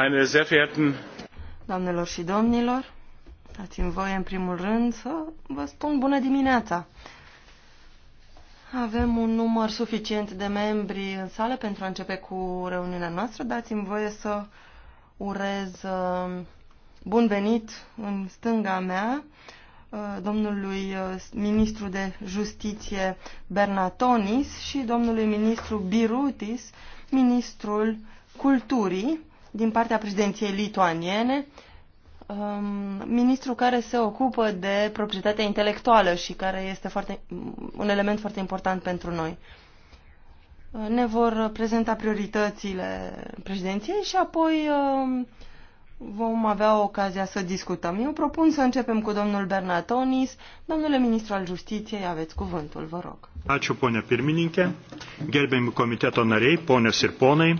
Meine sehr verehrten Doamnelor și domnilor, dați-mi voie în primul rând să vă spun bună dimineața. Avem un număr suficient de membri în sală pentru a începe cu reuniunea noastră. Dați-mi voie să urez uh, bun venit în stânga mea uh, domnului uh, ministru de justiție Bernatonis și domnului ministru Birutis, ministrul culturii din partea președinției lituaniene, um, ministru care se ocupă de proprietatea intelectuală și care este foarte, un element foarte important pentru noi. Ne vor prezenta prioritățile președinției și apoi um, vom avea ocazia să discutăm. Eu propun să începem cu domnul Bernatonis. Domnule ministru al justiției, aveți cuvântul, vă rog. Ačiū, ponia pirmininkė, gerbiami komiteto nariai, ponios ir ponai.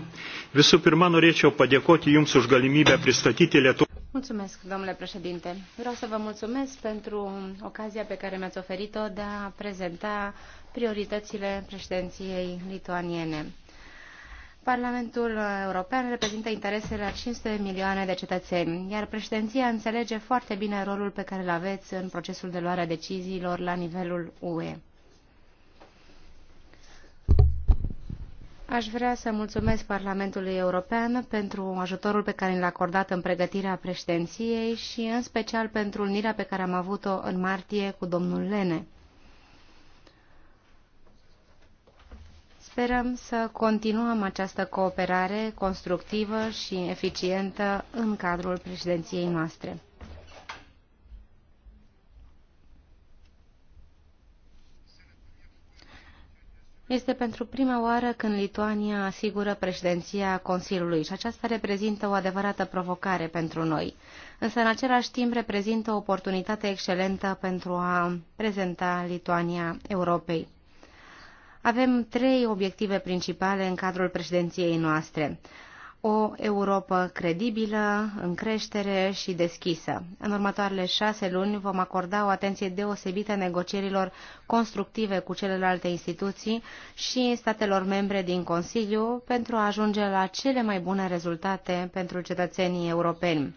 Visų pirma, norėčiau padėkoti Jums už galimybę pristatyti Lietuvą. Mulțumesc, domnule președinte. Vreau să vă mulțumesc pentru ocazia pe care mi-ați oferit-o de a prezenta prioritățile președinției lituaniene. Parlamentul European reprezintă interesele a 500 de milioane de cetățeni, iar președinția înțelege foarte bine rolul pe care îl aveți în procesul de luare a deciziilor la nivelul UE. Aș vrea să mulțumesc Parlamentului European pentru ajutorul pe care l-a acordat în pregătirea președinției și în special pentru unirea pe care am avut-o în martie cu domnul Lene. Sperăm să continuăm această cooperare constructivă și eficientă în cadrul președinției noastre. Este pentru prima oară când Lituania asigură președinția Consiliului și aceasta reprezintă o adevărată provocare pentru noi, însă în același timp reprezintă o oportunitate excelentă pentru a prezenta Lituania Europei. Avem trei obiective principale în cadrul președinției noastre o Europă credibilă, în creștere și deschisă. În următoarele șase luni vom acorda o atenție deosebită negocierilor constructive cu celelalte instituții și statelor membre din Consiliu pentru a ajunge la cele mai bune rezultate pentru cetățenii europeni.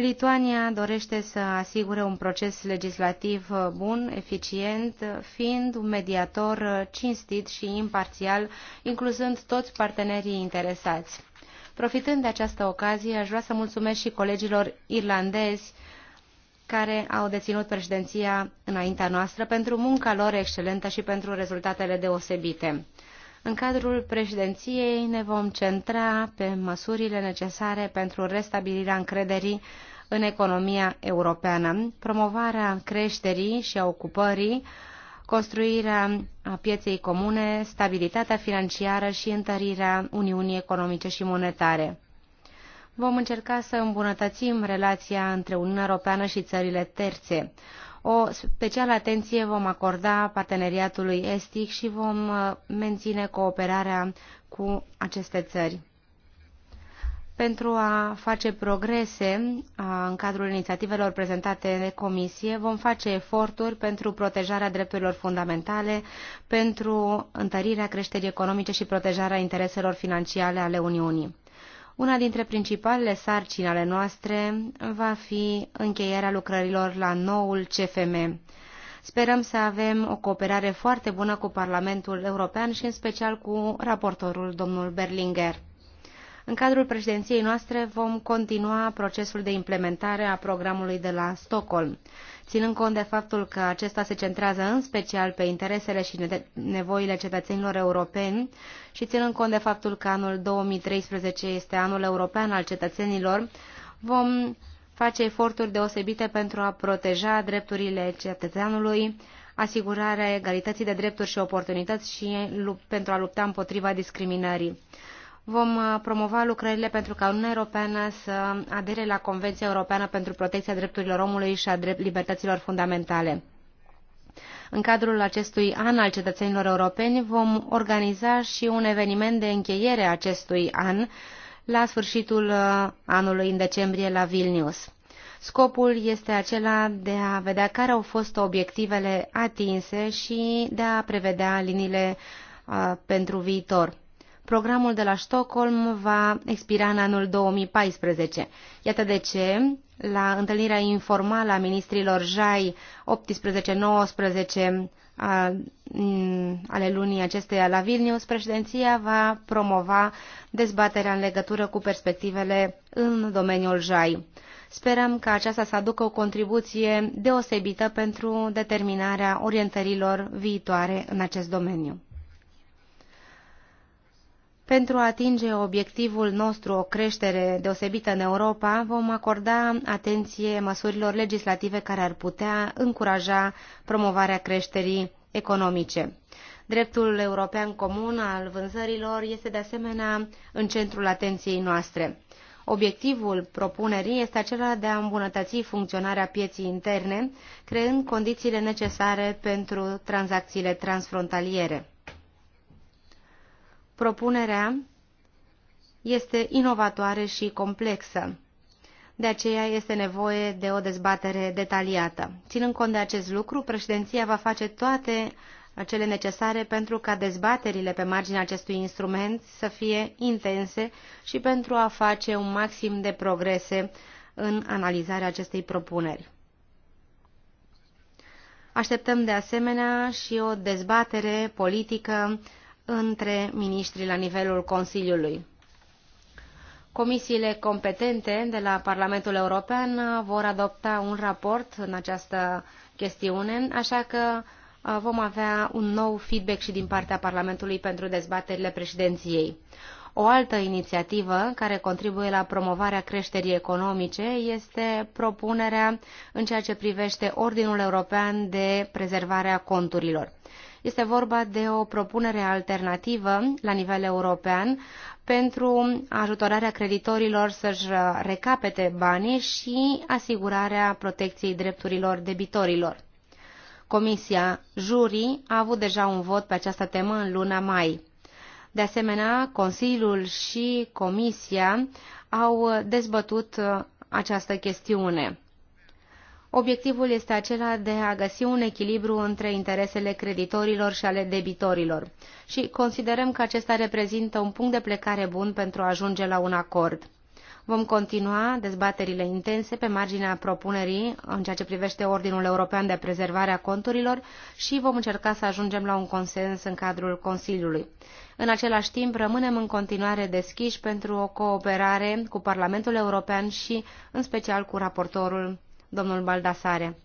Lituania dorește să asigure un proces legislativ uh, bun, eficient, fiind un mediator uh, cinstit și imparțial, incluzând toți partenerii interesați. Profitând de această ocazie, aș vrea să mulțumesc și colegilor irlandezi care au deținut președinția înaintea noastră pentru munca lor excelentă și pentru rezultatele deosebite. În cadrul președinției ne vom centra pe măsurile necesare pentru restabilirea încrederii în economia europeană, promovarea creșterii și a ocupării, construirea pieței comune, stabilitatea financiară și întărirea Uniunii Economice și Monetare. Vom încerca să îmbunătățim relația între Uniunea Europeană și țările terțe, o specială atenție vom acorda parteneriatului estic și vom uh, menține cooperarea cu aceste țări. Pentru a face progrese uh, în cadrul inițiativelor prezentate de Comisie, vom face eforturi pentru protejarea drepturilor fundamentale, pentru întărirea creșterii economice și protejarea intereselor financiare ale Uniunii. Una dintre principalele sarcini ale noastre va fi încheierea lucrărilor la noul CFM. Sperăm să avem o cooperare foarte bună cu Parlamentul European și în special cu raportorul domnul Berlinger. În cadrul președinției noastre vom continua procesul de implementare a programului de la Stockholm ținând cont de faptul că acesta se centrează în special pe interesele și nevoile cetățenilor europeni și ținând cont de faptul că anul 2013 este anul european al cetățenilor, vom face eforturi deosebite pentru a proteja drepturile cetățeanului, asigurarea egalității de drepturi și oportunități și pentru a lupta împotriva discriminării. Vom uh, promova lucrările pentru ca Uniunea Europeană să adere la Convenția Europeană pentru Protecția Drepturilor Omului și a Libertăților Fundamentale. În cadrul acestui an al cetățenilor europeni vom organiza și un eveniment de încheiere a acestui an la sfârșitul uh, anului în decembrie la Vilnius. Scopul este acela de a vedea care au fost obiectivele atinse și de a prevedea liniile uh, pentru viitor. Programul de la Stockholm va expira în anul 2014. Iată de ce, la întâlnirea informală a ministrilor JAI 18-19 mm, ale lunii acesteia la Vilnius, președinția va promova dezbaterea în legătură cu perspectivele în domeniul JAI. Sperăm că aceasta să aducă o contribuție deosebită pentru determinarea orientărilor viitoare în acest domeniu. Pentru a atinge obiectivul nostru, o creștere deosebită în Europa, vom acorda atenție măsurilor legislative care ar putea încuraja promovarea creșterii economice. Dreptul european comun al vânzărilor este de asemenea în centrul atenției noastre. Obiectivul propunerii este acela de a îmbunătăți funcționarea pieții interne, creând condițiile necesare pentru tranzacțiile transfrontaliere. Propunerea este inovatoare și complexă. De aceea este nevoie de o dezbatere detaliată. Ținând cont de acest lucru, președinția va face toate cele necesare pentru ca dezbaterile pe marginea acestui instrument să fie intense și pentru a face un maxim de progrese în analizarea acestei propuneri. Așteptăm de asemenea și o dezbatere politică între miniștri la nivelul Consiliului. Comisiile competente de la Parlamentul European vor adopta un raport în această chestiune, așa că uh, vom avea un nou feedback și din partea Parlamentului pentru dezbaterile președinției. O altă inițiativă care contribuie la promovarea creșterii economice este propunerea în ceea ce privește Ordinul European de Prezervare a Conturilor. Este vorba de o propunere alternativă la nivel european pentru ajutorarea creditorilor să-și recapete banii și asigurarea protecției drepturilor debitorilor. Comisia Jurii a avut deja un vot pe această temă în luna mai. De asemenea, Consiliul și Comisia au dezbătut această chestiune. Obiectivul este acela de a găsi un echilibru între interesele creditorilor și ale debitorilor și considerăm că acesta reprezintă un punct de plecare bun pentru a ajunge la un acord. Vom continua dezbaterile intense pe marginea propunerii în ceea ce privește Ordinul European de Prezervare a Conturilor și vom încerca să ajungem la un consens în cadrul Consiliului. În același timp, rămânem în continuare deschiși pentru o cooperare cu Parlamentul European și, în special, cu raportorul domnul Baldasare.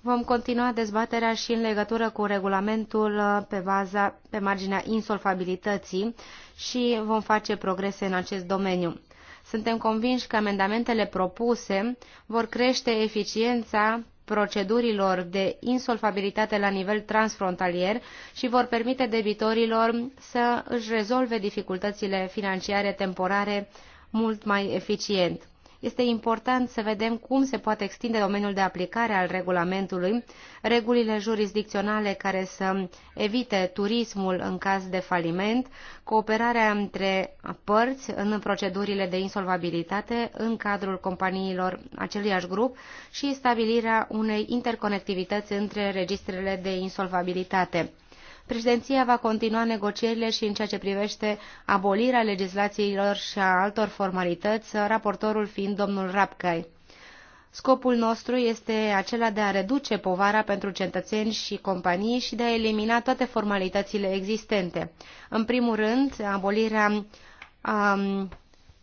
Vom continua dezbaterea și în legătură cu regulamentul uh, pe, baza, pe marginea insolfabilității și vom face progrese în acest domeniu. Suntem convinși că amendamentele propuse vor crește eficiența procedurilor de insolfabilitate la nivel transfrontalier și vor permite debitorilor să își rezolve dificultățile financiare temporare mult mai eficient. Este important să vedem cum se poate extinde domeniul de aplicare al regulamentului, regulile jurisdicționale care să evite turismul în caz de faliment, cooperarea între părți în procedurile de insolvabilitate în cadrul companiilor aceluiași grup și stabilirea unei interconectivități între registrele de insolvabilitate. Președinția va continua negocierile și în ceea ce privește abolirea legislațiilor și a altor formalități, raportorul fiind domnul Rapcai. Scopul nostru este acela de a reduce povara pentru cetățeni și companii și de a elimina toate formalitățile existente. În primul rând, abolirea um,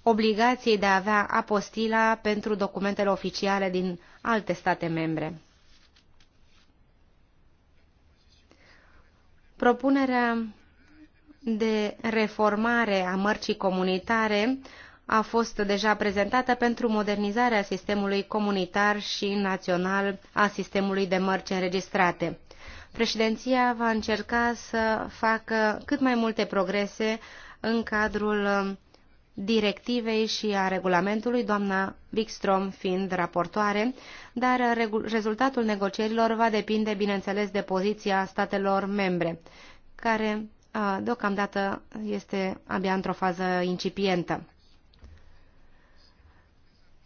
obligației de a avea apostila pentru documentele oficiale din alte state membre. Propunerea de reformare a mărcii comunitare a fost deja prezentată pentru modernizarea sistemului comunitar și național a sistemului de mărci înregistrate. Președinția va încerca să facă cât mai multe progrese în cadrul directivei și a regulamentului, doamna Wikström fiind raportoare, dar rezultatul negocierilor va depinde, bineînțeles, de poziția statelor membre, care deocamdată este abia într-o fază incipientă.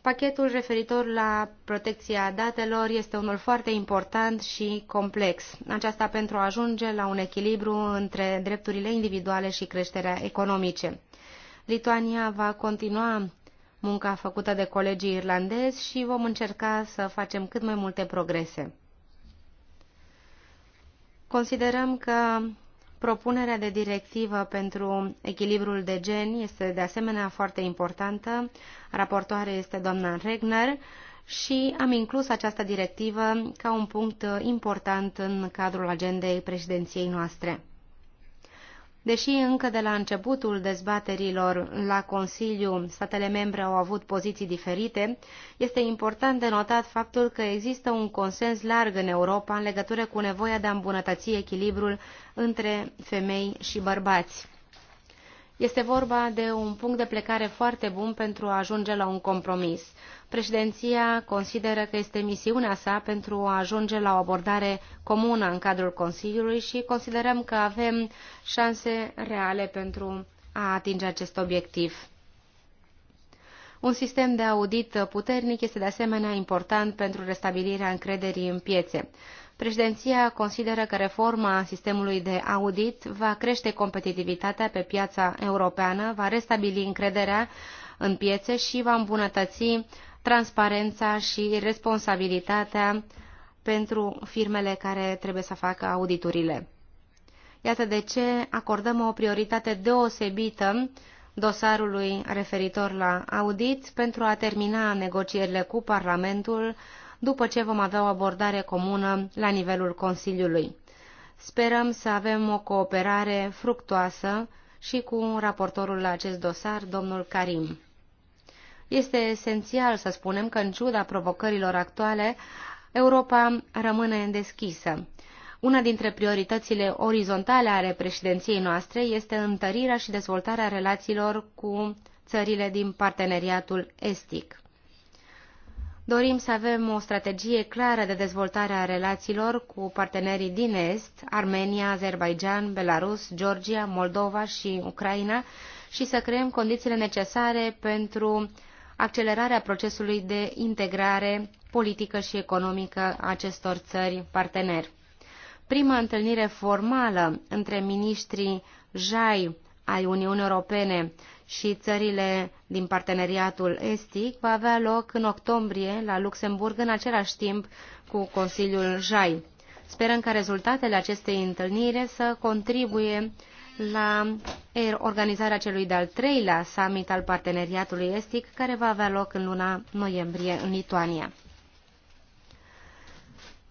Pachetul referitor la protecția datelor este unul foarte important și complex, aceasta pentru a ajunge la un echilibru între drepturile individuale și creșterea economice. Lituania va continua munca făcută de colegii irlandezi și vom încerca să facem cât mai multe progrese. Considerăm că propunerea de directivă pentru echilibrul de gen este de asemenea foarte importantă. Raportoare este doamna Regner și am inclus această directivă ca un punct important în cadrul agendei președinției noastre. Deși încă de la începutul dezbaterilor la Consiliu statele membre au avut poziții diferite, este important de notat faptul că există un consens larg în Europa în legătură cu nevoia de a îmbunătăți echilibrul între femei și bărbați. Este vorba de un punct de plecare foarte bun pentru a ajunge la un compromis. Președinția consideră că este misiunea sa pentru a ajunge la o abordare comună în cadrul Consiliului și considerăm că avem șanse reale pentru a atinge acest obiectiv. Un sistem de audit puternic este de asemenea important pentru restabilirea încrederii în piețe. Președinția consideră că reforma sistemului de audit va crește competitivitatea pe piața europeană, va restabili încrederea în piețe și va îmbunătăți transparența și responsabilitatea pentru firmele care trebuie să facă auditurile. Iată de ce acordăm o prioritate deosebită dosarului referitor la audit pentru a termina negocierile cu Parlamentul după ce vom avea o abordare comună la nivelul Consiliului. Sperăm să avem o cooperare fructoasă și cu raportorul la acest dosar, domnul Karim. Este esențial să spunem că, în ciuda provocărilor actuale, Europa rămâne deschisă. Una dintre prioritățile orizontale ale președinției noastre este întărirea și dezvoltarea relațiilor cu țările din parteneriatul estic. Dorim să avem o strategie clară de dezvoltare a relațiilor cu partenerii din Est, Armenia, Azerbaijan, Belarus, Georgia, Moldova și Ucraina, și să creăm condițiile necesare pentru accelerarea procesului de integrare politică și economică a acestor țări parteneri. Prima întâlnire formală între ministrii JAI ai Uniunii Europene și țările din parteneriatul estic va avea loc în octombrie la Luxemburg în același timp cu Consiliul JAI. Sperăm ca rezultatele acestei întâlniri să contribuie la er, organizarea celui de-al treilea summit al parteneriatului estic, care va avea loc în luna noiembrie în Lituania.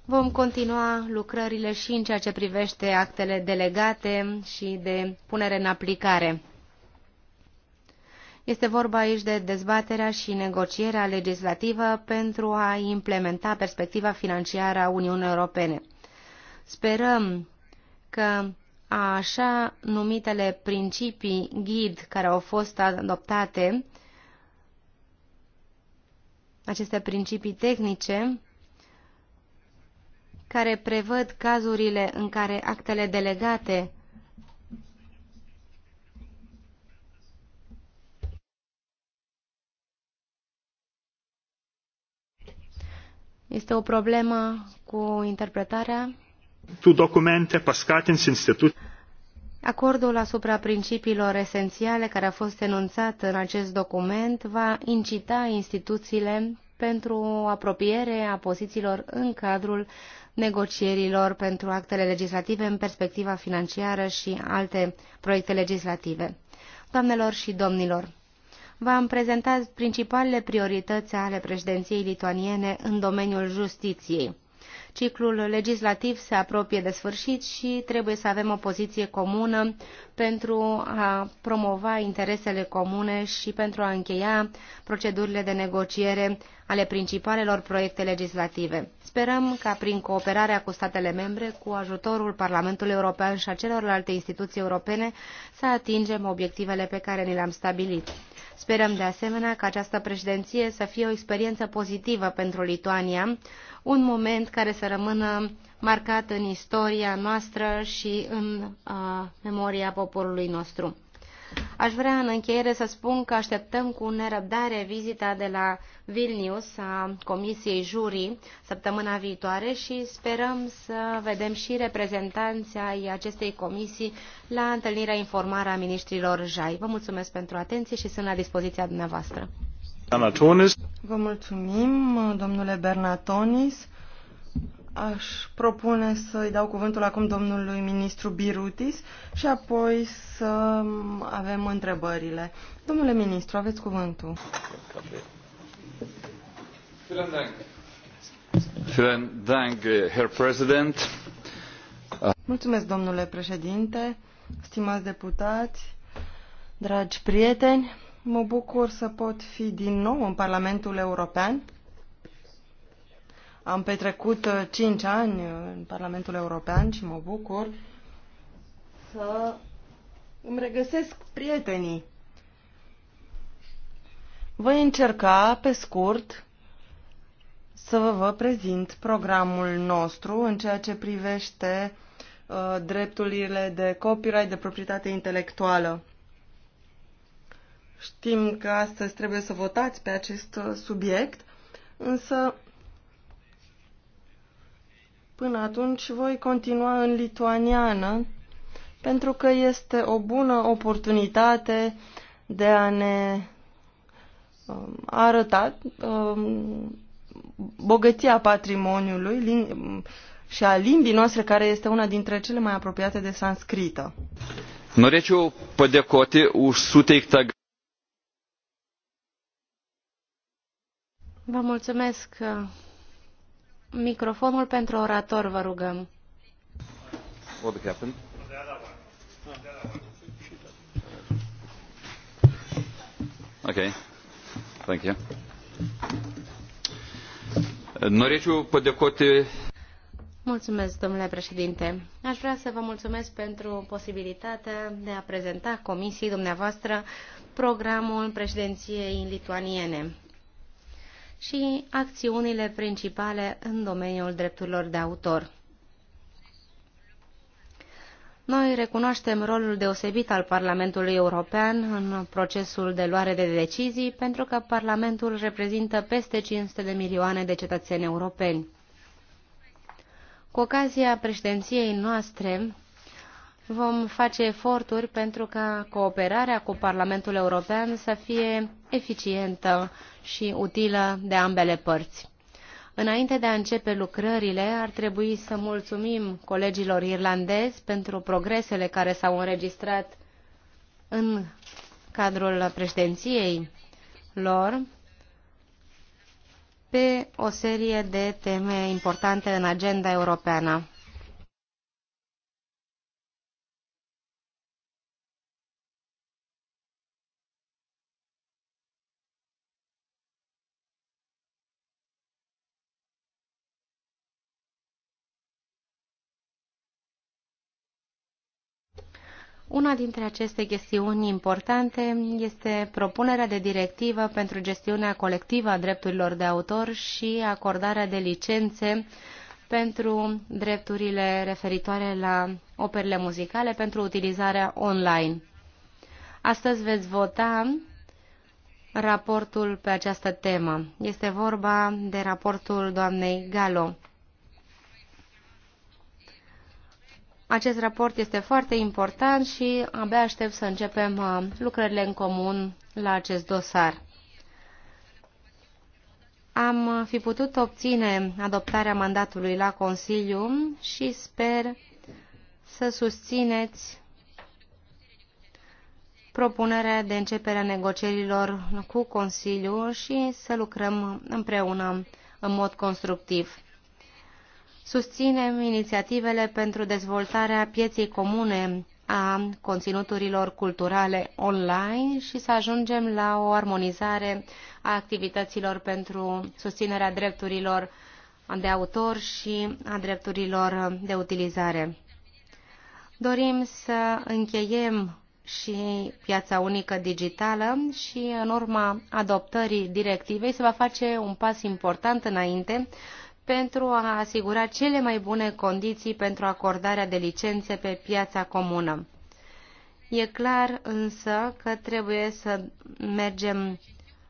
Vom continua lucrările și în ceea ce privește actele delegate și de punere în aplicare. Este vorba aici de dezbaterea și negocierea legislativă pentru a implementa perspectiva financiară a Uniunii Europene. Sperăm că a așa numitele principii ghid care au fost adoptate, aceste principii tehnice, care prevăd cazurile în care actele delegate Este o problemă cu interpretarea. Tu documente paskatins institut. Acordul asupra principiilor esențiale care a fost enunțat în acest document va incita instituțiile pentru apropiere a pozițiilor în cadrul negocierilor pentru actele legislative în perspectiva financiară și alte proiecte legislative. Doamnelor și domnilor, v-am prezentat principalele priorități ale președinției lituaniene în domeniul justiției. Ciclul legislativ se apropie de sfârșit și trebuie să avem o poziție comună pentru a promova interesele comune și pentru a încheia procedurile de negociere ale principalelor proiecte legislative. Sperăm ca prin cooperarea cu statele membre, cu ajutorul Parlamentului European și a celorlalte instituții europene, să atingem obiectivele pe care ni le-am stabilit. Sperăm de asemenea că această președinție să fie o experiență pozitivă pentru Lituania, un moment care să rămână marcat în istoria noastră și în uh, memoria poporului nostru. Aș vrea în încheiere să spun că așteptăm cu nerăbdare vizita de la Vilnius a Comisiei Jurii săptămâna viitoare și sperăm să vedem și reprezentanții ai acestei comisii la întâlnirea informară a ministrilor JAI. Vă mulțumesc pentru atenție și sunt la dispoziția dumneavoastră. Vă mulțumim, domnule Bernatonis. Aș propune să-i dau cuvântul acum domnului ministru Birutis și apoi să avem întrebările. Domnule ministru, aveți cuvântul. Mulțumesc, domnule președinte, stimați deputați, dragi prieteni. Mă bucur să pot fi din nou în Parlamentul European am petrecut uh, cinci ani uh, în Parlamentul European și mă bucur să îmi regăsesc prietenii. Voi încerca, pe scurt, să vă prezint programul nostru în ceea ce privește uh, drepturile de copyright, de proprietate intelectuală. Știm că astăzi trebuie să votați pe acest uh, subiect, însă Până atunci voi continua în lituaniană, pentru că este o bună oportunitate de a ne um, arăta um, bogăția patrimoniului și a limbii noastre, care este una dintre cele mai apropiate de sanscrită. Norėčiau padėkoti už suteiktą. Vă mulțumesc uh, Microfonul pentru orator, vă rugăm. Ok, Thank you. Norėčiau padėkoti. Mulțumesc, domnule președinte. Aș vrea să vă mulțumesc pentru posibilitatea de a prezenta comisiei dumneavoastră programul președinției lituaniene și acțiunile principale în domeniul drepturilor de autor. Noi recunoaștem rolul deosebit al Parlamentului European în procesul de luare de decizii, pentru că Parlamentul reprezintă peste 500 de milioane de cetățeni europeni. Cu ocazia președinției noastre, vom face eforturi pentru ca cooperarea cu Parlamentul European să fie eficientă și utilă de ambele părți. Înainte de a începe lucrările, ar trebui să mulțumim colegilor irlandezi pentru progresele care s-au înregistrat în cadrul președinției lor pe o serie de teme importante în agenda europeană. Una dintre aceste chestiuni importante este propunerea de directivă pentru gestiunea colectivă a drepturilor de autor și acordarea de licențe pentru drepturile referitoare la operele muzicale pentru utilizarea online. Astăzi veți vota raportul pe această temă. Este vorba de raportul doamnei Galo. Acest raport este foarte important și abia aștept să începem uh, lucrările în comun la acest dosar. Am uh, fi putut obține adoptarea mandatului la Consiliu și sper să susțineți propunerea de începere a negocierilor cu Consiliu și să lucrăm împreună în mod constructiv. Susținem inițiativele pentru dezvoltarea pieței comune a conținuturilor culturale online și să ajungem la o armonizare a activităților pentru susținerea drepturilor de autor și a drepturilor de utilizare. Dorim să încheiem și piața unică digitală și în urma adoptării directivei se va face un pas important înainte pentru a asigura cele mai bune condiții pentru acordarea de licențe pe piața comună. E clar însă că trebuie să mergem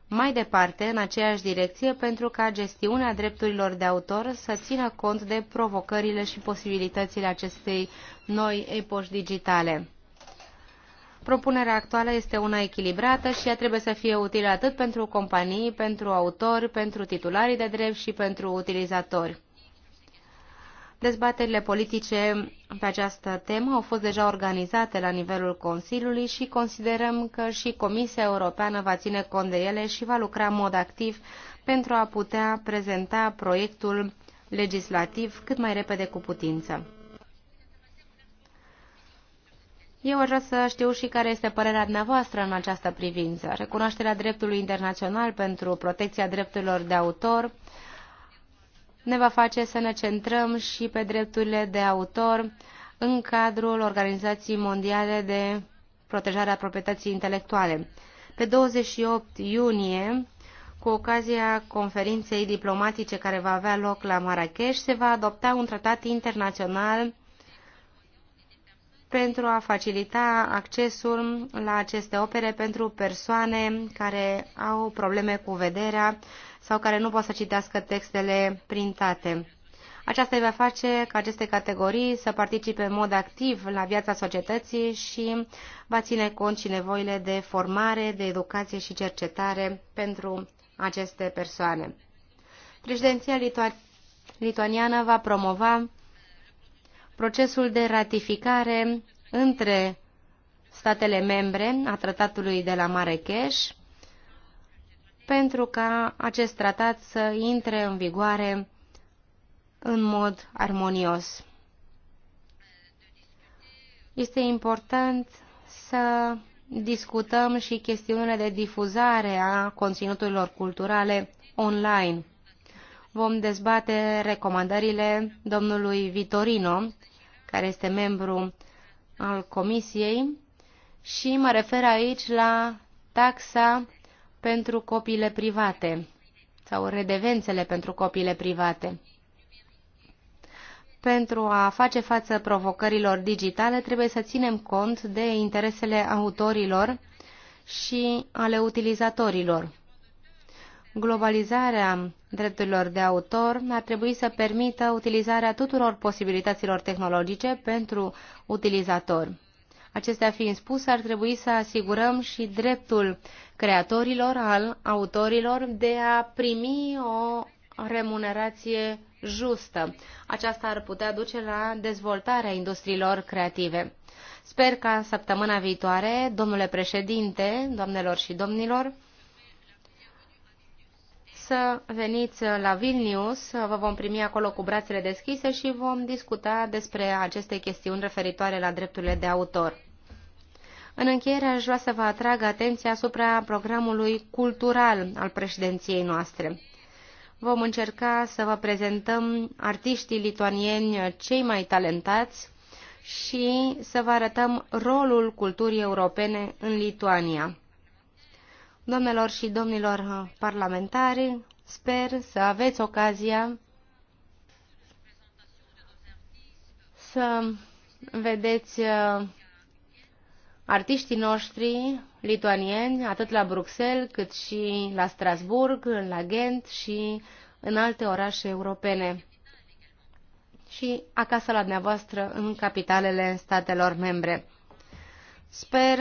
mai departe în aceeași direcție pentru ca gestiunea drepturilor de autor să țină cont de provocările și posibilitățile acestei noi epoși digitale. Propunerea actuală este una echilibrată și ea trebuie să fie utilă atât pentru companii, pentru autori, pentru titularii de drept și pentru utilizatori. Dezbaterile politice pe această temă au fost deja organizate la nivelul Consiliului și considerăm că și Comisia Europeană va ține cont de ele și va lucra în mod activ pentru a putea prezenta proiectul legislativ cât mai repede cu putință. Eu aș vrea să știu și care este părerea dumneavoastră în această privință. Recunoașterea dreptului internațional pentru protecția drepturilor de autor ne va face să ne centrăm și pe drepturile de autor în cadrul Organizației Mondiale de Protejare a Proprietății Intelectuale. Pe 28 iunie, cu ocazia conferinței diplomatice care va avea loc la Marrakech, se va adopta un tratat internațional pentru a facilita accesul la aceste opere pentru persoane care au probleme cu vederea sau care nu pot să citească textele printate. Aceasta îi va face ca aceste categorii să participe în mod activ la viața societății și va ține cont și nevoile de formare, de educație și cercetare pentru aceste persoane. Președinția lituaniană va promova procesul de ratificare între statele membre a tratatului de la Marrakesh pentru ca acest tratat să intre în vigoare în mod armonios. Este important să discutăm și chestiunile de difuzare a conținuturilor culturale online. Vom dezbate recomandările domnului Vitorino care este membru al Comisiei și mă refer aici la taxa pentru copiile private sau redevențele pentru copiile private. Pentru a face față provocărilor digitale, trebuie să ținem cont de interesele autorilor și ale utilizatorilor. Globalizarea drepturilor de autor ar trebui să permită utilizarea tuturor posibilităților tehnologice pentru utilizatori. Acestea fiind spuse, ar trebui să asigurăm și dreptul creatorilor, al autorilor, de a primi o remunerație justă. Aceasta ar putea duce la dezvoltarea industriilor creative. Sper ca săptămâna viitoare, domnule președinte, doamnelor și domnilor, să veniți la Vilnius, vă vom primi acolo cu brațele deschise și vom discuta despre aceste chestiuni referitoare la drepturile de autor. În încheiere aș vrea să vă atrag atenția asupra programului cultural al președinției noastre. Vom încerca să vă prezentăm artiștii lituanieni cei mai talentați și să vă arătăm rolul culturii europene în Lituania. Domnilor și domnilor parlamentari, sper să aveți ocazia să vedeți uh, artiștii noștri lituanieni, atât la Bruxelles, cât și la Strasburg, la Ghent și în alte orașe europene și acasă la dumneavoastră în capitalele statelor membre. Sper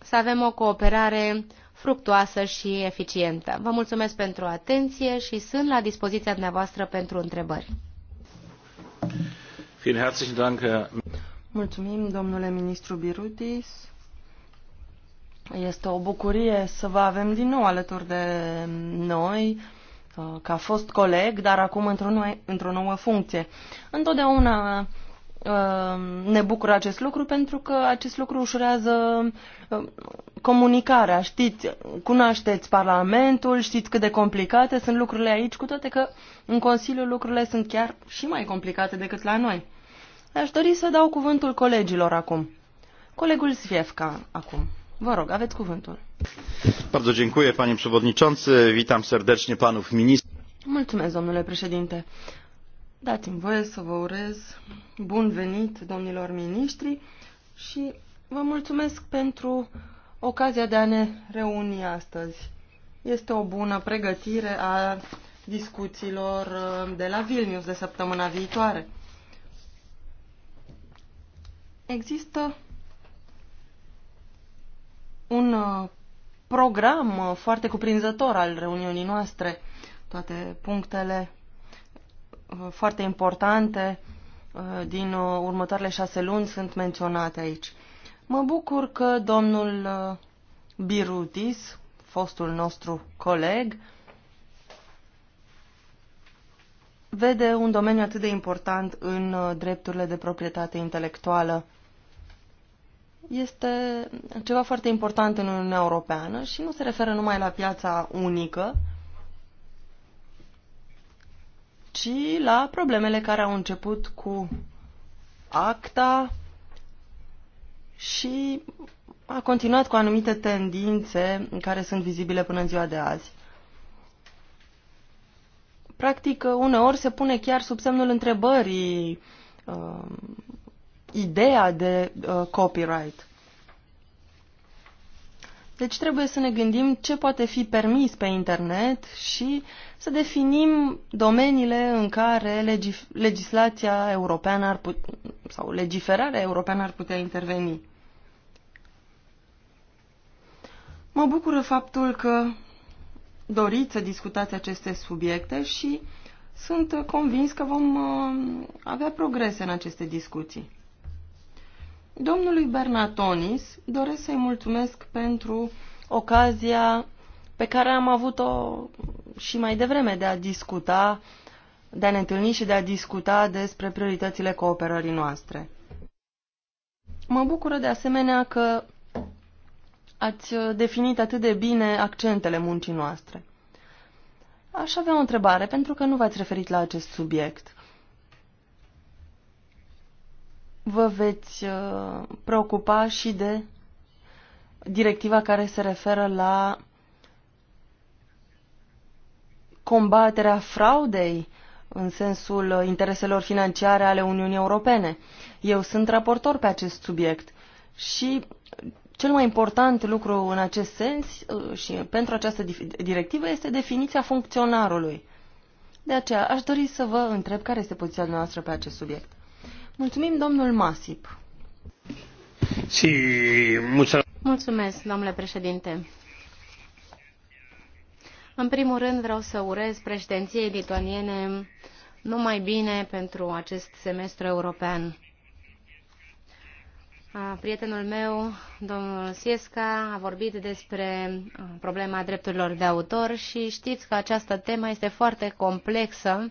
să avem o cooperare fructuoasă și eficientă. Vă mulțumesc pentru atenție și sunt la dispoziția dumneavoastră pentru întrebări. Mulțumim, domnule ministru Birutis. Este o bucurie să vă avem din nou alături de noi uh, ca fost coleg, dar acum într-o nouă, într nouă funcție. Întotdeauna Ehm, ne bucură acest lucru pentru că acest lucru ușurează ehm, comunicarea. Știți, cunoașteți Parlamentul, știți cât de complicate sunt lucrurile aici, cu toate că în Consiliu lucrurile sunt chiar și mai complicate decât la noi. Aș dori să dau cuvântul colegilor acum. Colegul Sviefka acum. Vă rog, aveți cuvântul. Bardzo dziękuję, panie przewodniczący. Witam serdecznie panów ministrów. Mulțumesc, domnule președinte. Dați-mi voie să vă urez bun venit, domnilor miniștri, și vă mulțumesc pentru ocazia de a ne reuni astăzi. Este o bună pregătire a discuțiilor uh, de la Vilnius de săptămâna viitoare. Există un uh, program uh, foarte cuprinzător al reuniunii noastre. Toate punctele Uh, foarte importante uh, din uh, următoarele șase luni sunt menționate aici. Mă bucur că domnul Birutis, fostul nostru coleg, vede un domeniu atât de important în drepturile de proprietate intelectuală. Este ceva foarte important în Uniunea Europeană și nu se referă numai la piața unică, ci la problemele care au început cu acta și a continuat cu anumite tendințe care sunt vizibile până în ziua de azi. Practic, uneori se pune chiar sub semnul întrebării uh, ideea de uh, copyright. Deci trebuie să ne gândim ce poate fi permis pe internet și să definim domeniile în care legif- legislația europeană ar put- sau legiferarea europeană ar putea interveni. Mă bucură faptul că doriți să discutați aceste subiecte și sunt convins că vom uh, avea progrese în aceste discuții. Domnului Bernatonis doresc să-i mulțumesc pentru ocazia pe care am avut-o și mai devreme de a discuta, de a ne întâlni și de a discuta despre prioritățile cooperării noastre. Mă bucură de asemenea că ați definit atât de bine accentele muncii noastre. Aș avea o întrebare, pentru că nu v-ați referit la acest subiect. vă veți uh, preocupa și de directiva care se referă la combaterea fraudei în sensul uh, intereselor financiare ale Uniunii Europene. Eu sunt raportor pe acest subiect și cel mai important lucru în acest sens uh, și pentru această directivă este definiția funcționarului. De aceea aș dori să vă întreb care este poziția noastră pe acest subiect. Mulțumim, domnul Masip. Si, mulțumesc. Mulțumesc, domnule președinte. În primul rând vreau să urez președinției lituaniene numai bine pentru acest semestru european. Prietenul meu, domnul Siesca, a vorbit despre problema drepturilor de autor și știți că această temă este foarte complexă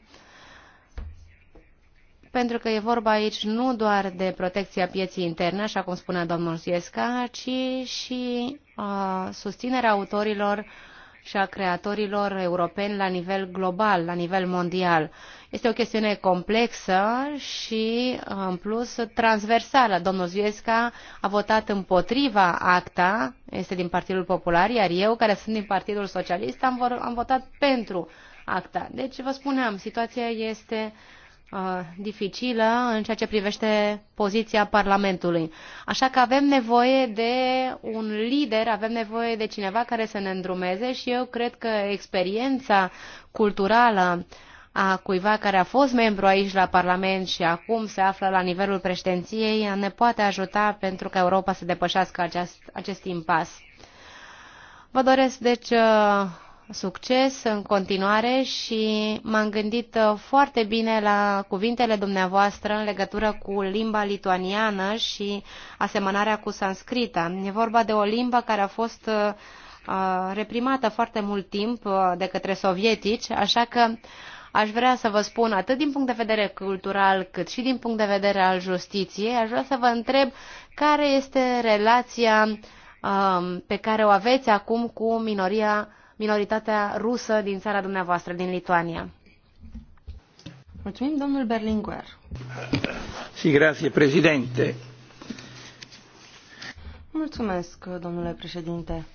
pentru că e vorba aici nu doar de protecția pieții interne, așa cum spunea domnul Ziesca, ci și uh, susținerea autorilor și a creatorilor europeni la nivel global, la nivel mondial. Este o chestiune complexă și, în plus, transversală. Domnul Ziesca a votat împotriva ACTA, este din Partidul Popular, iar eu, care sunt din Partidul Socialist, am, vor, am votat pentru ACTA. Deci, vă spuneam, situația este uh, Uh, dificilă în ceea ce privește poziția Parlamentului. Așa că avem nevoie de un lider, avem nevoie de cineva care să ne îndrumeze și eu cred că experiența culturală a cuiva care a fost membru aici la Parlament și acum se află la nivelul președinției ne poate ajuta pentru ca Europa să depășească acest, acest impas. Vă doresc, deci, uh, succes în continuare și m-am gândit uh, foarte bine la cuvintele dumneavoastră în legătură cu limba lituaniană și asemănarea cu sanscrita. E vorba de o limbă care a fost uh, uh, reprimată foarte mult timp de către sovietici, așa că aș vrea să vă spun, atât din punct de vedere cultural, cât și din punct de vedere al justiției, aș vrea să vă întreb care este relația um, pe care o aveți acum cu minoria minoritatea rusă din țara dumneavoastră, din Lituania. Mulțumim, domnul Berlinguer. Si, grazie, președinte. Mulțumesc, domnule președinte.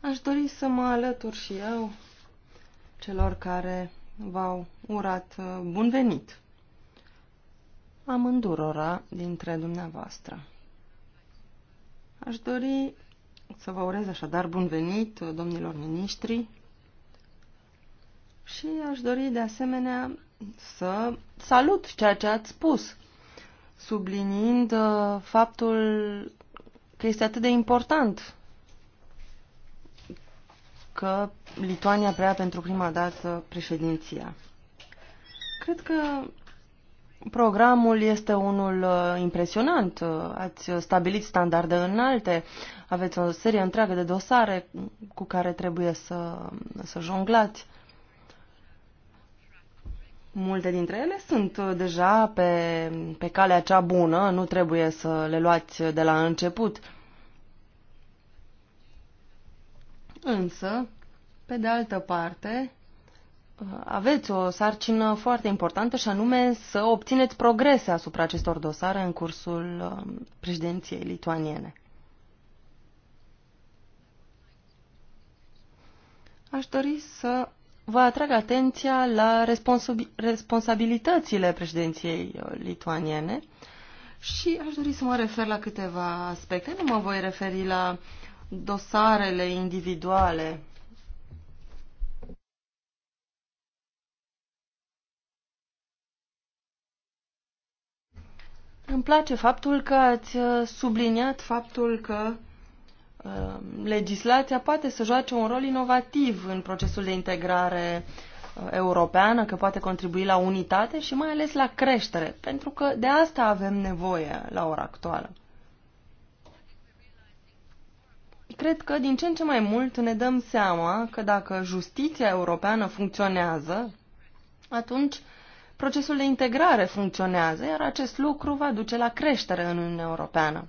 Aș dori să mă alătur și eu celor care v-au urat uh, bun venit amândurora dintre dumneavoastră. Aș dori să vă urez așadar bun venit, domnilor miniștri. Și aș dori de asemenea să salut ceea ce ați spus, subliniind uh, faptul că este atât de important că Lituania preia pentru prima dată președinția. Cred că Programul este unul uh, impresionant. Uh, ați stabilit standarde înalte, aveți o serie întreagă de dosare cu care trebuie să, să jonglați. Multe dintre ele sunt uh, deja pe, pe calea cea bună, nu trebuie să le luați de la început. Însă, pe de altă parte, aveți o sarcină foarte importantă și anume să obțineți progrese asupra acestor dosare în cursul um, președinției lituaniene. Aș dori să vă atrag atenția la responsabilitățile președinției uh, lituaniene și aș dori să mă refer la câteva aspecte. Nu mă voi referi la dosarele individuale Îmi place faptul că ați uh, subliniat faptul că uh, legislația poate să joace un rol inovativ în procesul de integrare uh, europeană, că poate contribui la unitate și mai ales la creștere, pentru că de asta avem nevoie la ora actuală. Cred că din ce în ce mai mult ne dăm seama că dacă justiția europeană funcționează, atunci procesul de integrare funcționează, iar acest lucru va duce la creștere în Uniunea Europeană.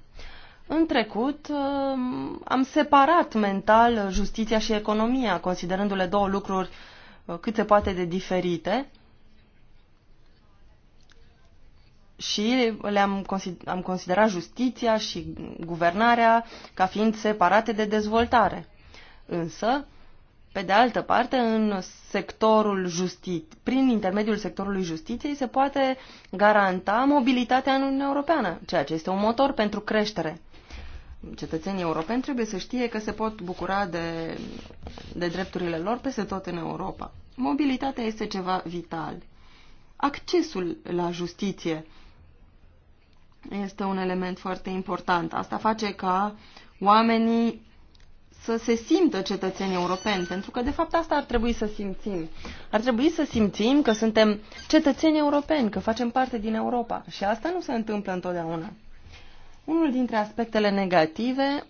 În trecut um, am separat mental justiția și economia, considerându-le două lucruri uh, cât se poate de diferite și le-am consider am considerat justiția și guvernarea ca fiind separate de dezvoltare. Însă, pe de altă parte, în sectorul justit, prin intermediul sectorului justiției se poate garanta mobilitatea în Uniunea Europeană, ceea ce este un motor pentru creștere. Cetățenii europeni trebuie să știe că se pot bucura de, de drepturile lor peste tot în Europa. Mobilitatea este ceva vital. Accesul la justiție este un element foarte important. Asta face ca oamenii să se simtă cetățeni europeni, pentru că de fapt asta ar trebui să simțim. Ar trebui să simțim că suntem cetățeni europeni, că facem parte din Europa și asta nu se întâmplă întotdeauna. Unul dintre aspectele negative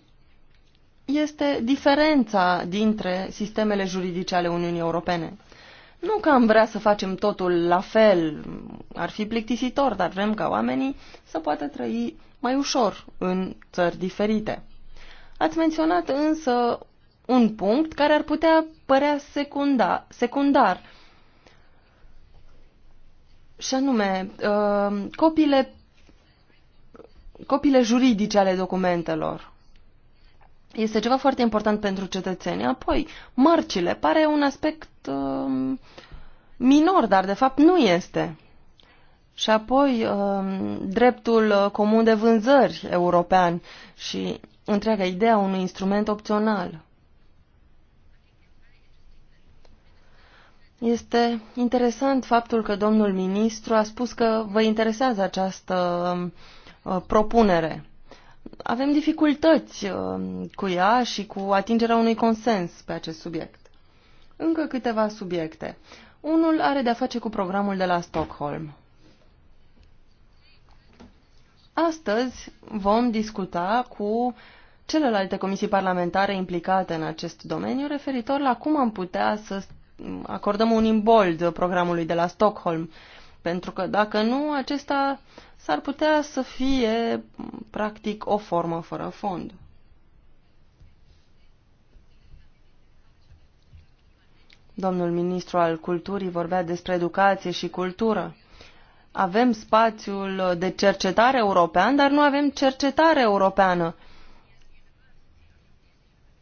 este diferența dintre sistemele juridice ale Uniunii Europene. Nu că am vrea să facem totul la fel, ar fi plictisitor, dar vrem ca oamenii să poată trăi mai ușor în țări diferite. Ați menționat însă un punct care ar putea părea secunda, secundar. Și anume, uh, copile, copile juridice ale documentelor. Este ceva foarte important pentru cetățeni. Apoi, mărcile. Pare un aspect uh, minor, dar de fapt nu este. Și apoi, uh, dreptul comun de vânzări european și întreaga idee a unui instrument opțional. Este interesant faptul că domnul ministru a spus că vă interesează această uh, propunere. Avem dificultăți uh, cu ea și cu atingerea unui consens pe acest subiect. Încă câteva subiecte. Unul are de-a face cu programul de la Stockholm. Astăzi vom discuta cu celelalte comisii parlamentare implicate în acest domeniu referitor la cum am putea să acordăm un imbold programului de la Stockholm. Pentru că dacă nu, acesta s-ar putea să fie practic o formă fără fond. Domnul ministru al culturii vorbea despre educație și cultură. Avem spațiul de cercetare european, dar nu avem cercetare europeană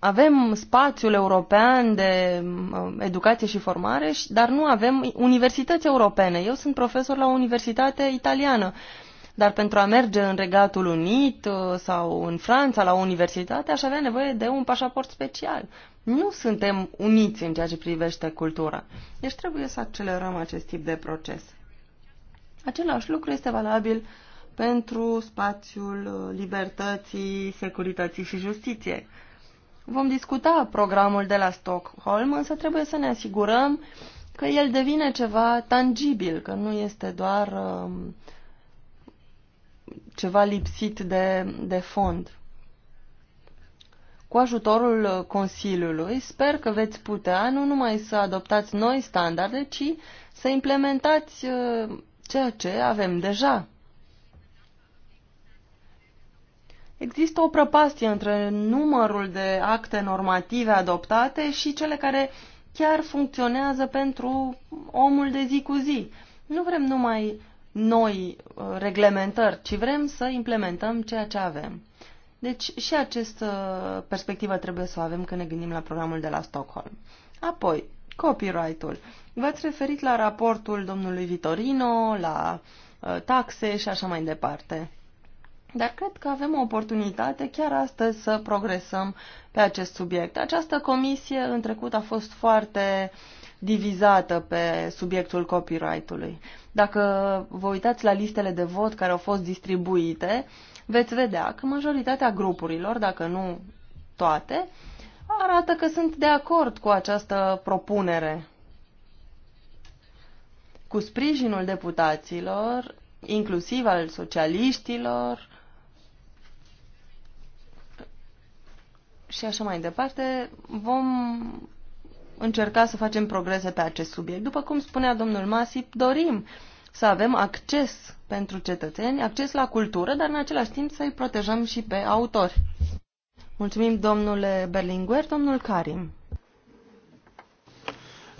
avem spațiul european de uh, educație și formare, dar nu avem universități europene. Eu sunt profesor la o universitate italiană, dar pentru a merge în Regatul Unit uh, sau în Franța la o universitate aș avea nevoie de un pașaport special. Nu suntem uniți în ceea ce privește cultura. Deci trebuie să accelerăm acest tip de proces. Același lucru este valabil pentru spațiul uh, libertății, securității și justiției Vom discuta programul de la Stockholm, însă trebuie să ne asigurăm că el devine ceva tangibil, că nu este doar um, ceva lipsit de, de fond. Cu ajutorul Consiliului, sper că veți putea nu numai să adoptați noi standarde, ci să implementați uh, ceea ce avem deja. Există o prăpastie între numărul de acte normative adoptate și cele care chiar funcționează pentru omul de zi cu zi. Nu vrem numai noi uh, reglementări, ci vrem să implementăm ceea ce avem. Deci și această uh, perspectivă trebuie să o avem când ne gândim la programul de la Stockholm. Apoi, copyright-ul. V-ați referit la raportul domnului Vitorino, la uh, taxe și așa mai departe. Dar cred că avem o oportunitate chiar astăzi să progresăm pe acest subiect. Această comisie în trecut a fost foarte divizată pe subiectul copyright-ului. Dacă vă uitați la listele de vot care au fost distribuite, veți vedea că majoritatea grupurilor, dacă nu toate, arată că sunt de acord cu această propunere. Cu sprijinul deputaților, inclusiv al socialiștilor și așa mai departe, vom încerca să facem progrese pe acest subiect. După cum spunea domnul Masip, dorim să avem acces pentru cetățeni, acces la cultură, dar în același timp să-i protejăm și pe autori. Mulțumim, domnule Berlinguer, domnul Karim.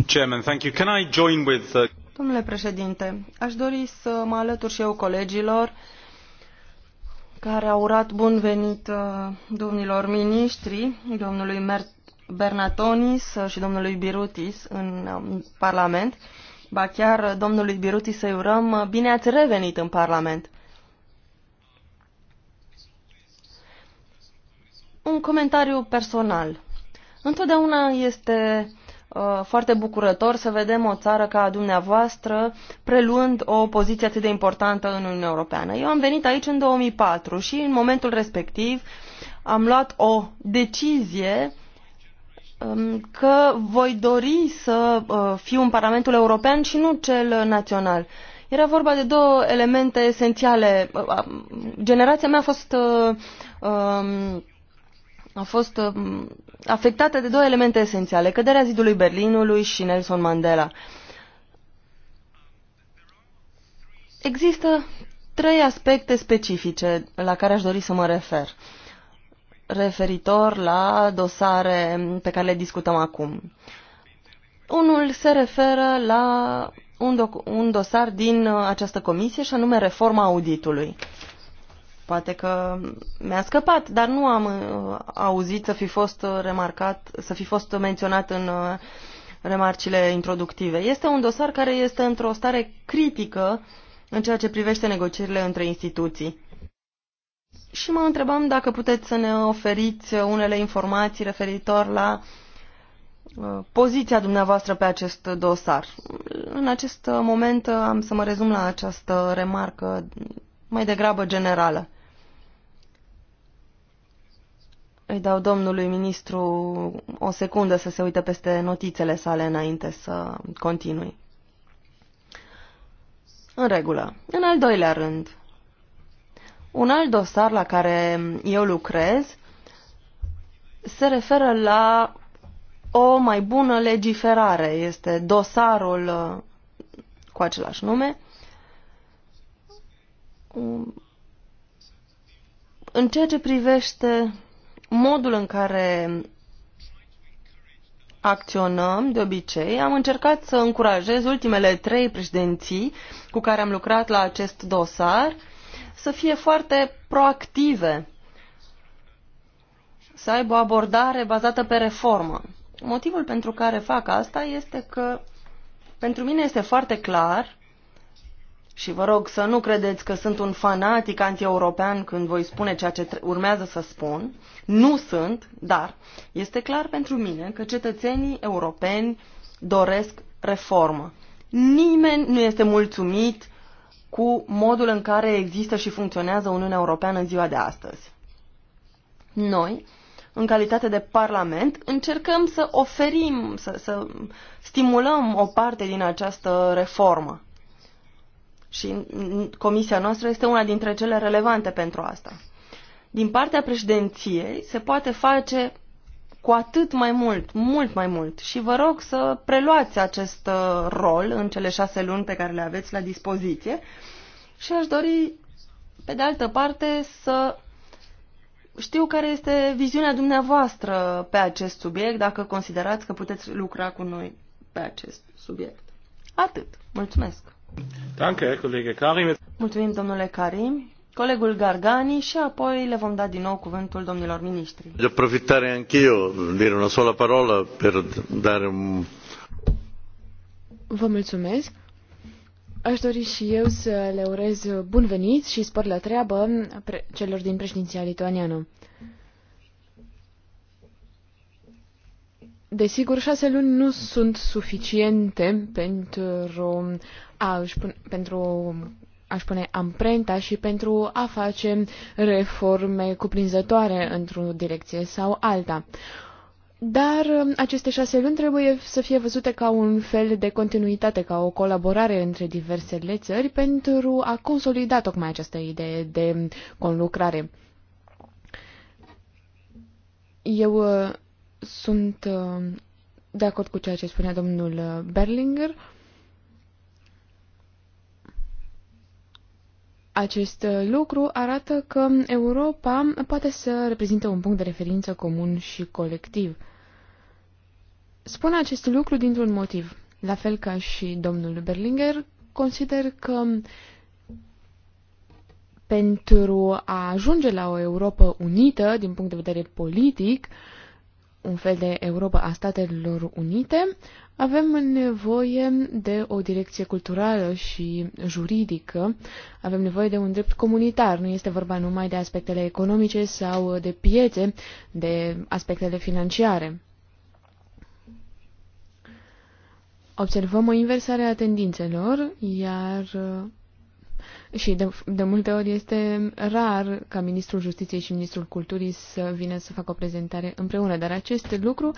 Chairman, thank you. Can I join with uh... Domnule președinte, aș dori să mă alătur și eu colegilor care au urat bun venit uh, domnilor miniștri, domnului Mert Bernatonis uh, și domnului Birutis în um, Parlament. Ba chiar uh, domnului Birutis să-i urăm bine ați revenit în Parlament. Un comentariu personal. Întotdeauna este Uh, foarte bucurător să vedem o țară ca a dumneavoastră preluând o poziție atât de importantă în Uniunea Europeană. Eu am venit aici în 2004 și în momentul respectiv am luat o decizie um, că voi dori să uh, fiu în Parlamentul European și nu cel național. Era vorba de două elemente esențiale. Uh, generația mea a fost um, a fost uh, afectată de două elemente esențiale, căderea zidului Berlinului și Nelson Mandela. Există trei aspecte specifice la care aș dori să mă refer, referitor la dosare pe care le discutăm acum. Unul se referă la un, doc- un dosar din uh, această comisie și anume reforma auditului. Poate că mi-a scăpat, dar nu am uh, auzit să fi fost remarcat, să fi fost menționat în uh, remarcile introductive. Este un dosar care este într-o stare critică în ceea ce privește negocierile între instituții. Și mă întrebam dacă puteți să ne oferiți unele informații referitor la uh, poziția dumneavoastră pe acest dosar. În acest moment am să mă rezum la această remarcă mai degrabă generală. Îi dau domnului ministru o secundă să se uite peste notițele sale înainte să continui. În regulă. În al doilea rând, un alt dosar la care eu lucrez se referă la o mai bună legiferare. Este dosarul uh, cu același nume. Um, în ceea ce privește modul în care acționăm de obicei, am încercat să încurajez ultimele trei președinții cu care am lucrat la acest dosar să fie foarte proactive, să aibă o abordare bazată pe reformă. Motivul pentru care fac asta este că pentru mine este foarte clar și vă rog să nu credeți că sunt un fanatic anti-european când voi spune ceea ce urmează să spun. Nu sunt, dar este clar pentru mine că cetățenii europeni doresc reformă. Nimeni nu este mulțumit cu modul în care există și funcționează Uniunea Europeană în ziua de astăzi. Noi, în calitate de Parlament, încercăm să oferim, să, să stimulăm o parte din această reformă și comisia noastră este una dintre cele relevante pentru asta. Din partea președinției se poate face cu atât mai mult, mult mai mult. Și vă rog să preluați acest uh, rol în cele șase luni pe care le aveți la dispoziție. Și aș dori, pe de altă parte, să știu care este viziunea dumneavoastră pe acest subiect, dacă considerați că puteți lucra cu noi pe acest subiect. Atât. Mulțumesc. Mulțumim, domnule Karim. Colegul Gargani și apoi le vom da din nou cuvântul domnilor ministri. De profitare anch'io, dire una sola parola per dare un... Vă mulțumesc. Aș dori și eu să le urez bun venit și spor la treabă celor din președinția lituaniană. Desigur, șase luni nu sunt suficiente pentru a pune, pentru aș pune amprenta și pentru a face reforme cuprinzătoare într-o direcție sau alta. Dar um, aceste șase luni trebuie să fie văzute ca un fel de continuitate, ca o colaborare între diversele țări pentru a consolida tocmai această idee de conlucrare. Eu uh, sunt uh, de acord cu ceea ce spunea domnul uh, Berlinger. Acest uh, lucru arată că Europa poate să reprezinte un punct de referință comun și colectiv. Spun acest lucru dintr-un motiv. La fel ca și domnul Berlinger, consider că pentru a ajunge la o Europa unită din punct de vedere politic, uh, un fel de Europa a Statelor Unite, avem nevoie de o direcție culturală și juridică, avem nevoie de un drept comunitar. Nu este vorba numai de aspectele economice sau de piețe, de aspectele financiare. Observăm o inversare a tendințelor, iar și de, de multe ori este rar ca Ministrul Justiției și Ministrul Culturii să vină să facă o prezentare împreună, dar acest lucru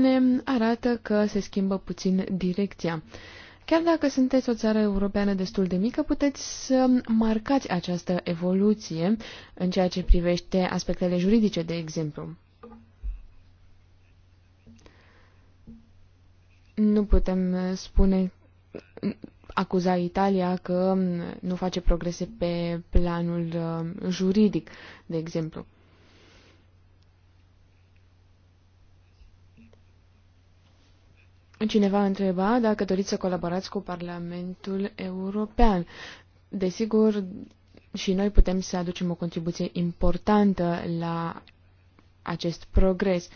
ne arată că se schimbă puțin direcția. Chiar dacă sunteți o țară europeană destul de mică, puteți să marcați această evoluție în ceea ce privește aspectele juridice, de exemplu. Nu putem spune acuza Italia că mm, nu face progrese pe planul mm, juridic, de exemplu. Cineva întreba dacă doriți să colaborați cu Parlamentul European. Desigur, și noi putem să aducem o contribuție importantă la acest progres. Uh,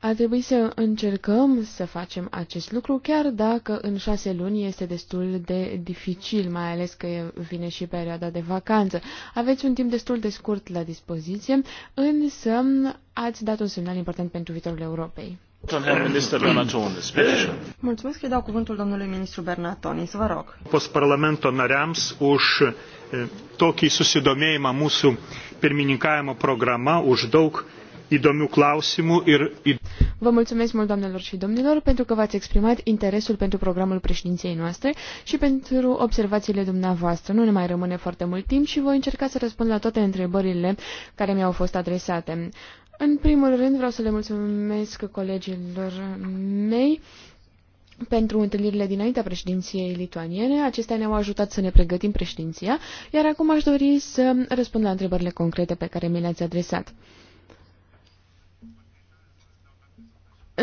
ar trebui să încercăm să facem acest lucru, chiar dacă în șase luni este destul de dificil, mai ales că vine și perioada de vacanță. Aveți un timp destul de scurt la dispoziție, însă ați dat un semnal important pentru viitorul Europei. Mulțumesc că dau cuvântul domnului ministru Bernatonis, vă rog. Post parlamento Nareams už eh, tokį susidomėjimą mūsų pirmininkavimo programa, už daug įdomių klausimų ir... Vă mulțumesc mult, doamnelor și domnilor, pentru că v-ați exprimat interesul pentru programul președinției noastre și pentru observațiile dumneavoastră. Nu ne mai rămâne foarte mult timp și voi încerca să răspund la toate întrebările care mi-au fost adresate. În primul rând vreau să le mulțumesc colegilor mei pentru întâlnirile dinaintea președinției lituaniene. Acestea ne-au ajutat să ne pregătim președinția, iar acum aș dori să răspund la întrebările concrete pe care mi le-ați adresat.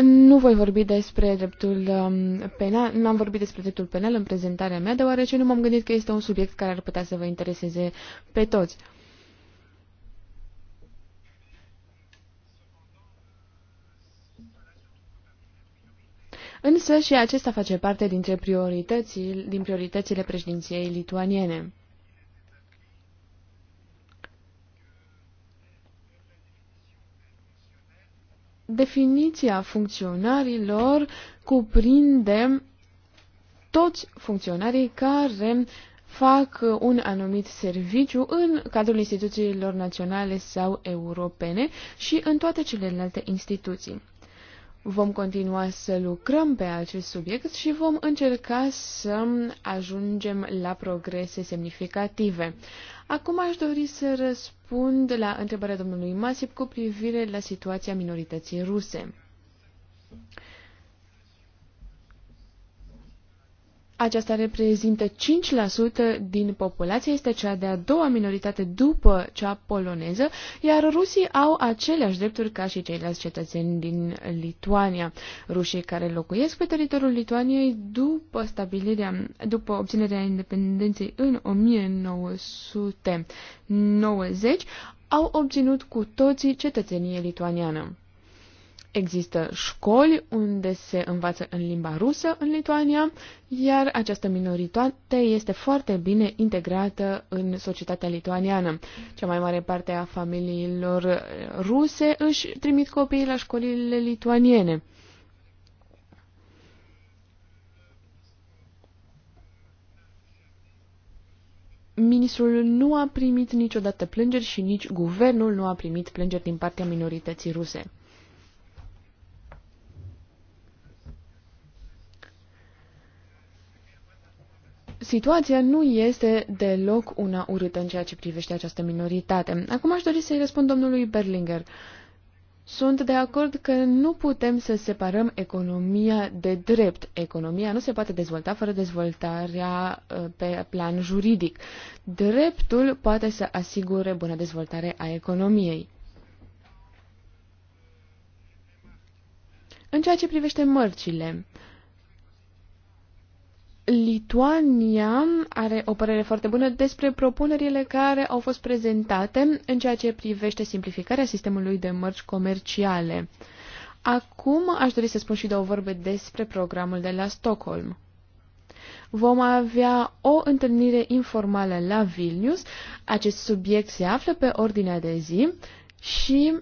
Nu voi vorbi despre dreptul um, penal, nu am vorbit despre dreptul penal în prezentarea mea, deoarece nu m-am gândit că este un subiect care ar putea să vă intereseze pe toți. Însă și acesta face parte dintre prioritățile, din prioritățile președinției lituaniene. definiția funcționarilor cuprinde toți funcționarii care fac un anumit serviciu în cadrul instituțiilor naționale sau europene și în toate celelalte instituții. Vom continua să lucrăm pe acest subiect și vom încerca să ajungem la progrese semnificative. Acum aș dori să răspund la întrebarea domnului Masip cu privire la situația minorității ruse. Aceasta reprezintă 5% din populație, este cea de-a doua minoritate după cea poloneză, iar rusii au aceleași drepturi ca și ceilalți cetățeni din Lituania. Rușii care locuiesc pe teritoriul Lituaniei după stabilirea, după obținerea independenței în 1990, au obținut cu toții cetățenie lituaniană. Există școli unde se învață în limba rusă în Lituania, iar această minoritate este foarte bine integrată în societatea lituaniană. Cea mai mare parte a familiilor ruse își trimit copiii la școlile lituaniene. Ministrul nu a primit niciodată plângeri și nici guvernul nu a primit plângeri din partea minorității ruse. situația nu este deloc una urâtă în ceea ce privește această minoritate. Acum aș dori să-i răspund domnului Berlinger. Sunt de acord că nu putem să separăm economia de drept. Economia nu se poate dezvolta fără dezvoltarea uh, pe plan juridic. Dreptul poate să asigure bună dezvoltare a economiei. În ceea ce privește mărcile, uh, Lituania are o părere foarte bună despre propunerile care au fost prezentate în ceea ce privește simplificarea sistemului de mărci comerciale. Acum aș dori să spun și două vorbe despre programul de la Stockholm. Vom avea o întâlnire informală la Vilnius. Acest subiect se află pe ordinea de zi și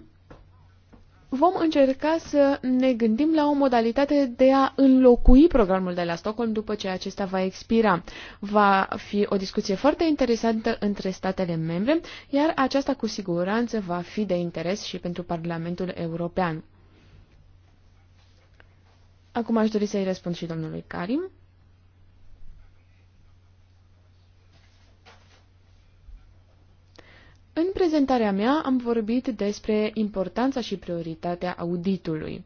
vom încerca să ne gândim la o modalitate de a înlocui programul de la Stockholm după ce acesta va expira. Va fi o discuție foarte interesantă între statele membre, iar aceasta cu siguranță va fi de interes și pentru Parlamentul European. Acum aș dori să-i răspund și domnului Karim. În prezentarea mea am vorbit despre importanța și prioritatea auditului.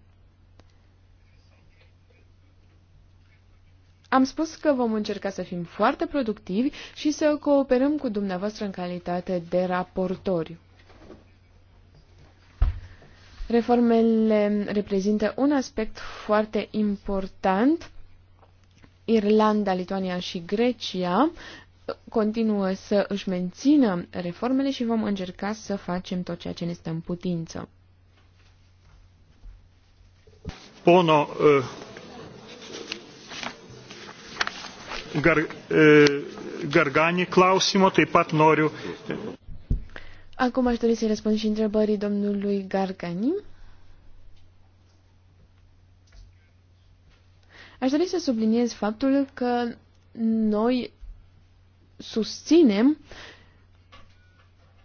Am spus că vom încerca să fim foarte productivi și să cooperăm cu dumneavoastră în calitate de raportori. Reformele reprezintă un aspect foarte important. Irlanda, Lituania și Grecia continuă să își mențină reformele și vom încerca să facem tot ceea ce ne stă în putință. Bono, uh, gar, uh, gargani clausimo, taip pat noriu. Acum aș dori să răspund și întrebării domnului Gargani. Aș dori să subliniez faptul că noi susținem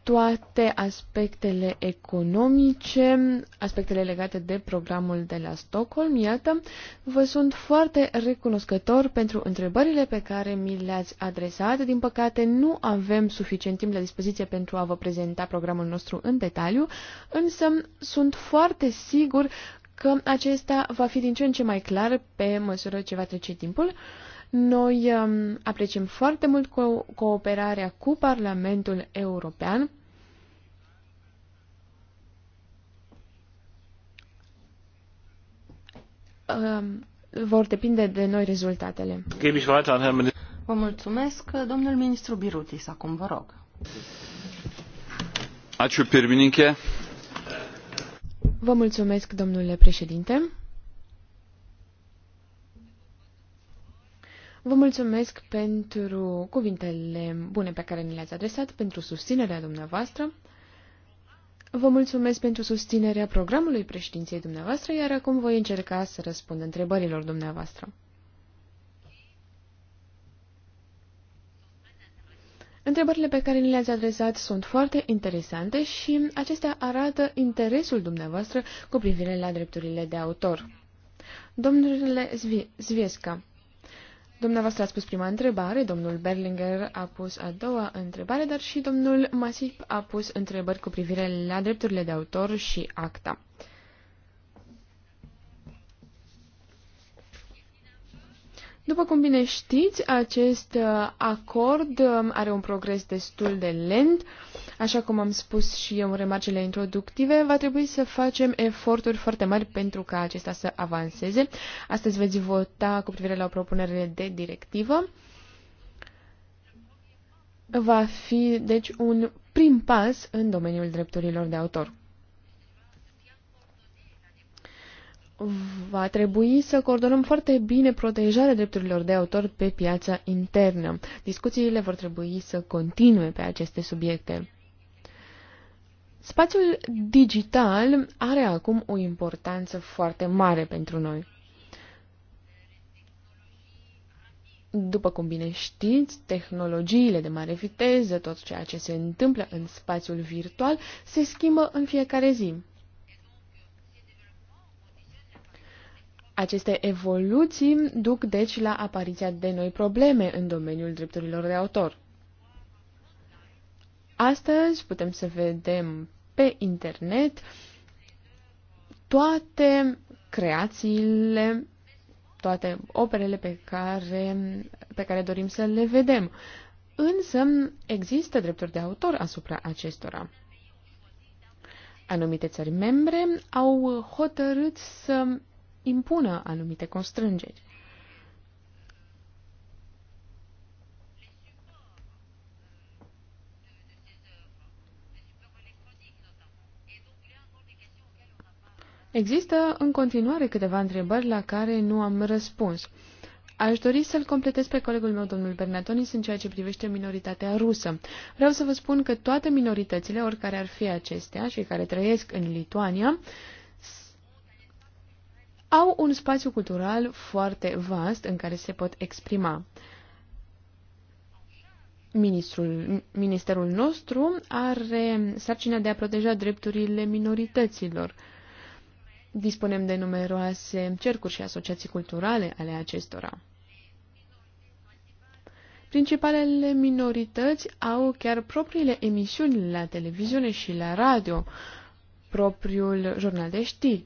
toate aspectele economice, aspectele legate de programul de la Stockholm. Iată, vă sunt foarte recunoscător pentru întrebările pe care mi le-ați adresat. Din păcate, nu avem suficient timp la dispoziție pentru a vă prezenta programul nostru în detaliu, însă sunt foarte sigur că acesta va fi din ce în ce mai clar pe măsură ce va trece timpul. Uh, noi um, apreciem foarte mult co- cooperarea cu Parlamentul European. Um, vor depinde de noi rezultatele. Vă mulțumesc. Domnul ministru Birutis, acum vă rog. Vă mulțumesc, domnule președinte. Vă mulțumesc pentru cuvintele bune pe care ni le-ați adresat, pentru susținerea dumneavoastră. Vă mulțumesc pentru susținerea programului președinției dumneavoastră, iar acum voi încerca să răspund întrebărilor dumneavoastră. Întrebările pe care ni le-ați adresat sunt foarte interesante și acestea arată interesul dumneavoastră cu privire la drepturile de autor. Domnule Zviesca, Dumneavoastră a spus prima întrebare, domnul Berlinger a pus a doua întrebare, dar și domnul Masip a pus întrebări cu privire la drepturile de autor și acta. După cum bine știți, acest acord are un progres destul de lent. Uh, Așa cum am spus și eu în remarcele introductive, va trebui să facem eforturi foarte mari pentru ca acesta să avanseze. Astăzi veți vota cu privire la o propunere de directivă. Va fi, deci, un prim pas în domeniul drepturilor de autor. va trebui să coordonăm foarte bine protejarea drepturilor de autor pe piața internă. Discuțiile vor trebui să continue pe aceste subiecte. Spațiul digital are acum o importanță foarte mare pentru noi. După cum bine știți, tehnologiile de mare viteză, tot ceea ce se întâmplă în spațiul virtual, se schimbă în fiecare zi. Aceste evoluții duc deci la apariția de noi probleme în domeniul drepturilor de autor. Astăzi putem să vedem pe internet toate creațiile, toate operele pe care, pe care dorim să le vedem. Însă există drepturi de autor asupra acestora. Anumite țări membre au hotărât să impună anumite constrângeri. Există în continuare câteva întrebări la care nu am răspuns. Aș dori să-l completez pe colegul meu, domnul Bernatonis, în ceea ce privește minoritatea rusă. Vreau să vă spun că toate minoritățile, oricare ar fi acestea și care trăiesc în Lituania, au un spațiu cultural foarte vast în care se pot exprima. Ministrul, ministerul nostru are sarcina de a proteja drepturile minorităților. Dispunem de numeroase cercuri și asociații culturale ale acestora. Principalele minorități au chiar propriile emisiuni la televiziune și la radio, propriul jurnal de știri.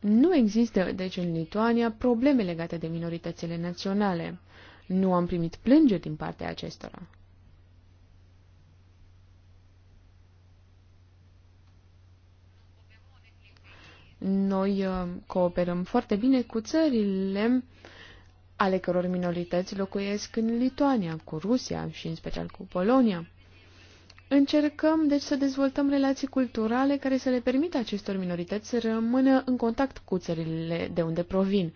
Nu există, deci, în Lituania probleme legate de minoritățile naționale. Nu am primit plângeri din partea acestora. Noi uh, cooperăm foarte bine cu țările ale căror minorități locuiesc în Lituania, cu Rusia și în special cu Polonia. Încercăm, deci, să dezvoltăm relații culturale care să le permită acestor minorități să rămână în contact cu țările de unde provin.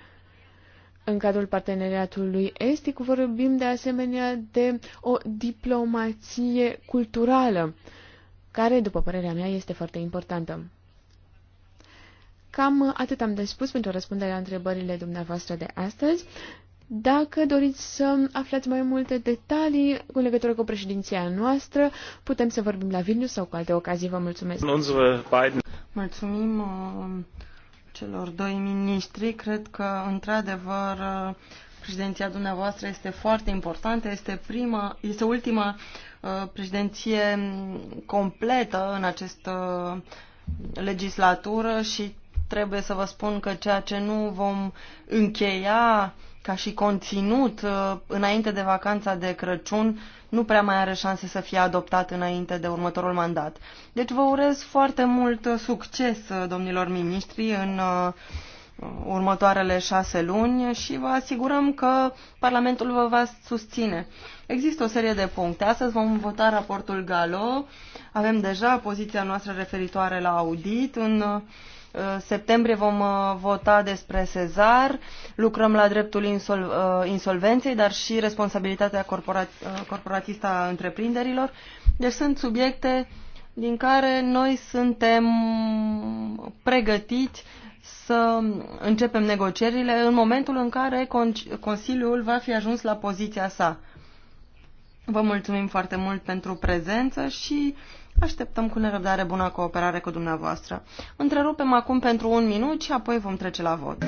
În cadrul parteneriatului estic vorbim de asemenea de o diplomație culturală, care, după părerea mea, este foarte importantă. Cam atât am de spus pentru răspunderea întrebările dumneavoastră de astăzi. Dacă doriți să aflați mai multe detalii în legătură cu președinția noastră, putem să vorbim la Vilnius sau cu alte ocazii. Vă mulțumesc! Mulțumim uh, celor doi ministri. Cred că, într-adevăr, uh, președinția dumneavoastră este foarte importantă. Este, prima, este ultima uh, președinție completă în această legislatură și trebuie să vă spun că ceea ce nu vom încheia ca și conținut uh, înainte de vacanța de Crăciun nu prea mai are șanse să fie adoptat înainte de următorul mandat. Deci vă urez foarte mult uh, succes, uh, domnilor miniștri, în următoarele șase luni și vă asigurăm că Parlamentul vă va susține. Există o serie de puncte. Astăzi vom vota raportul Galo. Avem deja poziția noastră referitoare la audit. În septembrie vom uh, vota despre Sezar, lucrăm la dreptul insol, uh, insolvenței, dar și responsabilitatea corporat, uh, corporatistă a întreprinderilor. Deci sunt subiecte din care noi suntem pregătiți să începem negocierile în momentul în care Consiliul va fi ajuns la poziția sa. Vă mulțumim foarte mult pentru prezență și Așteptăm cu nerăbdare bună cooperare cu dumneavoastră. Întrerupem acum pentru un minut și apoi vom trece la vot.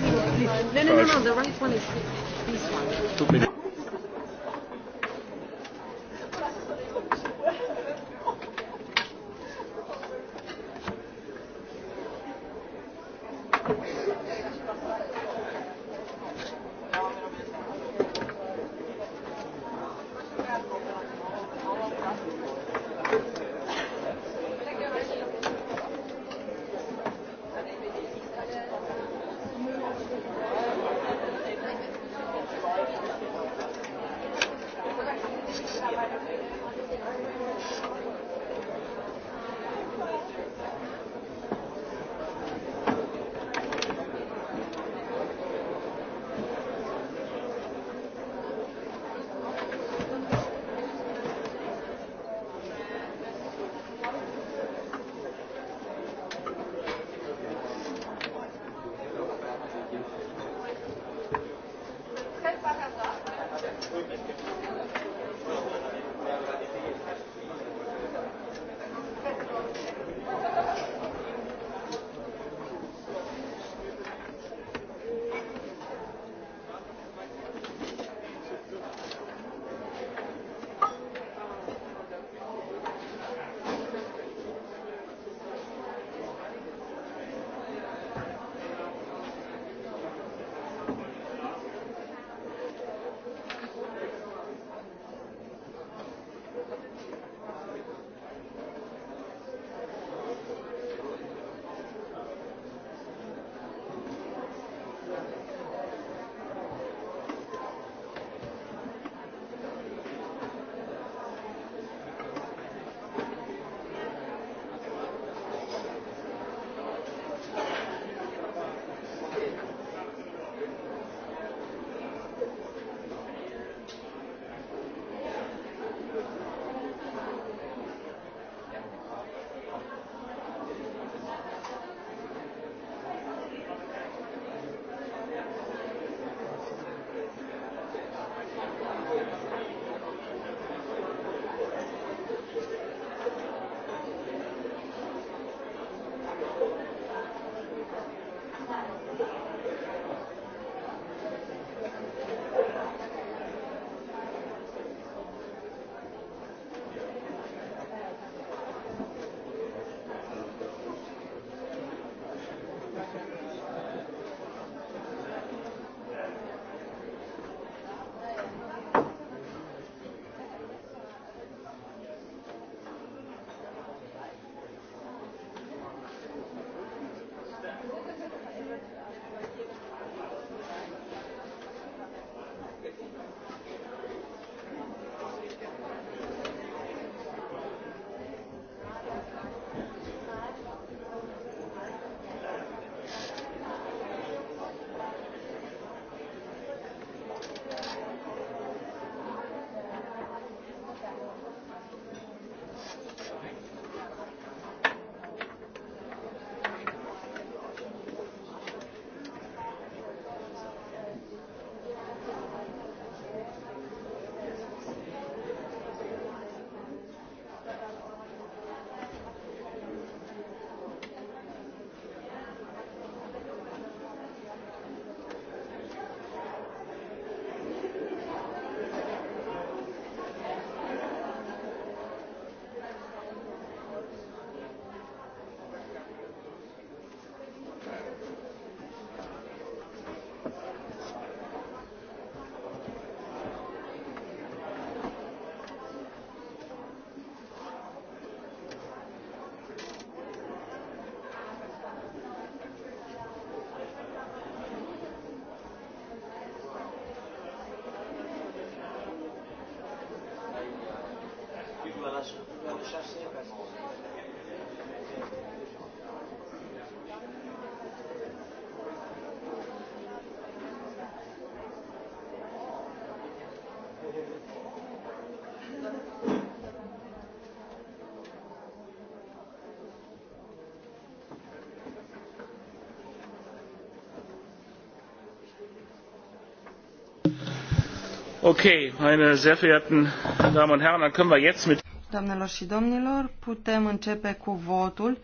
Doamnelor și domnilor, putem începe cu votul.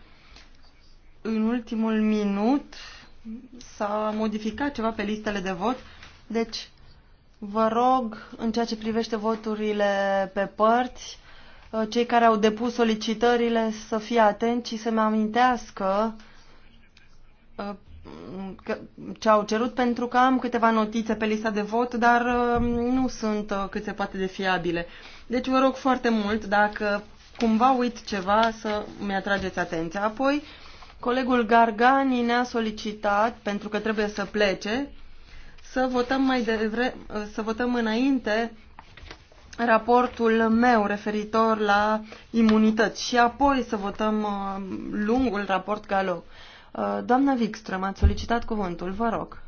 În ultimul minut s-a modificat ceva pe listele de vot, deci vă rog, în ceea ce privește voturile pe părți, cei care au depus solicitările să fie atenți și să-mi amintească ce au cerut pentru că am câteva notițe pe lista de vot, dar uh, nu sunt uh, cât se poate de fiabile. Deci vă rog foarte mult, dacă cumva uit ceva, să mi-atrageți atenția. Apoi, colegul Gargani ne-a solicitat, pentru că trebuie să plece, să votăm, mai devre, uh, să votăm înainte raportul meu referitor la imunități și apoi să votăm lungul raport Galop. Uh, doamna Wikström, ați solicitat cuvântul, vă rog.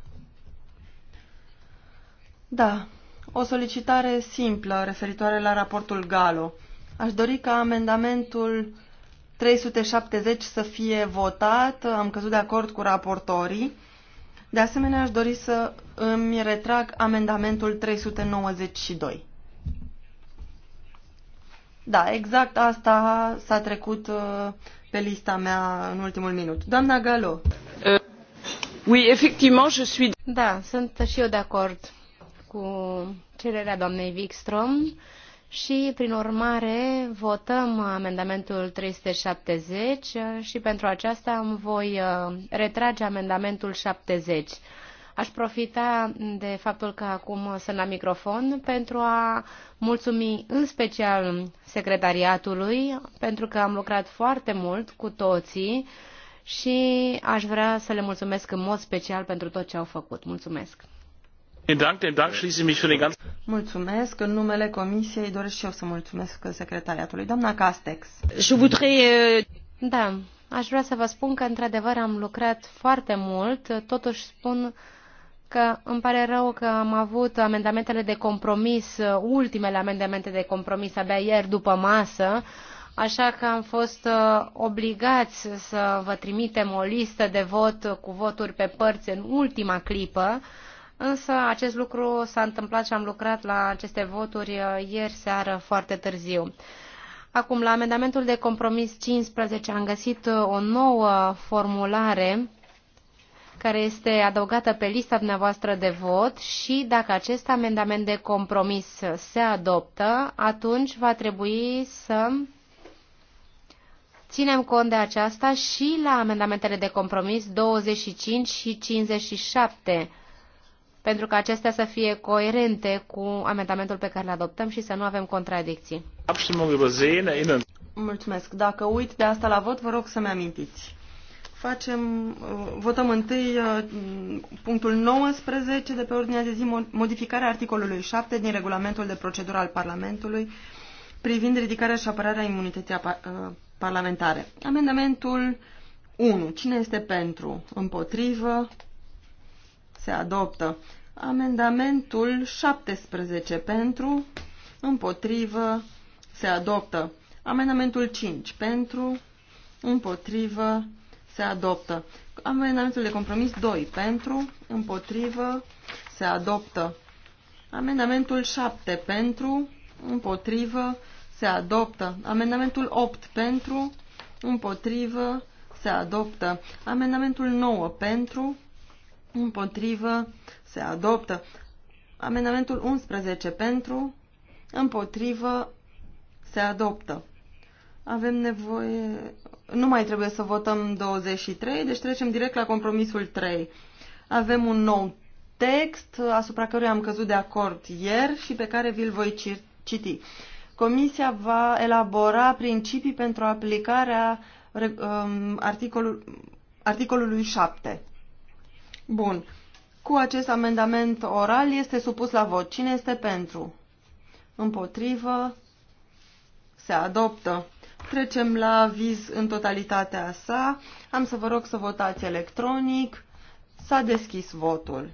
Da, o solicitare simplă referitoare la raportul Galo. Aș dori ca amendamentul 370 să fie votat, am căzut de acord cu raportorii. De asemenea, aș dori să îmi retrag amendamentul 392. Da, exact asta s-a trecut uh, pe lista mea în ultimul minut. Doamna Galo. Uh, oui, effectivement, je suis... Da, sunt și eu de acord cu cererea doamnei Wikstrom și, prin urmare, votăm amendamentul 370 și pentru aceasta îmi voi uh, retrage amendamentul 70. Aș profita de faptul că acum sunt la microfon pentru a mulțumi în special secretariatului, pentru că am lucrat foarte mult cu toții și aș vrea să le mulțumesc în mod special pentru tot ce au făcut. Mulțumesc! Mulțumesc. În numele Comisiei doresc și eu să mulțumesc secretariatului. Doamna Castex. Da, aș vrea să vă spun că într-adevăr am lucrat foarte mult, totuși spun că îmi pare rău că am avut amendamentele de compromis, uh, ultimele amendamente de compromis abia ieri după masă, așa că am fost uh, obligați să vă trimitem o listă de vot cu voturi pe părți în ultima clipă, însă acest lucru s-a întâmplat și am lucrat la aceste voturi uh, ieri seară foarte târziu. Acum, la amendamentul de compromis 15 am găsit o nouă formulare care este adăugată pe lista dumneavoastră de vot și dacă acest amendament de compromis se adoptă, atunci va trebui să ținem cont de aceasta și la amendamentele de compromis 25 și 57 pentru că acestea să fie coerente cu amendamentul pe care îl adoptăm și să nu avem contradicții. Mulțumesc. Dacă uit de asta la vot, vă rog să-mi amintiți. Facem, uh, votăm întâi uh, punctul 19 de pe ordinea de zi, modificarea articolului 7 din regulamentul de procedură al Parlamentului privind ridicarea și apărarea imunității uh, parlamentare. Amendamentul 1. Cine este pentru? Împotrivă? Se adoptă. Amendamentul 17 pentru, împotrivă, se adoptă. Amendamentul 5 pentru, împotrivă, se adoptă. Amendamentul de compromis 2 pentru, împotrivă, se adoptă. Amendamentul 7 pentru, împotrivă, se adoptă. Amendamentul 8 pentru, împotrivă, se adoptă. Amendamentul 9 pentru, împotrivă, se adoptă. Amendamentul 11 pentru, împotrivă, se adoptă. Avem nevoie... Nu mai trebuie să votăm 23, deci trecem direct la compromisul 3. Avem un nou text asupra căruia am căzut de acord ieri și pe care vi-l voi citi. Comisia va elabora principii pentru aplicarea um, articolului 7. Bun. Cu acest amendament oral este supus la vot. Cine este pentru? Împotrivă? Se adoptă. Trecem la viz în totalitatea sa. Am să vă rog să votați electronic. S-a deschis votul.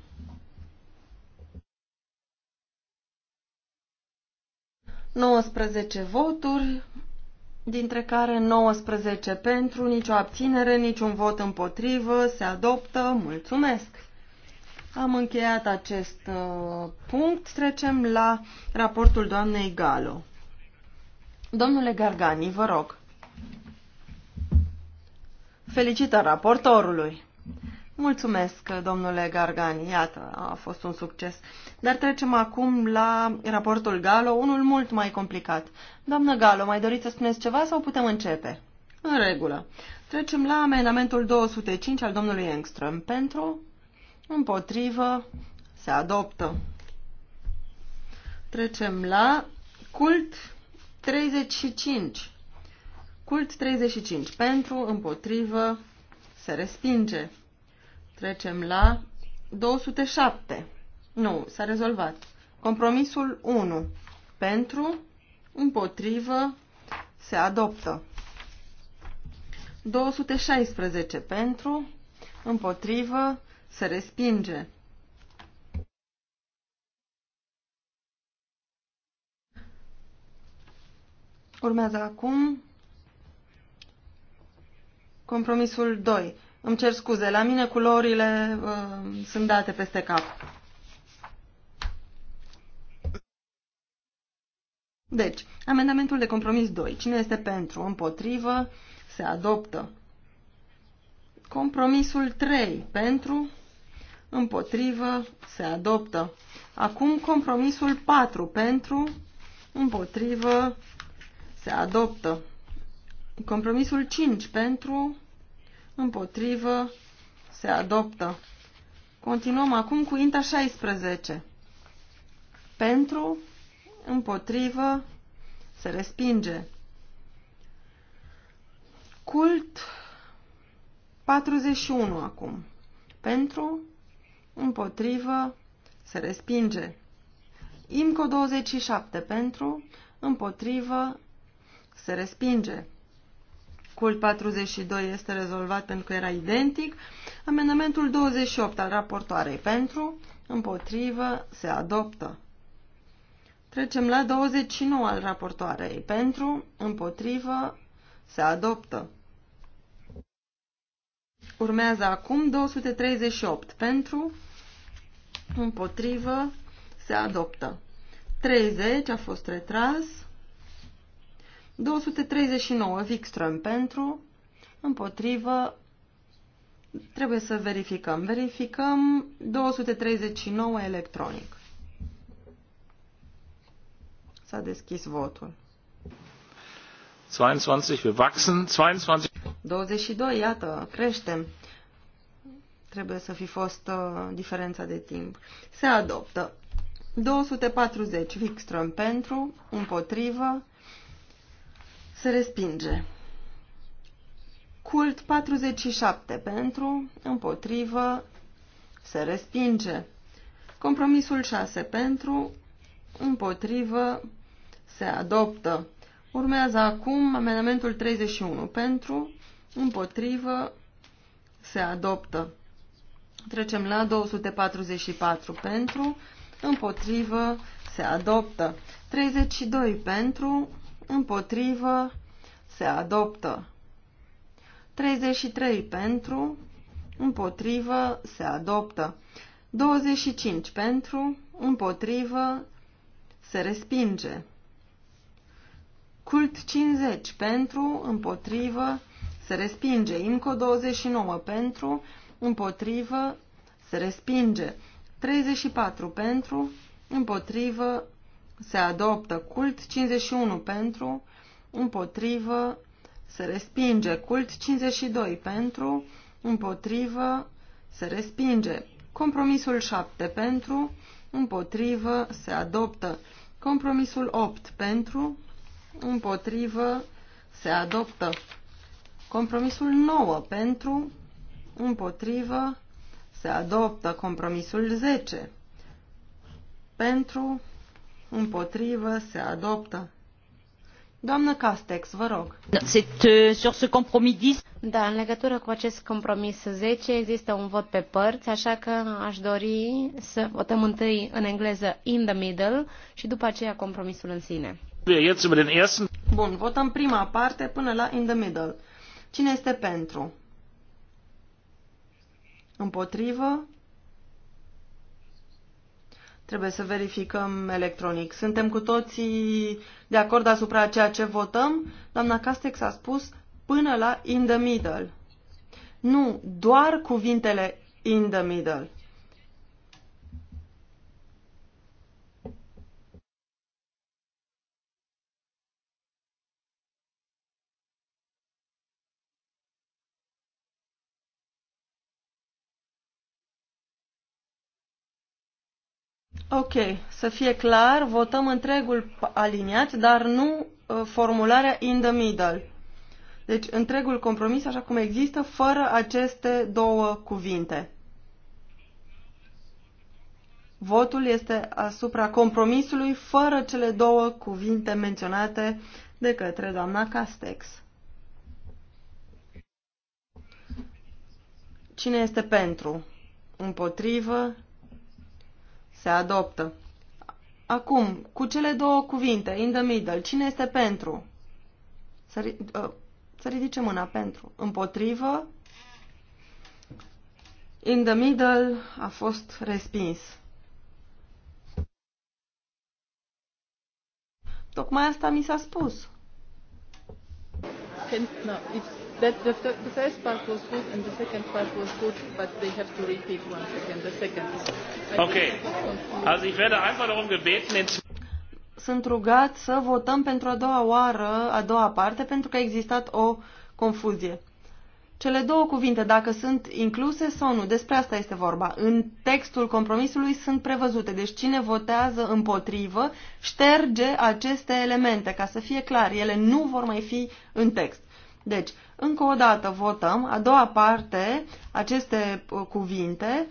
Nouăsprezece voturi, dintre care 19 pentru, nicio abținere, niciun vot împotrivă, se adoptă. Mulțumesc! Am încheiat acest uh, punct. Trecem la raportul doamnei Galo. Domnule Gargani, vă rog. Felicită raportorului. Mulțumesc, domnule Gargani. Iată, a fost un succes. Dar trecem acum la raportul Galo, unul mult mai complicat. Doamnă Galo, mai doriți să spuneți ceva sau putem începe? În regulă. Trecem la amendamentul 205 al domnului Engström. Pentru, împotrivă, se adoptă. Trecem la cult 35. Cult 35. Pentru, împotrivă, se respinge. Trecem la 207. Nu, s-a rezolvat. Compromisul 1. Pentru, împotrivă, se adoptă. 216. Pentru, împotrivă, se respinge. Urmează acum compromisul 2. Îmi cer scuze, la mine culorile uh, sunt date peste cap. Deci, amendamentul de compromis 2. Cine este pentru? Împotrivă? Se adoptă. Compromisul 3. Pentru? Împotrivă? Se adoptă. Acum compromisul 4. Pentru? Împotrivă? se adoptă. Compromisul 5 pentru, împotrivă, se adoptă. Continuăm acum cu INTA 16. Pentru, împotrivă, se respinge. Cult 41 acum. Pentru, împotrivă, se respinge. IMCO 27 pentru, împotrivă, se respinge. Cult 42 este rezolvat pentru că era identic. Amendamentul 28 al raportoarei pentru, împotrivă, se adoptă. Trecem la 29 al raportoarei pentru, împotrivă, se adoptă. Urmează acum 238 pentru, împotrivă, se adoptă. 30 a fost retras. 239 Wikström pentru, împotrivă, trebuie să verificăm. Verificăm 239 electronic. S-a deschis votul. 22, wir wachsen, 22. 22, iată, creștem. Trebuie să fi fost uh, diferența de timp. Se adoptă. 240 Wikström pentru, împotrivă, se respinge. Cult 47 pentru, împotrivă, se respinge. Compromisul 6 pentru, împotrivă, se adoptă. Urmează acum amendamentul 31 pentru, împotrivă, se adoptă. Trecem la 244 pentru, împotrivă, se adoptă. 32 pentru, împotrivă, se adoptă. 33 pentru, împotrivă, se adoptă. 25 pentru, împotrivă, se respinge. Cult 50 pentru, împotrivă, se respinge. Inco 29 pentru, împotrivă, se respinge. 34 pentru, împotrivă, se adoptă. Cult 51 pentru, împotrivă, se respinge. Cult 52 pentru, împotrivă, se respinge. Compromisul 7 pentru, împotrivă, se adoptă. Compromisul 8 pentru, împotrivă, se adoptă. Compromisul 9 pentru, împotrivă, se adoptă. Compromisul 10 pentru, Împotrivă. Se adoptă. Doamnă Castex, vă rog. Euh, da, în legătură cu acest compromis 10 există un vot pe părți, așa că aș dori să votăm întâi în engleză in the middle și după aceea compromisul în sine. Bun, votăm prima parte până la in the middle. Cine este pentru? Împotrivă? Trebuie să verificăm electronic. Suntem cu toții de acord asupra ceea ce votăm? Doamna Castex a spus până la in the middle. Nu, doar cuvintele in the middle. Ok, să fie clar, votăm întregul aliniat, dar nu uh, formularea in the middle. Deci întregul compromis așa cum există, fără aceste două cuvinte. Votul este asupra compromisului fără cele două cuvinte menționate de către doamna Castex. Cine este pentru? Împotrivă? Se adoptă. Acum, cu cele două cuvinte, in the middle, cine este pentru? Să, ri uh, să ridice mâna pentru. Împotrivă. In the middle a fost respins. Tocmai asta mi s-a spus. no, it's... That the, the first part was good and the second part was good, but they have to repeat once again. The second is. Okay. Also ich werde einfach darum gebeten, in sunt rugat să votăm pentru a doua oară, a doua parte, pentru că a existat o confuzie. Cele două cuvinte, dacă sunt incluse sau nu, despre asta este vorba. În textul compromisului sunt prevăzute, deci cine votează împotrivă șterge aceste elemente, ca să fie clar, ele nu vor mai fi în text. Deci, încă o dată votăm a doua parte aceste uh, cuvinte.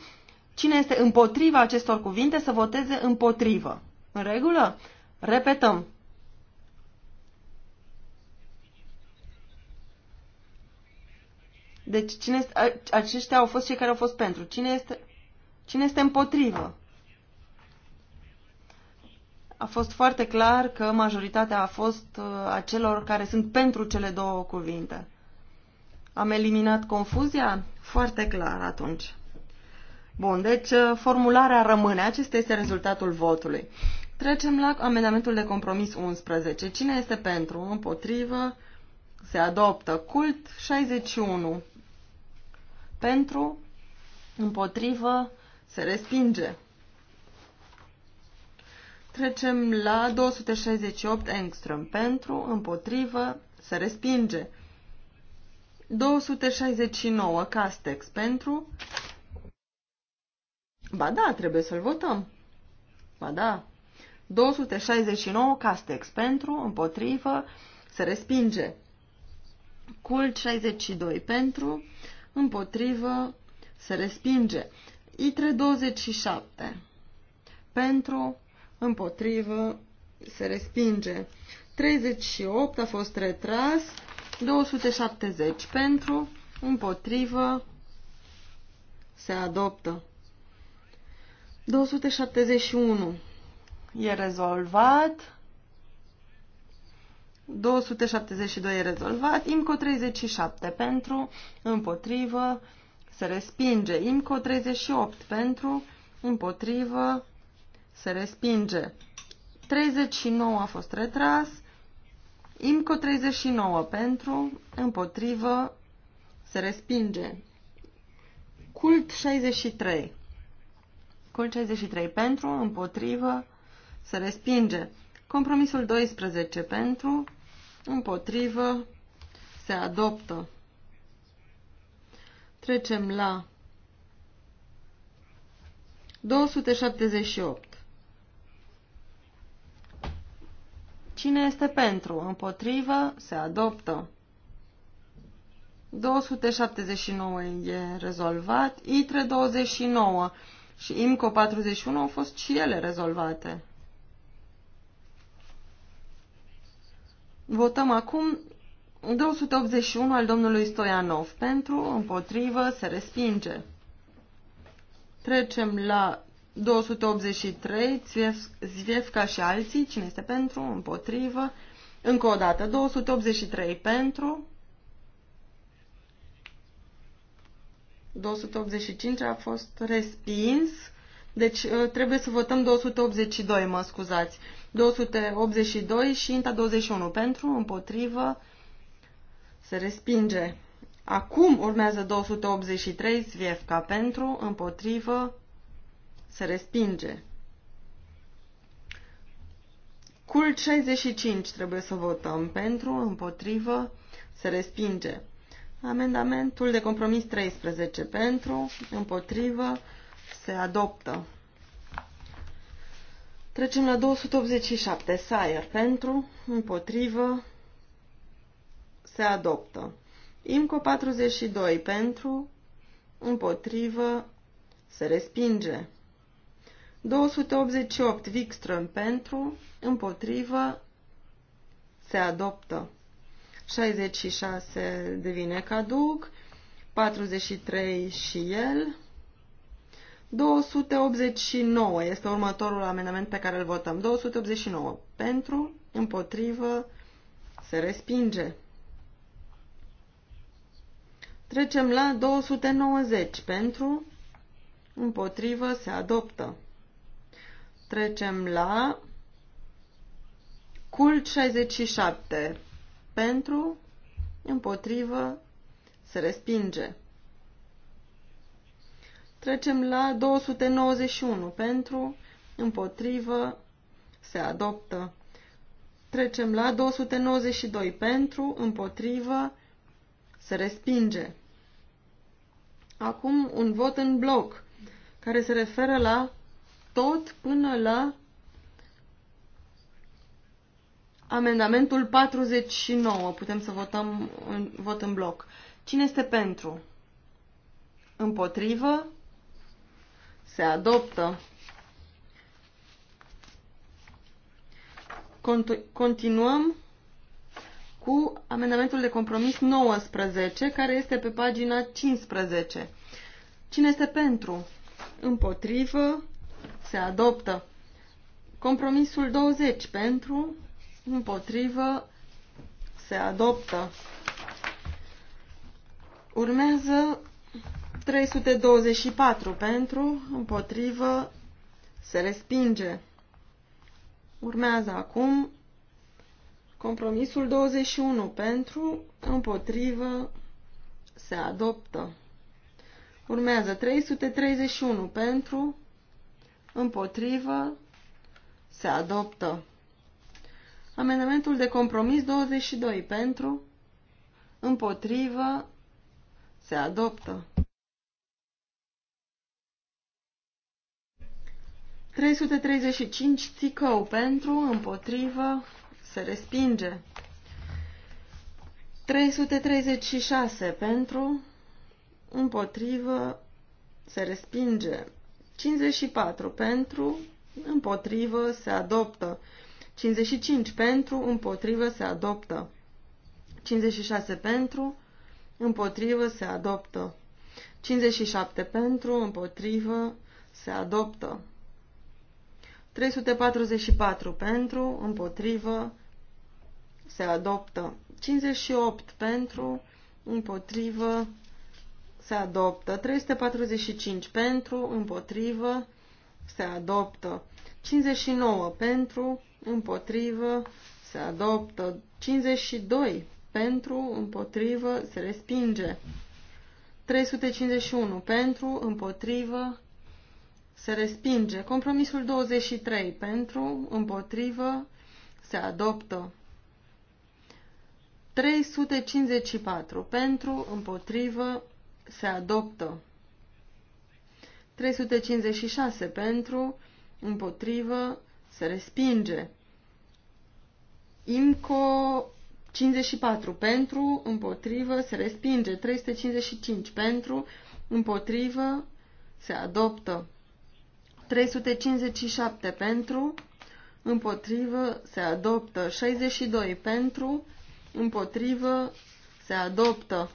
Cine este împotriva acestor cuvinte să voteze împotrivă. În regulă? Repetăm. Deci cine este, aceștia au fost cei care au fost pentru. Cine este, cine este împotrivă? A fost foarte clar că majoritatea a fost uh, a celor care sunt pentru cele două cuvinte. Am eliminat confuzia? Foarte clar atunci. Bun, deci uh, formularea rămâne. Acesta este rezultatul votului. Trecem la amendamentul de compromis 11. Cine este pentru? Împotrivă? Se adoptă. Cult 61. Pentru? Împotrivă? Se respinge. Trecem la 268 Engström. Pentru? Împotrivă? Se respinge. 269 Castex pentru. Ba da, trebuie să-l votăm. Ba da. 269 Castex pentru, împotrivă, se respinge. Cult 62 pentru, împotrivă, se respinge. ITRE 27 pentru, împotrivă, se respinge. 38 a fost retras. 270 pentru, împotrivă, se adoptă. 271 e rezolvat. 272 e rezolvat. IMCO 37 pentru, împotrivă, se respinge. IMCO 38 pentru, împotrivă, se respinge. 39 a fost retras. IMCO 39 pentru, împotrivă, se respinge. Cult 63. Cult 63 pentru, împotrivă, se respinge. Compromisul 12 pentru, împotrivă, se adoptă. Trecem la 278. Cine este pentru? Împotrivă? Se adoptă. 279 e rezolvat. ITRE 29 și IMCO 41 au fost și ele rezolvate. Votăm acum 281 al domnului Stoianov. Pentru, împotrivă, se respinge. Trecem la 283, Zviefca și alții, cine este pentru, împotrivă. Încă o dată, 283 pentru. 285 a fost respins. Deci ă, trebuie să votăm 282, mă scuzați. 282 și INTA 21 pentru, împotrivă, se respinge. Acum urmează 283, Zviefca pentru, împotrivă, se respinge. Cul 65 trebuie să votăm pentru, împotrivă, se respinge. Amendamentul de compromis 13 pentru, împotrivă, se adoptă. Trecem la 287. Sayer pentru, împotrivă, se adoptă. IMCO 42 pentru, împotrivă, se respinge. 288 Wikström pentru, împotrivă, se adoptă. 66 devine caduc, 43 și el. 289 este următorul amendament pe care îl votăm. 289 pentru, împotrivă, se respinge. Trecem la 290 pentru, împotrivă, se adoptă. Trecem la cult 67. Pentru, împotrivă, se respinge. Trecem la 291. Pentru, împotrivă, se adoptă. Trecem la 292. Pentru, împotrivă, se respinge. Acum un vot în bloc, care se referă la tot până la amendamentul 49. Putem să votăm în, vot în bloc. Cine este pentru? Împotrivă? Se adoptă. Continuăm cu amendamentul de compromis 19, care este pe pagina 15. Cine este pentru? Împotrivă? se adoptă. Compromisul 20 pentru, împotrivă, se adoptă. Urmează 324 pentru, împotrivă, se respinge. Urmează acum compromisul 21 pentru, împotrivă, se adoptă. Urmează 331 pentru, împotrivă, se adoptă. Amendamentul de compromis 22 pentru, împotrivă, se adoptă. 335 țicău pentru, împotrivă, se respinge. 336 pentru, împotrivă, se respinge. 54 pentru, împotrivă, se adoptă. 55 pentru, împotrivă, se adoptă. 56 pentru, împotrivă, se adoptă. 57 pentru, împotrivă, se adoptă. 344 pentru, împotrivă, se adoptă. 58 pentru, împotrivă, se adoptă. 345 pentru, împotrivă, se adoptă. 59 pentru, împotrivă, se adoptă. 52 pentru, împotrivă, se respinge. 351 pentru, împotrivă, se respinge. Compromisul 23 pentru, împotrivă, se adoptă. 354 pentru, împotrivă, se adoptă. 356 pentru, împotrivă, se respinge. IMCO 54 pentru, împotrivă, se respinge. 355 pentru, împotrivă, se adoptă. 357 pentru, împotrivă, se adoptă. 62 pentru, împotrivă, se adoptă.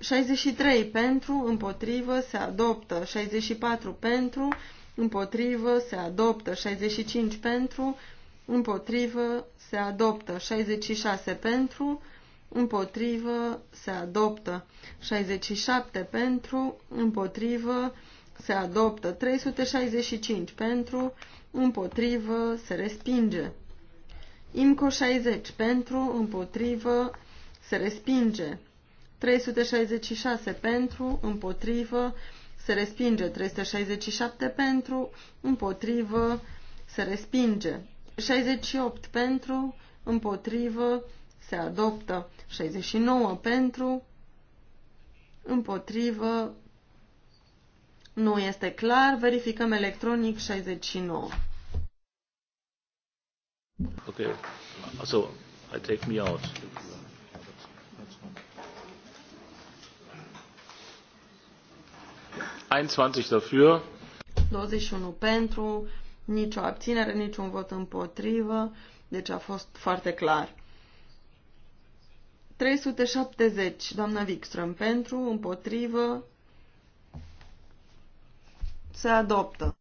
63 pentru, împotrivă, se adoptă. 64 pentru, împotrivă, se adoptă. 65 pentru, împotrivă, se adoptă. 66 pentru, împotrivă, se adoptă. 67 pentru, împotrivă, se adoptă. 365 pentru, împotrivă, se respinge. IMCO 60 pentru, împotrivă, se respinge. 366 pentru, împotrivă, se respinge. 367 pentru, împotrivă, se respinge. 68 pentru, împotrivă, se adoptă. 69 pentru, împotrivă, nu este clar. Verificăm electronic 69. Okay, So, I take me out. 21 dafür. 21 pentru, nicio abținere, niciun vot împotrivă, deci a fost foarte clar. 370, doamna Wikström, pentru, împotrivă, se adoptă.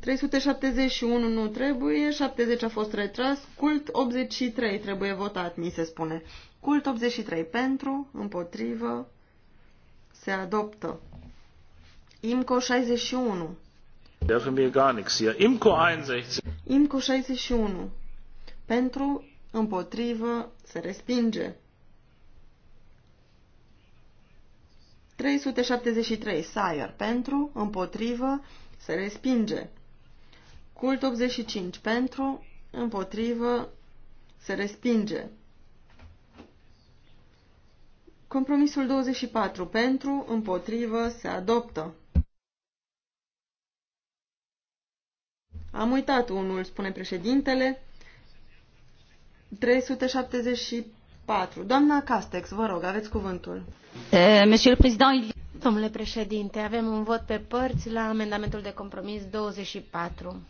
371 nu trebuie, 70 a fost retras, cult 83 trebuie votat, mi se spune. Cult 83 pentru, împotrivă, se adoptă. IMCO 61. Dürfen wir gar nichts hier. IMCO 61. IMCO 61. Pentru, împotrivă, se respinge. 373. Sire. Pentru, împotrivă, se respinge. Cult 85. Pentru, împotrivă, se respinge. Compromisul 24 pentru, împotrivă, se adoptă. Am uitat unul, spune președintele. 374. Doamna Castex, vă rog, aveți cuvântul. Eh, monsieur Domnule președinte, avem un vot pe părți la amendamentul de compromis 24.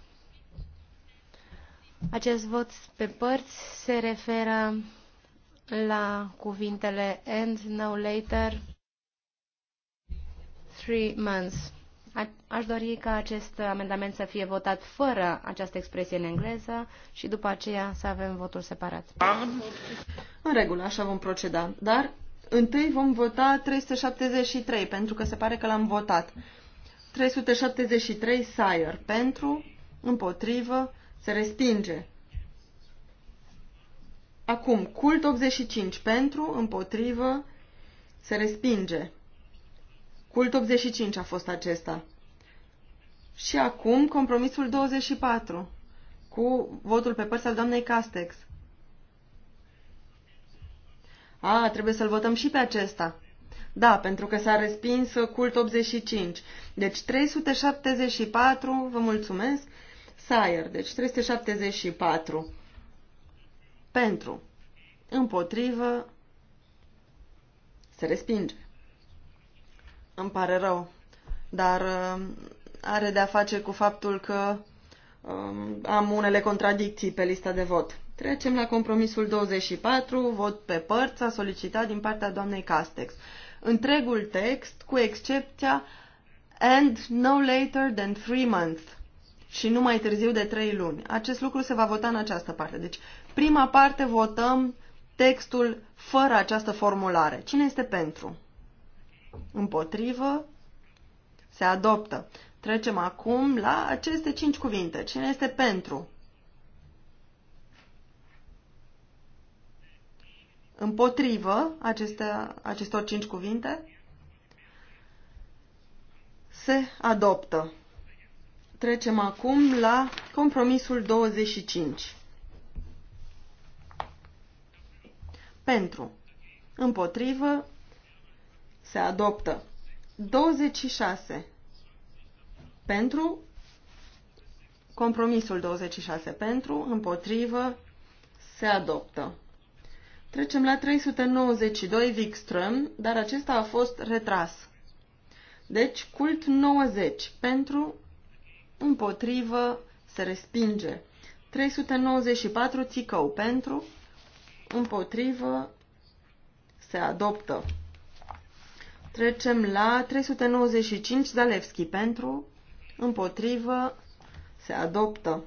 Acest vot pe părți se referă la cuvintele and no later three months. A aș dori ca acest amendament să fie votat fără această expresie în engleză și după aceea să avem votul separat. În regulă, așa vom proceda. Dar întâi vom vota 373, pentru că se pare că l-am votat. 373 Sire, pentru, împotrivă, se respinge. Acum, cult 85 pentru, împotrivă, se respinge. Cult 85 a fost acesta. Și acum, compromisul 24, cu votul pe părți al doamnei Castex. A, trebuie să-l votăm și pe acesta. Da, pentru că s-a respins cult 85. Deci 374, vă mulțumesc, Sayer, deci 374 pentru. Împotrivă. Se respinge. Îmi pare rău. Dar uh, are de-a face cu faptul că um, am unele contradicții pe lista de vot. Trecem la compromisul 24, vot pe părți, a solicitat din partea doamnei Castex. Întregul text, cu excepția and no later than three months și nu mai târziu de trei luni. Acest lucru se va vota în această parte. Deci Prima parte votăm textul fără această formulare. Cine este pentru? Împotrivă? Se adoptă. Trecem acum la aceste cinci cuvinte. Cine este pentru? Împotrivă aceste, acestor cinci cuvinte? Se adoptă. Trecem acum la compromisul 25. Pentru. Împotrivă. Se adoptă. 26. Pentru. Compromisul 26 pentru, împotrivă, se adoptă. Trecem la 392 Wikström, dar acesta a fost retras. Deci, cult 90 pentru, împotrivă, se respinge. 394 Țicău pentru, împotrivă, se adoptă. Trecem la 395 Zalewski pentru, împotrivă, se adoptă.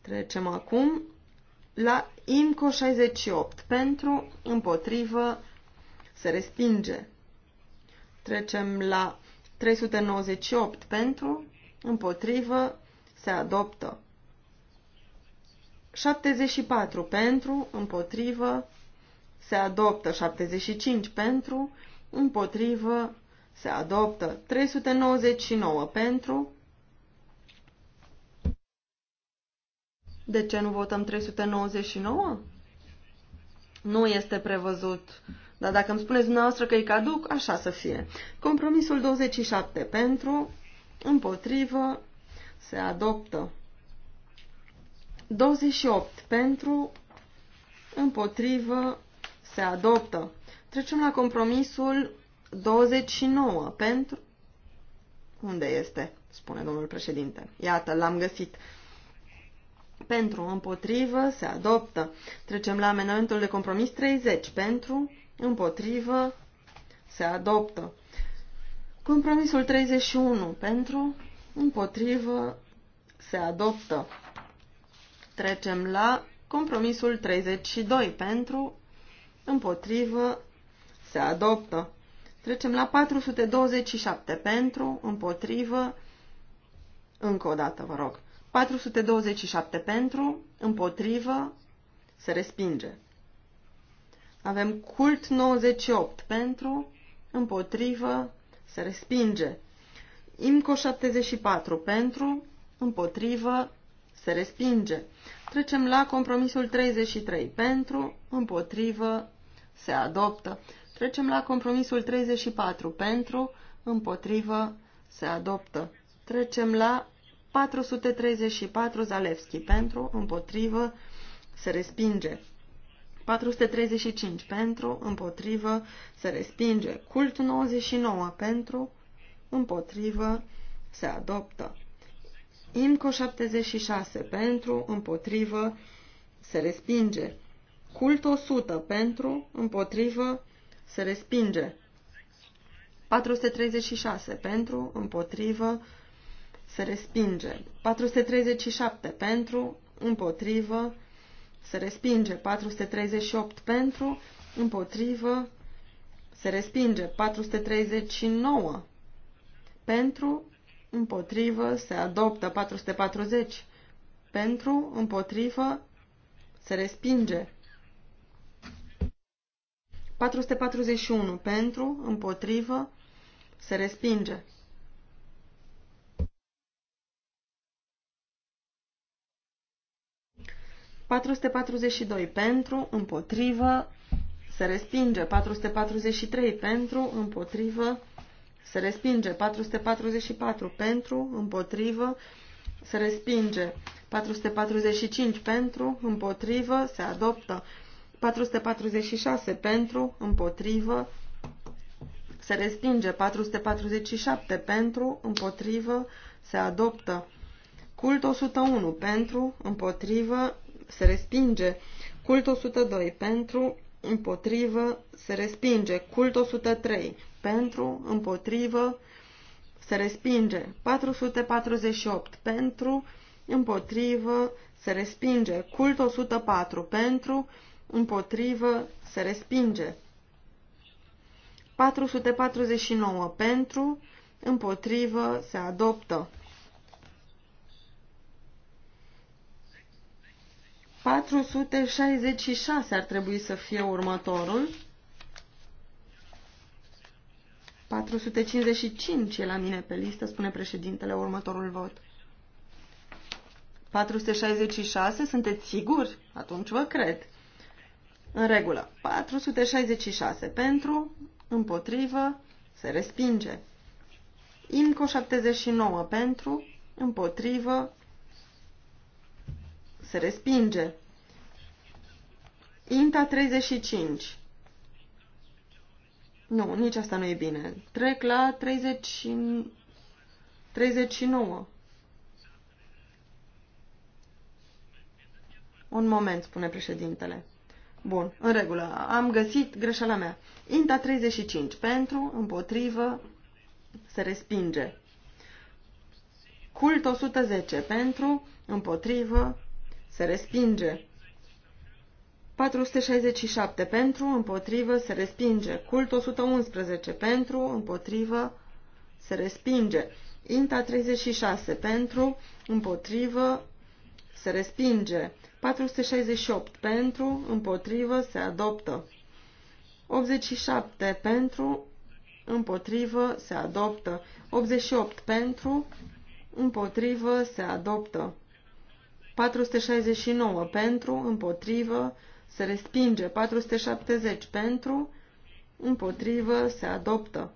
Trecem acum la IMCO 68 pentru, împotrivă, se respinge. Trecem la 398 pentru, împotrivă, se adoptă. 74 pentru, împotrivă, se adoptă 75 pentru, împotrivă, se adoptă 399 pentru. De ce nu votăm 399? Nu este prevăzut. Dar dacă îmi spuneți dumneavoastră că e caduc, așa să fie. Compromisul 27 pentru, împotrivă, se adoptă 28 pentru, împotrivă, se adoptă. Trecem la compromisul 29 pentru... Unde este? Spune domnul președinte. Iată, l-am găsit. Pentru, împotrivă, se adoptă. Trecem la amendamentul de compromis 30. Pentru, împotrivă, se adoptă. Compromisul 31. Pentru, împotrivă, se adoptă. Trecem la compromisul 32 pentru, împotrivă, se adoptă. Trecem la 427 pentru, împotrivă, încă o dată, vă rog. 427 pentru, împotrivă, se respinge. Avem cult 98 pentru, împotrivă, se respinge. IMCO 74 pentru, împotrivă, se respinge. Trecem la compromisul 33. Pentru, împotrivă, se adoptă. Trecem la compromisul 34. Pentru, împotrivă, se adoptă. Trecem la 434 Zalewski. Pentru, împotrivă, se respinge. 435 pentru, împotrivă, se respinge. Cult 99 pentru, împotrivă, se adoptă. IMCO 76 pentru, împotrivă, se respinge. Cult 100 pentru, împotrivă, se respinge. 436 pentru, împotrivă, se respinge. 437 pentru, împotrivă, se respinge. 438 pentru, împotrivă, se respinge. 439 pentru, împotrivă, se adoptă 440 pentru, împotrivă, se respinge. 441 pentru, împotrivă, se respinge. 442 pentru, împotrivă, se respinge. 443 pentru, împotrivă, se respinge. 444 pentru, împotrivă, se respinge. 445 pentru, împotrivă, se adoptă. 446 pentru, împotrivă, se respinge. 447 pentru, împotrivă, se adoptă. Cult 101 pentru, împotrivă, se respinge. Cult 102 pentru, împotrivă, se respinge. Cult 103 pentru, împotrivă, se respinge. 448 pentru, împotrivă, se respinge. Cult 104 pentru, împotrivă, se respinge. 449 pentru, împotrivă, se adoptă. 466 ar trebui să fie următorul. 455 e la mine pe listă, spune președintele, următorul vot. 466, sunteți siguri? Atunci vă cred. În regulă, 466 pentru, împotrivă, se respinge. Inco 79 pentru, împotrivă, se respinge. INTA 35 nu, nici asta nu e bine. Trec la 30, 39. Un moment, spune președintele. Bun, în regulă, am găsit greșeala mea. Inta 35, pentru, împotrivă, se respinge. Cult 110, pentru, împotrivă, se respinge. 467 pentru, împotrivă, se respinge. Cult 111 pentru, împotrivă, se respinge. Inta 36 pentru, împotrivă, se respinge. 468 pentru, împotrivă, se adoptă. 87 pentru, împotrivă, se adoptă. 88 pentru, împotrivă, se adoptă. 469 pentru, împotrivă, se respinge. 470 pentru, împotrivă, se adoptă.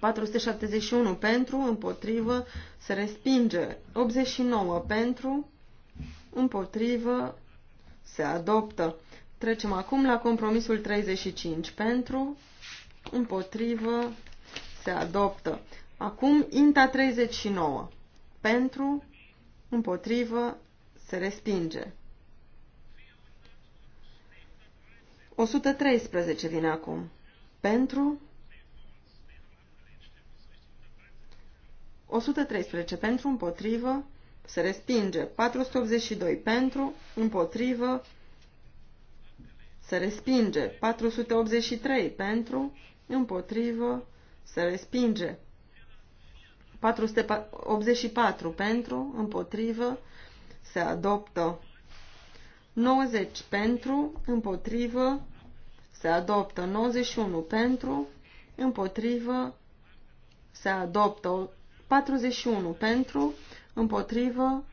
471 pentru, împotrivă, se respinge. 89 pentru, împotrivă, se adoptă. Trecem acum la compromisul 35 pentru, împotrivă, se adoptă. Acum INTA 39 pentru, împotrivă, se respinge. 113 vine acum. Pentru 113 pentru, împotrivă, se respinge. 482 pentru, împotrivă, se respinge. 483 pentru, împotrivă, se respinge. 484 pentru, împotrivă, se adoptă. 90 pentru, împotrivă, se adoptă 91 pentru, împotrivă, se adoptă 41 pentru, împotrivă,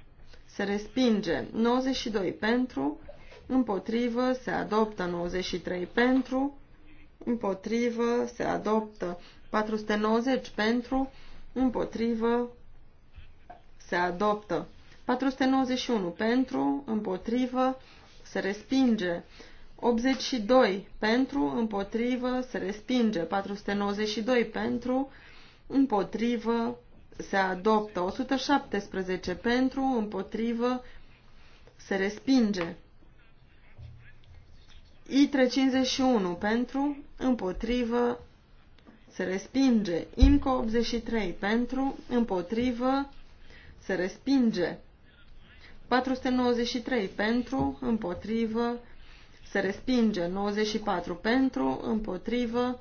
se respinge 92 pentru, împotrivă, se adoptă 93 pentru, împotrivă, se adoptă 490 pentru, împotrivă, se adoptă 491 pentru, împotrivă, se respinge 82 pentru, împotrivă, se respinge. 492 pentru, împotrivă, se adoptă. 117 pentru, împotrivă, se respinge. I351 pentru, împotrivă, se respinge. IMCO 83 pentru, împotrivă, se respinge. 493 pentru, împotrivă, se se respinge 94 pentru, împotrivă,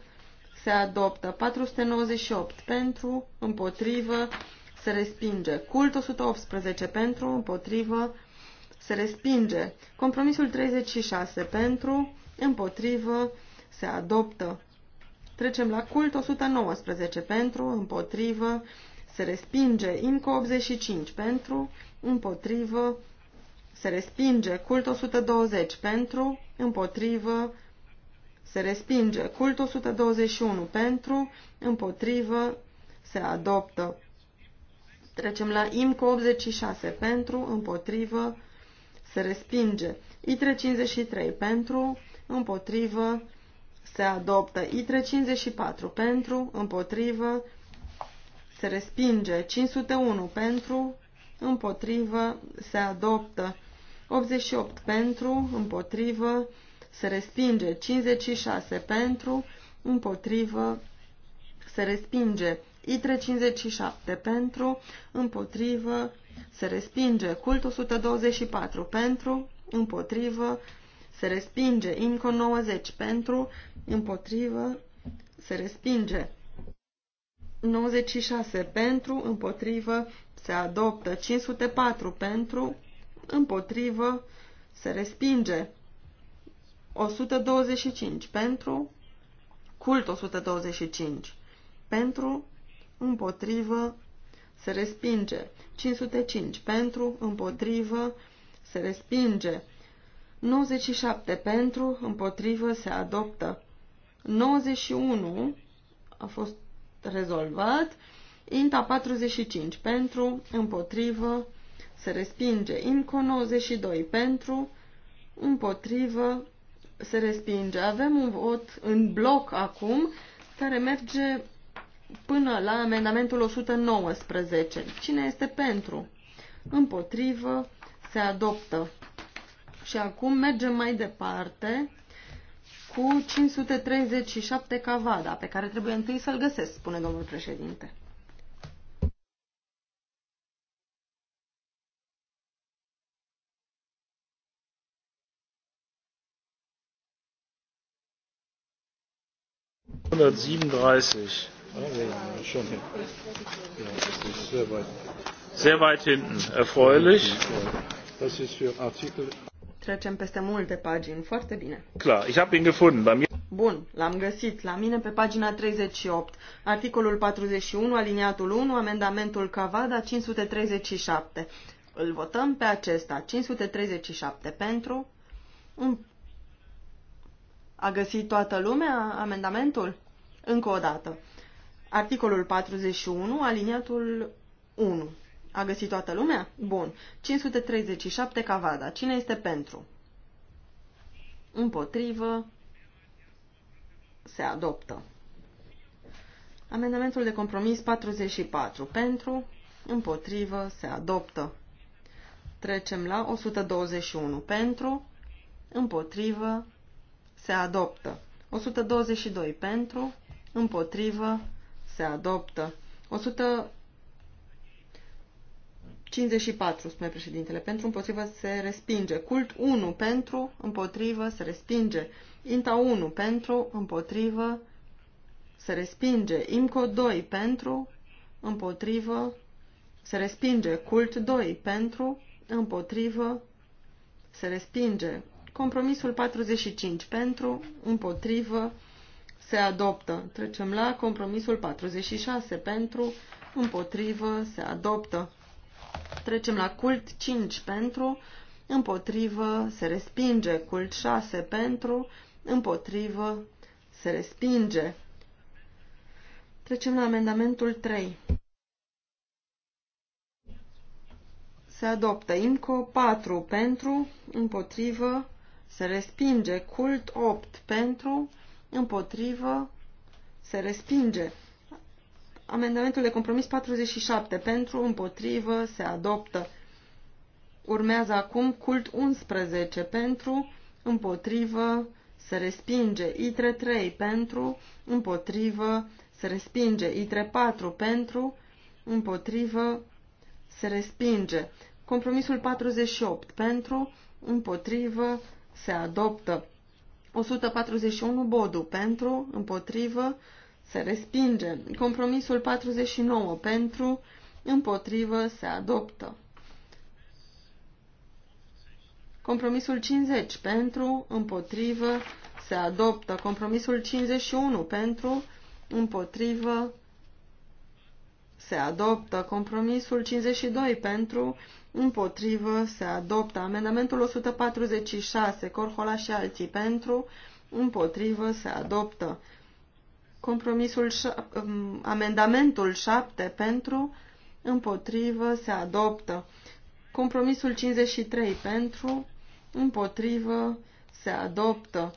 se adoptă 498 pentru, împotrivă, se respinge. Cult 118 pentru, împotrivă, se respinge. Compromisul 36 pentru, împotrivă, se adoptă. Trecem la cult 119 pentru, împotrivă, se respinge. Inco 85 pentru, împotrivă, se respinge. Cult 120 pentru, împotrivă, se respinge. Cult 121 pentru, împotrivă, se adoptă. Trecem la IMCO 86 pentru, împotrivă, se respinge. ITRE 53 pentru, împotrivă, se adoptă. ITRE 54 pentru, împotrivă, se respinge. 501 pentru, împotrivă, se adoptă. 88 pentru, împotrivă, se respinge. 56 pentru, împotrivă, se respinge. ITRE 57 pentru, împotrivă, se respinge. CULT 124 pentru, împotrivă, se respinge. INCO 90 pentru, împotrivă, se respinge. 96 pentru, împotrivă, se adoptă. 504 pentru, împotrivă, se respinge. 125 pentru, cult 125 pentru, împotrivă, se respinge. 505 pentru, împotrivă, se respinge. 97 pentru, împotrivă, se adoptă. 91 a fost rezolvat. Inta 45 pentru, împotrivă, se respinge. INCO 92 pentru, împotrivă, se respinge. Avem un vot în bloc acum care merge până la amendamentul 119. Cine este pentru? Împotrivă, se adoptă. Și acum mergem mai departe cu 537 cavada, pe care trebuie întâi să-l găsesc, spune domnul președinte. 137. Ah, sehr weit hinten. Erfreulich. Trecem peste multe pagini. Foarte bine. Clar, ich habe ihn gefunden. Bei mir... Bun, l-am găsit. La mine pe pagina 38. Articolul 41, aliniatul 1, amendamentul Cavada 537. Îl votăm pe acesta. 537 pentru. A găsit toată lumea amendamentul? Încă o dată. Articolul 41, aliniatul 1. A găsit toată lumea? Bun. 537 Cavada. Cine este pentru? Împotrivă. Se adoptă. Amendamentul de compromis 44. Pentru. Împotrivă. Se adoptă. Trecem la 121. Pentru. Împotrivă. Se adoptă. 122. Pentru împotrivă, se adoptă. 154, spune președintele, pentru împotrivă se respinge. Cult 1 pentru împotrivă se respinge. Inta 1 pentru împotrivă se respinge. Imco 2 pentru împotrivă se respinge. Cult 2 pentru împotrivă se respinge. Compromisul 45 pentru împotrivă se se adoptă. Trecem la compromisul 46 pentru, împotrivă, se adoptă. Trecem la cult 5 pentru, împotrivă, se respinge. Cult 6 pentru, împotrivă, se respinge. Trecem la amendamentul 3. Se adoptă IMCO 4 pentru, împotrivă, se respinge. Cult 8 pentru, împotrivă, se respinge. Amendamentul de compromis 47 pentru, împotrivă, se adoptă. Urmează acum cult 11 pentru, împotrivă, se respinge. ITRE 3 pentru, împotrivă, se respinge. ITRE 4 pentru, împotrivă, se respinge. Compromisul 48 pentru, împotrivă, se adoptă. 141 Bodu pentru, împotrivă, se respinge. Compromisul 49 pentru, împotrivă, se adoptă. Compromisul 50 pentru, împotrivă, se adoptă. Compromisul 51 pentru, împotrivă, se adoptă. Compromisul 52 pentru, împotrivă, se adoptă. Amendamentul 146, Corhola și alții, pentru, împotrivă, se adoptă. Compromisul, um, amendamentul 7, pentru, împotrivă, se adoptă. Compromisul 53, pentru, împotrivă, se adoptă.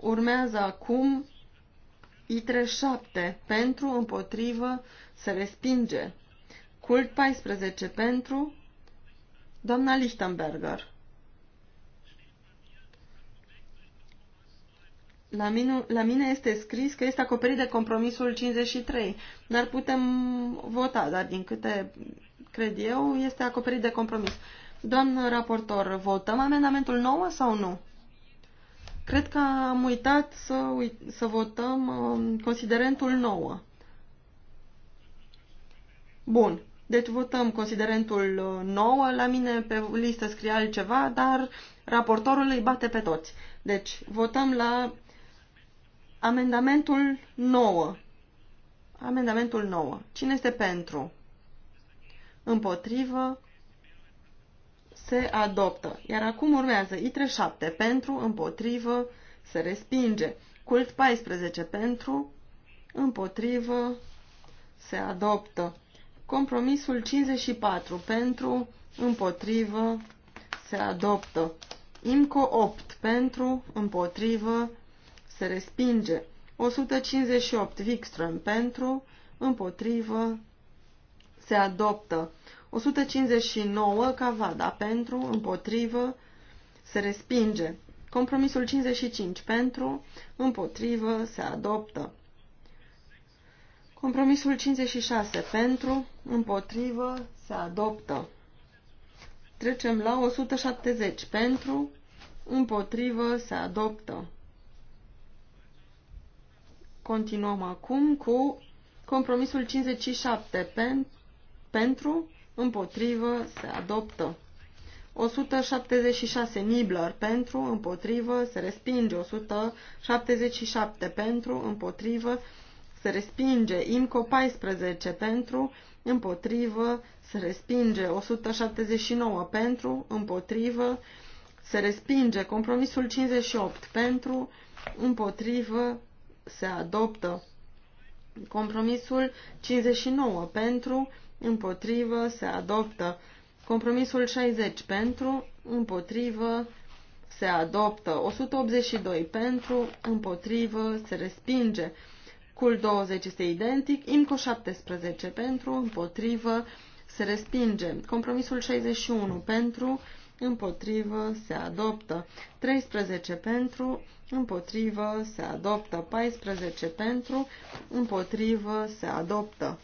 Urmează acum ITRE 7, pentru, împotrivă, se respinge. Cult 14, pentru, Doamna Lichtenberger. La mine, la mine este scris că este acoperit de compromisul 53, dar putem vota, dar din câte cred eu, este acoperit de compromis. Doamnă raportor, votăm amendamentul 9 sau nu? Cred că am uitat să, uit să votăm um, considerentul 9. Bun. Deci votăm considerentul 9, uh, la mine pe listă scrie altceva, dar raportorul îi bate pe toți. Deci votăm la amendamentul 9. Amendamentul 9. Cine este pentru? Împotrivă. Se adoptă. Iar acum urmează ITRE 7. Pentru, împotrivă, se respinge. Cult 14. Pentru, împotrivă, se adoptă. Compromisul 54 pentru, împotrivă, se adoptă. IMCO 8 pentru, împotrivă, se respinge. 158 Wikström pentru, împotrivă, se adoptă. 159 Cavada pentru, împotrivă, se respinge. Compromisul 55 pentru, împotrivă, se adoptă. Compromisul 56. Pentru, împotrivă, se adoptă. Trecem la 170. Pentru, împotrivă, se adoptă. Continuăm acum cu compromisul 57. Pen, pentru, împotrivă, se adoptă. 176 Nibler pentru, împotrivă, se respinge. 177 pentru, împotrivă, se respinge. IMCO 14 pentru, împotrivă, se respinge. 179 pentru, împotrivă, se respinge. Compromisul 58 pentru, împotrivă, se adoptă. Compromisul 59 pentru, împotrivă, se adoptă. Compromisul 60 pentru, împotrivă, se adoptă. 182 pentru, împotrivă, se respinge. Cul 20 este identic. Inco 17 pentru, împotrivă, se respinge. Compromisul 61 pentru, împotrivă, se adoptă. 13 pentru, împotrivă, se adoptă. 14 pentru, împotrivă, se adoptă.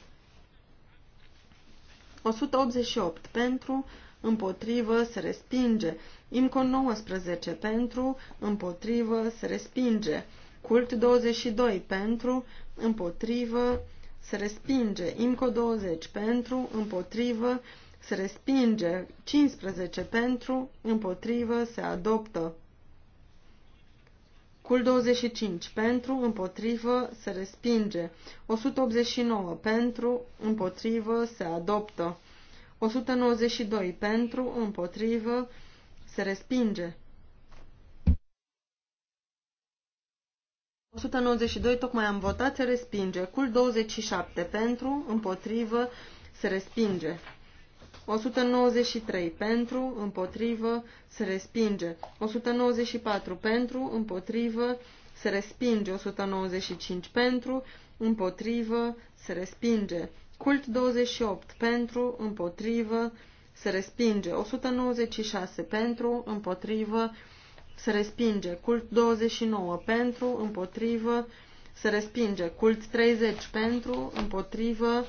188 pentru, împotrivă, se respinge. Inco 19 pentru, împotrivă, se respinge. Cult 22 pentru, împotrivă, se respinge. IMCO 20 pentru, împotrivă, se respinge. 15 pentru, împotrivă, se adoptă. Cul 25 pentru, împotrivă, se respinge. 189 pentru, împotrivă, se adoptă. 192 pentru, împotrivă, se respinge. 192 tocmai am votat, se respinge. Cul 27 pentru, împotrivă, se respinge. 193 pentru, împotrivă, se respinge. 194 pentru, împotrivă, se respinge. 195 pentru, împotrivă, se respinge. Cult 28 pentru, împotrivă, se respinge. 196 pentru, împotrivă, se respinge se respinge. Cult 29 pentru, împotrivă, se respinge. Cult 30 pentru, împotrivă,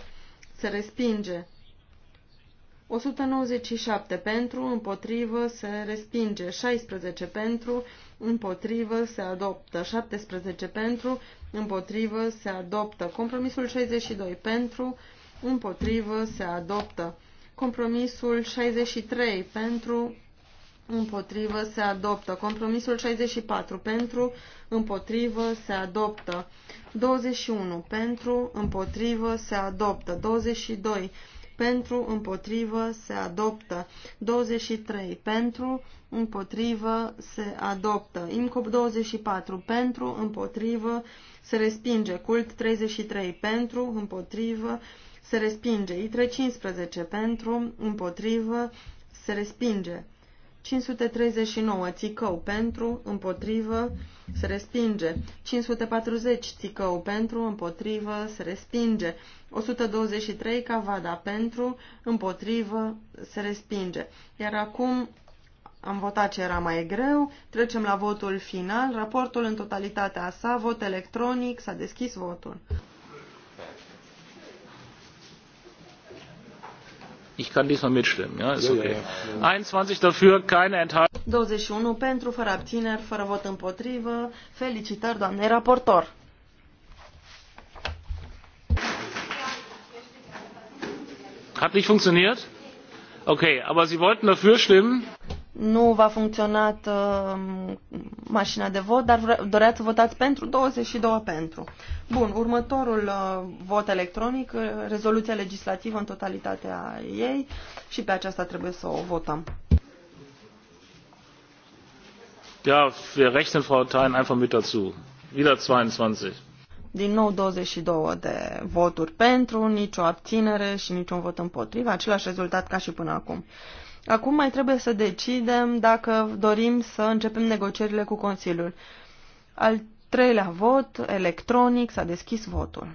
se respinge. 197 pentru, împotrivă, se respinge. 16 pentru, împotrivă, se adoptă. 17 pentru, împotrivă, se adoptă. Compromisul 62 pentru, împotrivă, se adoptă. Compromisul 63 pentru, împotrivă se adoptă. Compromisul 64 pentru, împotrivă se adoptă. 21 pentru, împotrivă se adoptă. 22 pentru, împotrivă se adoptă. 23 pentru, împotrivă se adoptă. IMCOP 24 pentru, împotrivă se respinge. Cult 33 pentru, împotrivă se respinge. i 15. pentru, împotrivă se respinge. 539 țicău pentru, împotrivă, se respinge. 540 țicău pentru, împotrivă, se respinge. 123 cavada pentru, împotrivă, se respinge. Iar acum am votat ce era mai greu, trecem la votul final, raportul în totalitatea sa, vot electronic, s-a deschis votul. Ich kann diesmal mitstimmen, ja, ist okay. 21 dafür, keine Enthaltung. 21 pentru, fără abțineri, fără vot împotrivă. Felicitări, doamne raportor. Hat nicht funktioniert? Okay, aber Sie wollten dafür stimmen? nu va funcționa uh, mașina de vot, dar doreați să votați pentru 22 pentru. Bun, următorul uh, vot electronic, uh, rezoluția legislativă în totalitatea ei și pe aceasta trebuie să o votăm. Ja, wir rechnen Frau Thein einfach mit dazu. Wieder 22. Din nou 22 de voturi pentru, nicio abținere și niciun vot împotriva, același rezultat ca și până acum. Acum mai trebuie să decidem dacă dorim să începem negocierile cu Consiliul. Al treilea vot, electronic, s-a deschis votul.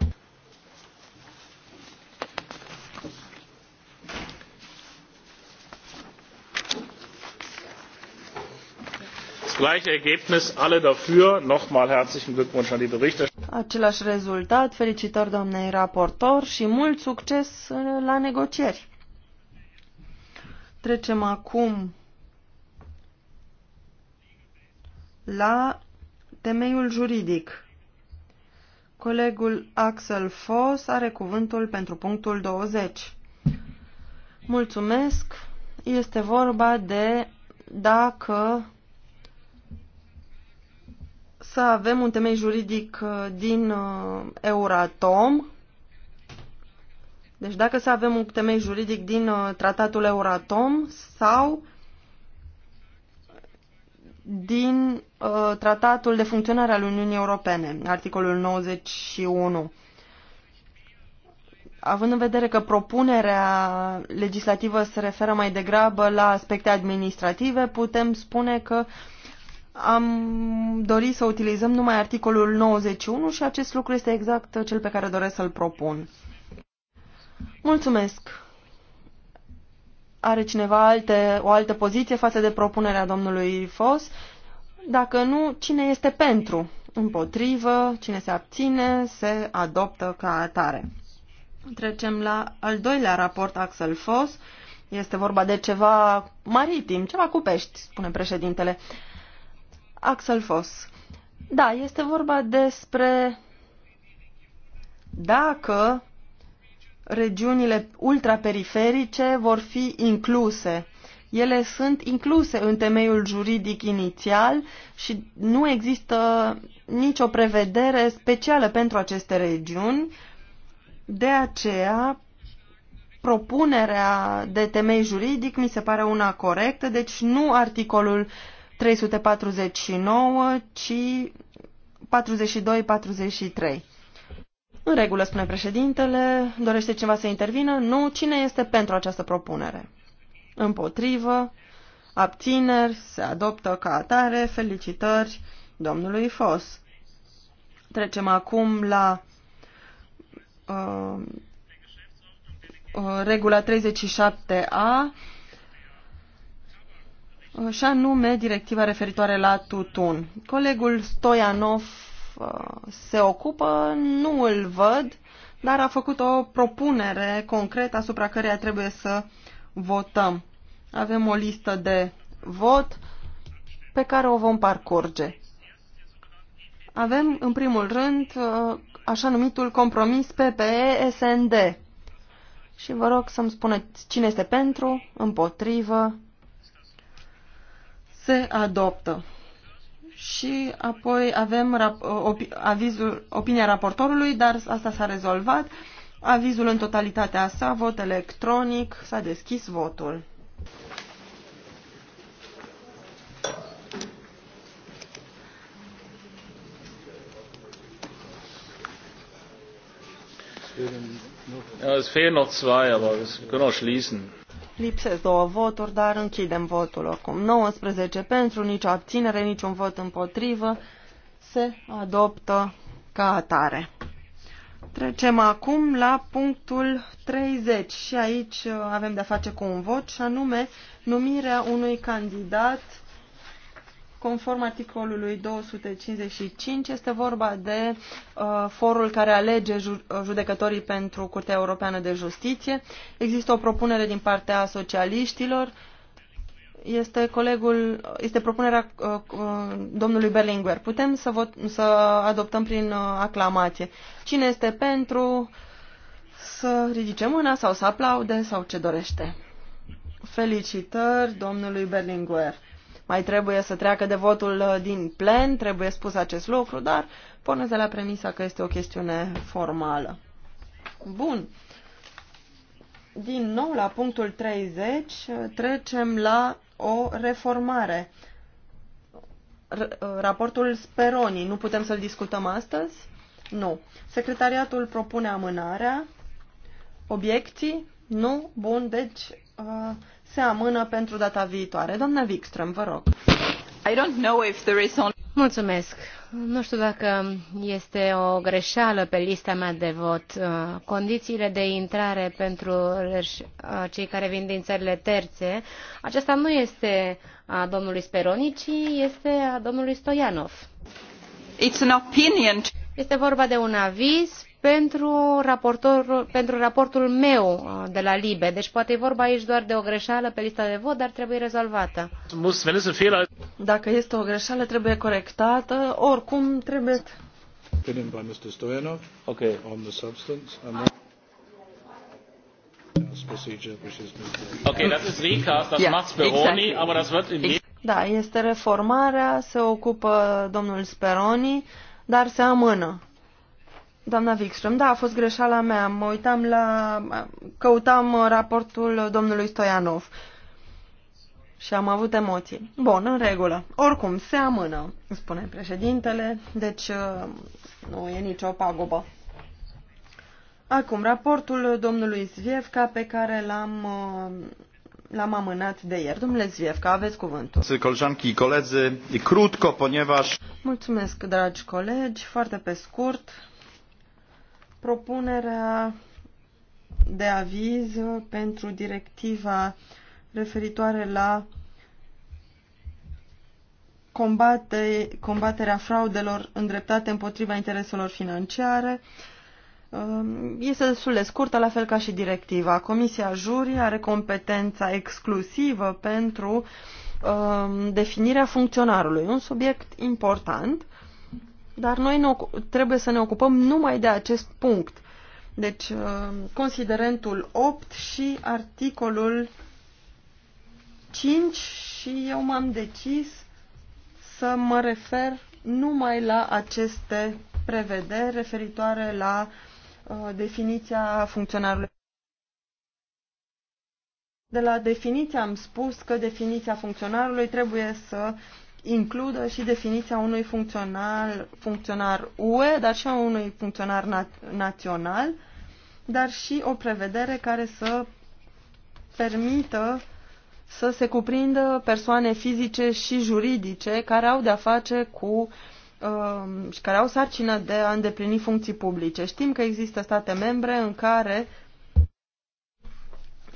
gleiche Ergebnis, alle dafür. Nochmal herzlichen Glückwunsch an die Același rezultat, felicitări doamnei raportor și mult succes la negocieri. Trecem acum la temeiul juridic. Colegul Axel Foss are cuvântul pentru punctul 20. Mulțumesc. Este vorba de dacă să avem un temei juridic din uh, Euratom deci dacă să avem un temei juridic din uh, tratatul Euratom sau din uh, tratatul de funcționare al Uniunii Europene, articolul 91. Având în vedere că propunerea legislativă se referă mai degrabă la aspecte administrative, putem spune că am dorit să utilizăm numai articolul 91 și acest lucru este exact cel pe care doresc să-l propun. Mulțumesc. Are cineva alte, o altă poziție față de propunerea domnului Fos? Dacă nu, cine este pentru? Împotrivă, cine se abține, se adoptă ca atare. Trecem la al doilea raport Axel Fos. Este vorba de ceva maritim, ceva cu pești, spune președintele. Axel Fos. Da, este vorba despre dacă regiunile ultraperiferice vor fi incluse. Ele sunt incluse în temeiul juridic inițial și nu există nicio prevedere specială pentru aceste regiuni. De aceea, propunerea de temei juridic mi se pare una corectă, deci nu articolul 349, ci 42-43. În regulă, spune președintele. Dorește cineva să intervină? Nu. Cine este pentru această propunere? Împotrivă. Abțineri. Se adoptă ca atare. Felicitări domnului Fos. Trecem acum la uh, uh regula 37a uh, și anume directiva referitoare la tutun. Colegul Stoianov se ocupă, nu îl văd, dar a făcut o propunere concretă asupra căreia trebuie să votăm. Avem o listă de vot pe care o vom parcurge. Avem, în primul rând, așa numitul compromis PPE-SND. Și vă rog să-mi spuneți cine este pentru, împotrivă, se adoptă și apoi avem rap, opi, avizul, opinia raportorului, dar asta s-a rezolvat. Avizul în totalitatea sa, vot electronic, s-a deschis votul. Ja, es fehlen noch zwei, aber wir können auch schließen. Lipsesc două voturi, dar închidem votul oricum. 19 pentru, nicio abținere, niciun vot împotrivă. Se adoptă ca atare. Trecem acum la punctul 30 și aici avem de-a face cu un vot și anume numirea unui candidat Conform articolului 255 este vorba de uh, forul care alege ju judecătorii pentru Curtea Europeană de Justiție. Există o propunere din partea socialiștilor. Este, colegul, este propunerea uh, uh, domnului Berlinguer. Putem să, vot, să adoptăm prin uh, aclamație. Cine este pentru să ridice mâna sau să aplaude sau ce dorește. Felicitări domnului Berlinguer mai trebuie să treacă de votul uh, din plen, trebuie spus acest lucru, dar puneți de la premisa că este o chestiune formală. Bun. Din nou, la punctul 30, uh, trecem la o reformare. Uh, raportul Speroni, nu putem să-l discutăm astăzi? Nu. Secretariatul propune amânarea. Obiecții? Nu. Bun, deci se amână pentru data viitoare. Doamna Wikström, vă rog. I don't know if there is only... Mulțumesc. Nu știu dacă este o greșeală pe lista mea de vot. Uh, condițiile de intrare pentru uh, cei care vin din țările terțe, aceasta nu este a domnului Speroni, ci este a domnului Stoianov. It's an opinion. Este vorba de un aviz pentru, raportor, pentru raportul meu uh, de la LIBE. Deci poate e vorba aici doar de o greșeală pe lista de vot, dar trebuie rezolvată. Dacă este o greșeală, trebuie corectată. Oricum, trebuie... Okay. Okay, Recast, yeah, Speroni, exactly. aber das wird in Da, este reformarea, se ocupă domnul Speroni, dar se amână. Doamna Wikström, da, a fost greșeala mea. Mă uitam la... căutam raportul domnului Stoianov. Și am avut emoții. Bun, în regulă. Oricum, se amână, spune președintele, deci uh, nu e nicio pagubă. Acum, raportul domnului Zviefca pe care l-am uh, l-am amânat de ieri. Domnule Zviefca, aveți cuvântul. colegi, colegi, e crutco, ponieważ... Mulțumesc, dragi colegi, foarte pe scurt, propunerea de aviz pentru directiva referitoare la combate, combaterea fraudelor îndreptate împotriva intereselor financiare. Um, este destul de scurtă, la fel ca și directiva. Comisia Jurii are competența exclusivă pentru um, definirea funcționarului, un subiect important dar noi ne, trebuie să ne ocupăm numai de acest punct. Deci, uh, considerentul 8 și articolul 5 și eu m-am decis să mă refer numai la aceste prevederi referitoare la uh, definiția funcționarului. De la definiție am spus că definiția funcționarului trebuie să includă și definiția unui funcțional, funcționar UE, dar și a unui funcționar na- național, dar și o prevedere care să permită să se cuprindă persoane fizice și juridice care au de-a face cu um, și care au sarcină de a îndeplini funcții publice. Știm că există state membre în care uh,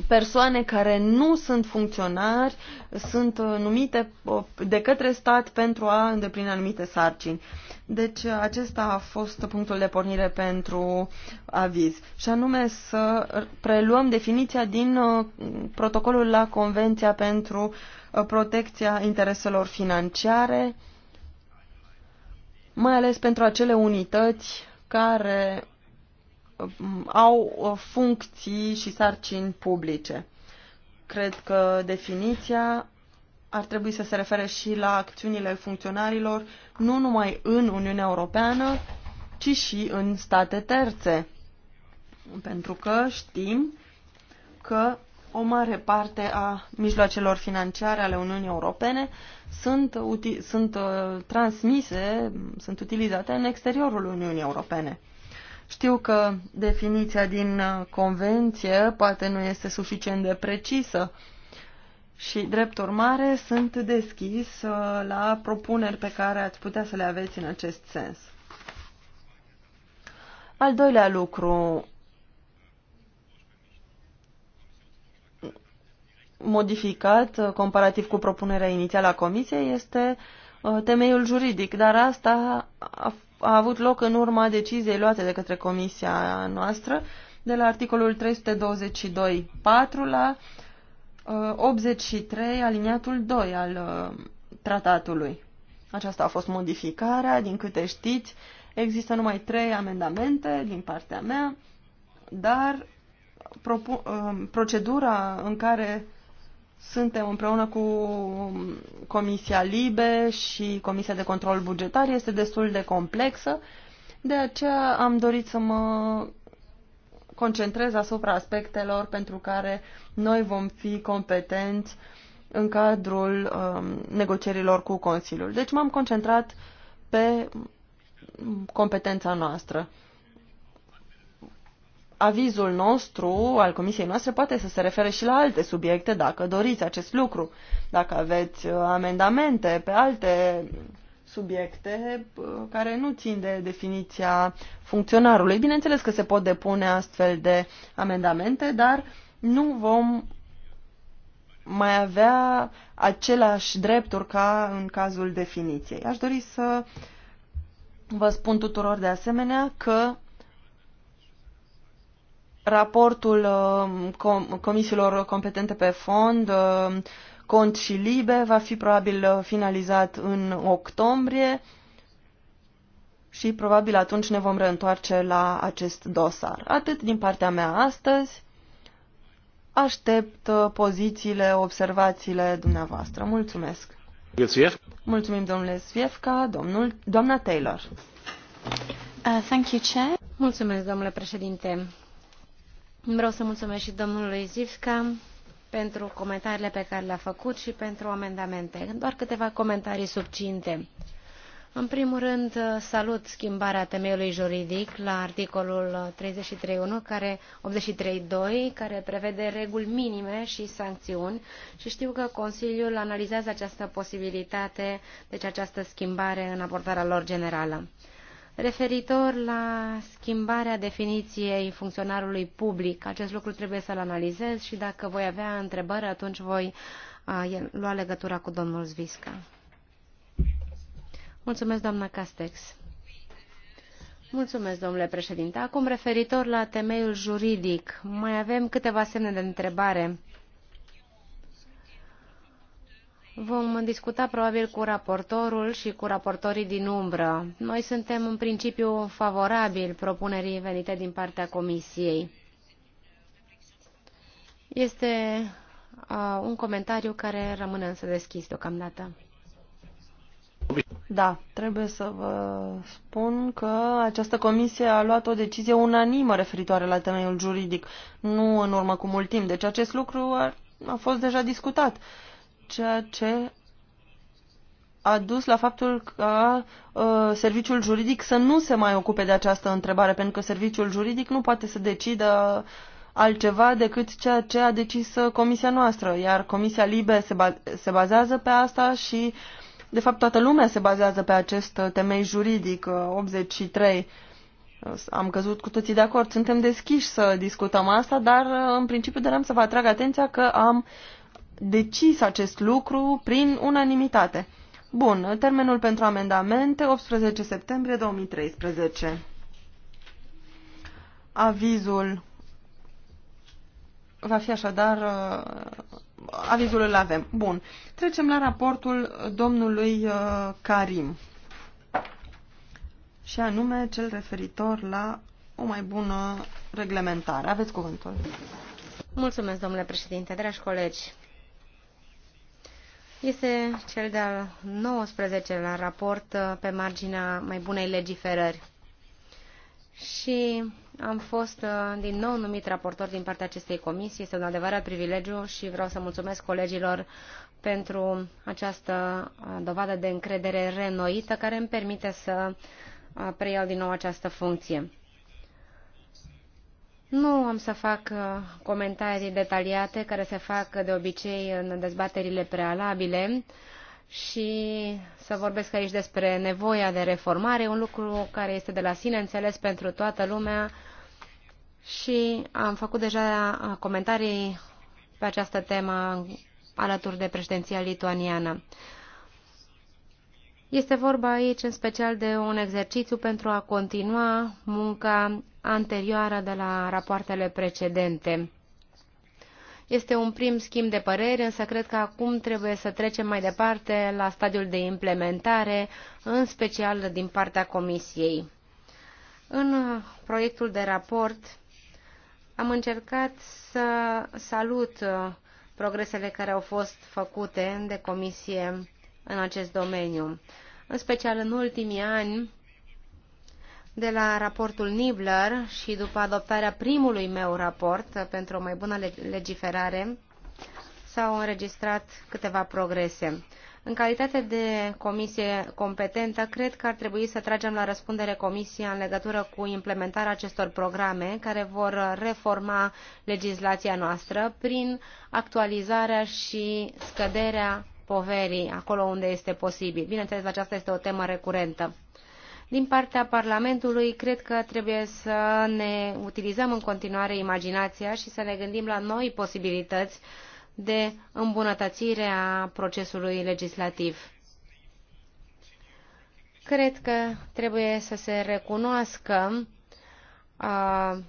persoane care nu sunt funcționari sunt uh, numite uh, de către stat pentru a îndeplini anumite sarcini. Deci uh, acesta a fost punctul de pornire pentru aviz. Și anume să preluăm definiția din protocolul la Convenția pentru protecția intereselor financiare, mai ales pentru acele unități care au uh, funcții și sarcini publice. Cred că definiția ar trebui să se refere și la acțiunile funcționarilor nu numai în Uniunea Europeană, ci și în state terțe. Pentru că știm că o mare parte a mijloacelor financiare ale Uniunii Europene sunt, uti- sunt uh, transmise, sunt utilizate în exteriorul Uniunii Europene. Știu că definiția din uh, convenție poate nu este suficient de precisă și, drept urmare, sunt deschis uh, la propuneri pe care ați putea să le aveți în acest sens. Al doilea lucru, modificat uh, comparativ cu propunerea inițială a Comisiei este temeiul juridic, dar asta a a avut loc în urma deciziei luate de către comisia noastră de la articolul 322.4 la 83 uh, aliniatul 2 al uh, tratatului. Aceasta a fost modificarea, din câte știți, există numai trei amendamente din partea mea, dar uh, procedura în care suntem împreună cu Comisia Libe și Comisia de Control Bugetar. Este destul de complexă, de aceea am dorit să mă concentrez asupra aspectelor pentru care noi vom fi competenți în cadrul um, negocierilor cu Consiliul. Deci m-am concentrat pe competența noastră avizul nostru, al comisiei noastre, poate să se refere și la alte subiecte, dacă doriți acest lucru. Dacă aveți uh, amendamente pe alte subiecte uh, care nu țin de definiția funcționarului. Bineînțeles că se pot depune astfel de amendamente, dar nu vom mai avea același drepturi ca în cazul definiției. Aș dori să vă spun tuturor de asemenea că raportul uh, com comisiilor competente pe fond, uh, cont și libe, va fi probabil uh, finalizat în octombrie și probabil atunci ne vom reîntoarce la acest dosar. Atât din partea mea astăzi. Aștept pozițiile, observațiile dumneavoastră. Mulțumesc! Mulțumim, domnule Sviefka, domnul, doamna Taylor. Uh, thank you, Chair. Mulțumesc, domnule președinte. Vreau să mulțumesc și domnului Zivska pentru comentariile pe care le-a făcut și pentru amendamente. Doar câteva comentarii subcinte. În primul rând, salut schimbarea temeiului juridic la articolul 33.1, care 83.2, care prevede reguli minime și sancțiuni și știu că Consiliul analizează această posibilitate, deci această schimbare în abordarea lor generală. Referitor la schimbarea definiției funcționarului public, acest lucru trebuie să-l analizez și dacă voi avea întrebări, atunci voi lua legătura cu domnul Zvisca. Mulțumesc, doamna Castex. Mulțumesc, domnule președinte. Acum, referitor la temeiul juridic, mai avem câteva semne de întrebare Vom discuta probabil cu raportorul și cu raportorii din umbră. Noi suntem în principiu favorabili propunerii venite din partea Comisiei. Este uh, un comentariu care rămâne însă deschis deocamdată. Da, trebuie să vă spun că această comisie a luat o decizie unanimă referitoare la temeiul juridic, nu în urmă cu mult timp. Deci acest lucru a, a fost deja discutat. Uh, ceea ce a dus la faptul că uh, serviciul juridic să nu se mai ocupe de această întrebare, pentru că serviciul juridic nu poate să decidă altceva decât ceea ce a decis ă, comisia noastră, iar comisia LIBE se, ba se bazează pe asta și, de fapt, toată lumea se bazează pe acest ă, temei juridic uh, 83. Am căzut cu toții de acord, suntem deschiși să discutăm asta, dar în principiu doream să vă atrag atenția că am uh, decis acest lucru prin unanimitate. Bun, termenul pentru amendamente 18 septembrie 2013. Avizul va fi așadar uh, avizul îl avem. Bun. Trecem la raportul domnului uh, Karim. Și anume cel referitor la o mai bună reglementare. Aveți cuvântul. Mulțumesc, domnule președinte, dragi colegi este cel de-al 19-lea raport uh, pe marginea mai bunei legiferări. Și am fost uh, din nou numit raportor din partea acestei comisii. Este un adevărat privilegiu și vreau să mulțumesc colegilor pentru această uh, dovadă de încredere renoită care îmi permite să preiau din nou această funcție. Nu am să fac uh, comentarii detaliate care se fac de obicei în dezbaterile prealabile și să vorbesc aici despre nevoia de reformare, un lucru care este de la sine înțeles pentru toată lumea și am făcut deja uh, comentarii pe această temă alături de președinția lituaniană. Este vorba aici în special de un exercițiu pentru a continua munca anterioară de la rapoartele precedente. Este un prim schimb de păreri, însă cred că acum trebuie să trecem mai departe la stadiul de implementare, în special din partea Comisiei. În proiectul de raport am încercat să salut uh, progresele care au fost făcute de Comisie în acest domeniu. În special în ultimii ani, de la raportul Nibler și după adoptarea primului meu raport pentru o mai bună legiferare, s-au înregistrat câteva progrese. În calitate de comisie competentă, cred că ar trebui să tragem la răspundere comisia în legătură cu implementarea acestor programe care vor reforma legislația noastră prin actualizarea și scăderea poverii acolo unde este posibil. Bineînțeles, aceasta este o temă recurentă. Din partea Parlamentului, cred că trebuie să ne utilizăm în continuare imaginația și să ne gândim la noi posibilități de îmbunătățire a procesului legislativ. Cred că trebuie să se recunoască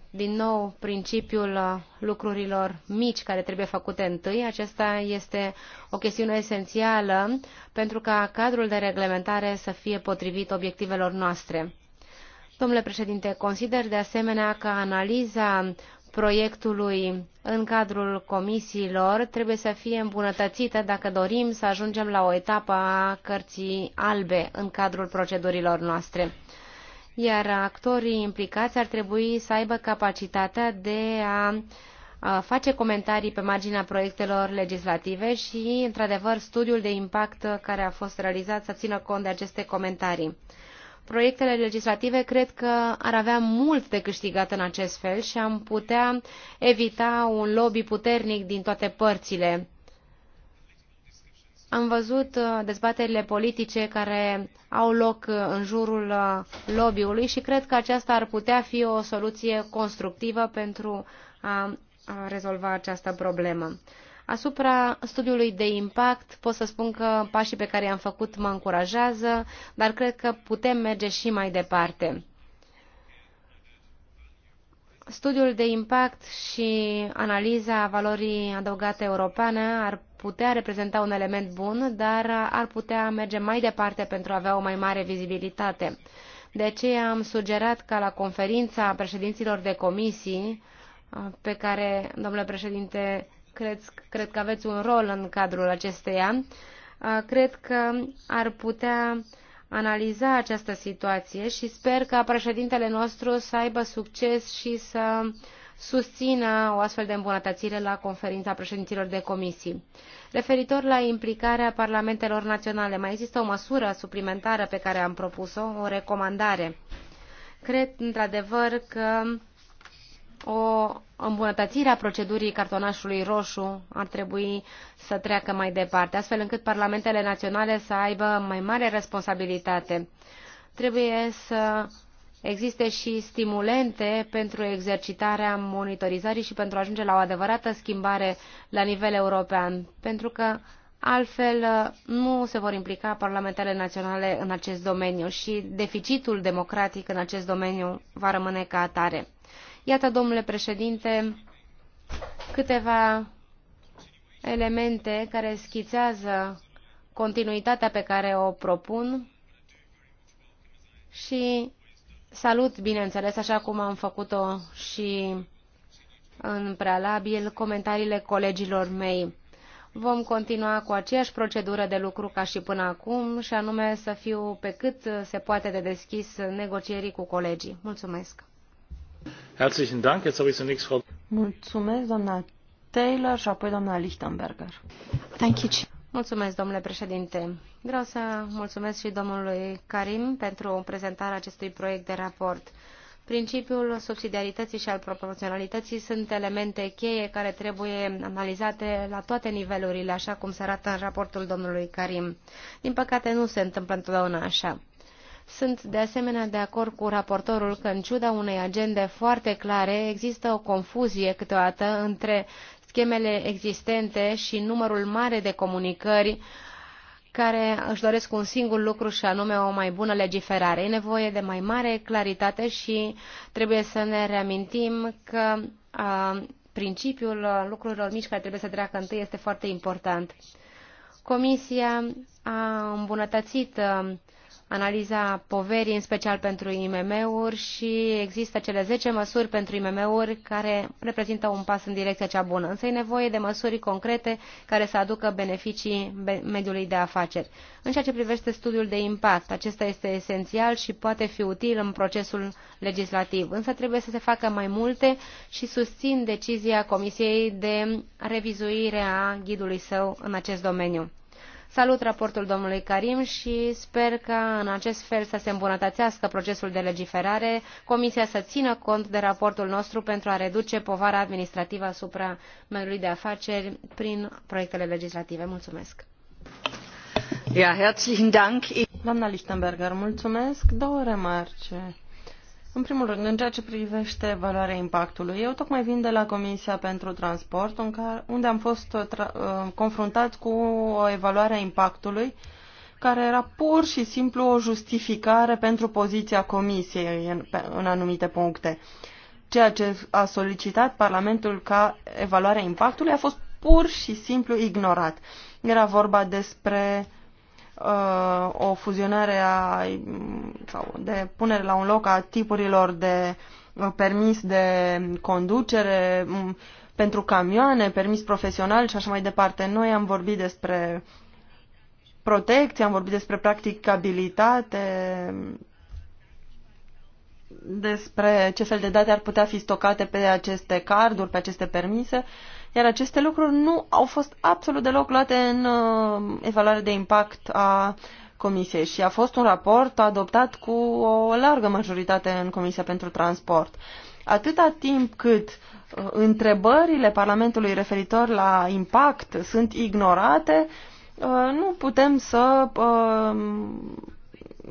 din nou principiul lucrurilor mici care trebuie făcute întâi. Aceasta este o chestiune esențială pentru ca cadrul de reglementare să fie potrivit obiectivelor noastre. Domnule președinte, consider de asemenea că analiza proiectului în cadrul comisiilor trebuie să fie îmbunătățită dacă dorim să ajungem la o etapă a cărții albe în cadrul procedurilor noastre iar actorii implicați ar trebui să aibă capacitatea de a face comentarii pe marginea proiectelor legislative și, într-adevăr, studiul de impact care a fost realizat să țină cont de aceste comentarii. Proiectele legislative cred că ar avea mult de câștigat în acest fel și am putea evita un lobby puternic din toate părțile am văzut uh, dezbaterile politice care au loc uh, în jurul uh, lobby-ului și cred că aceasta ar putea fi o soluție constructivă pentru a rezolva această problemă. Asupra studiului de impact pot să spun că pașii pe care i-am făcut mă încurajează, dar cred că putem merge și mai departe. Studiul de impact și analiza valorii adăugate europene ar putea reprezenta un element bun, dar ar putea merge mai departe pentru a avea o mai mare vizibilitate. De aceea am sugerat ca la conferința președinților de comisii, pe care, domnule președinte, cred, cred că aveți un rol în cadrul acesteia, cred că ar putea analiza această situație și sper ca președintele nostru să aibă succes și să uh, susțină o astfel de îmbunătățire la conferința președinților de comisii. Referitor la implicarea parlamentelor naționale, mai există o măsură suplimentară pe care am propus-o, o recomandare. Cred, într-adevăr, că o îmbunătățire a procedurii cartonașului roșu ar trebui să treacă mai departe, astfel încât parlamentele naționale să aibă mai mare responsabilitate. Trebuie să existe și stimulente pentru exercitarea monitorizării și pentru a ajunge la o adevărată schimbare la nivel european, pentru că altfel uh, nu se vor implica parlamentele naționale în acest domeniu și deficitul democratic în acest domeniu va rămâne ca atare. Iată, domnule președinte, câteva elemente care schițează continuitatea pe care o propun și Salut, bineînțeles, așa cum am făcut-o și în prealabil, comentariile colegilor mei. Vom continua cu aceeași procedură de lucru ca și până acum, și anume să fiu pe cât se poate de deschis negocierii cu colegii. Mulțumesc! Herzlichen Dank. Jetzt habe ich Mulțumesc, doamna Taylor și apoi doamna Lichtenberger. Thank you. Mulțumesc, domnule președinte. Vreau să mulțumesc și domnului Karim pentru prezentarea acestui proiect de raport. Principiul subsidiarității și al proporționalității sunt elemente cheie care trebuie analizate la toate nivelurile, așa cum se arată în raportul domnului Karim. Din păcate, nu se întâmplă întotdeauna așa. Sunt de asemenea de acord cu raportorul că, în ciuda unei agende foarte clare, există o confuzie câteodată între schemele existente și numărul mare de comunicări care își doresc un singur lucru și anume o mai bună legiferare. E nevoie de mai mare claritate și trebuie să ne reamintim că a, principiul lucrurilor mici care trebuie să treacă întâi este foarte important. Comisia a îmbunătățit analiza poverii, în special pentru IMM-uri și există cele 10 măsuri pentru IMM-uri care reprezintă un pas în direcția cea bună. Însă e nevoie de măsuri concrete care să aducă beneficii mediului de afaceri. În ceea ce privește studiul de impact, acesta este esențial și poate fi util în procesul legislativ. Însă trebuie să se facă mai multe și susțin decizia Comisiei de revizuire a ghidului său în acest domeniu. Salut raportul domnului Karim și sper că în acest fel să se îmbunătățească procesul de legiferare, Comisia să țină cont de raportul nostru pentru a reduce povara administrativă asupra mediului de afaceri prin proiectele legislative. Mulțumesc! Ja, herzlichen Dank. Doamna Lichtenberger, mulțumesc. Două remarce în primul rând, în ceea ce privește valoarea impactului, eu tocmai vin de la Comisia pentru Transport, unde am fost uh, confruntat cu o evaluare a impactului care era pur și simplu o justificare pentru poziția Comisiei în, în anumite puncte. Ceea ce a solicitat Parlamentul ca evaluarea impactului a fost pur și simplu ignorat. Era vorba despre uh, o fuzionare a, sau de punere la un loc a tipurilor de uh, permis de conducere um, pentru camioane, permis profesional și așa mai departe. Noi am vorbit despre protecție, am vorbit despre practicabilitate, despre ce fel de date ar putea fi stocate pe aceste carduri, pe aceste permise. Uh, iar aceste lucruri nu au fost absolut deloc luate în uh, evaluare de impact a Comisiei și a fost un raport adoptat cu o largă majoritate în Comisia pentru Transport. Atâta timp cât uh, întrebările Parlamentului referitor la impact sunt ignorate, uh, nu putem să uh,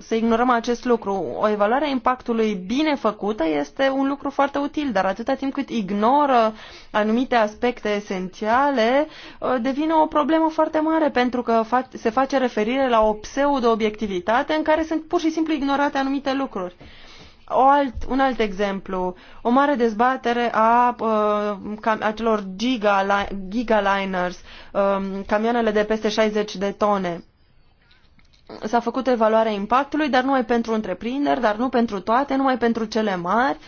să ignorăm acest lucru. O evaluare a impactului bine făcută este un lucru foarte util, dar atâta timp cât ignoră anumite aspecte esențiale, uh, devine o problemă foarte mare, pentru că se face referire la o pseudo-obiectivitate în care sunt pur și simplu ignorate anumite lucruri. O alt, un alt exemplu, o mare dezbatere a uh, acelor gigaliners, giga uh, camioanele de peste 60 de tone s-a făcut evaluarea impactului, dar numai pentru întreprinderi, dar nu pentru toate, numai pentru cele mari.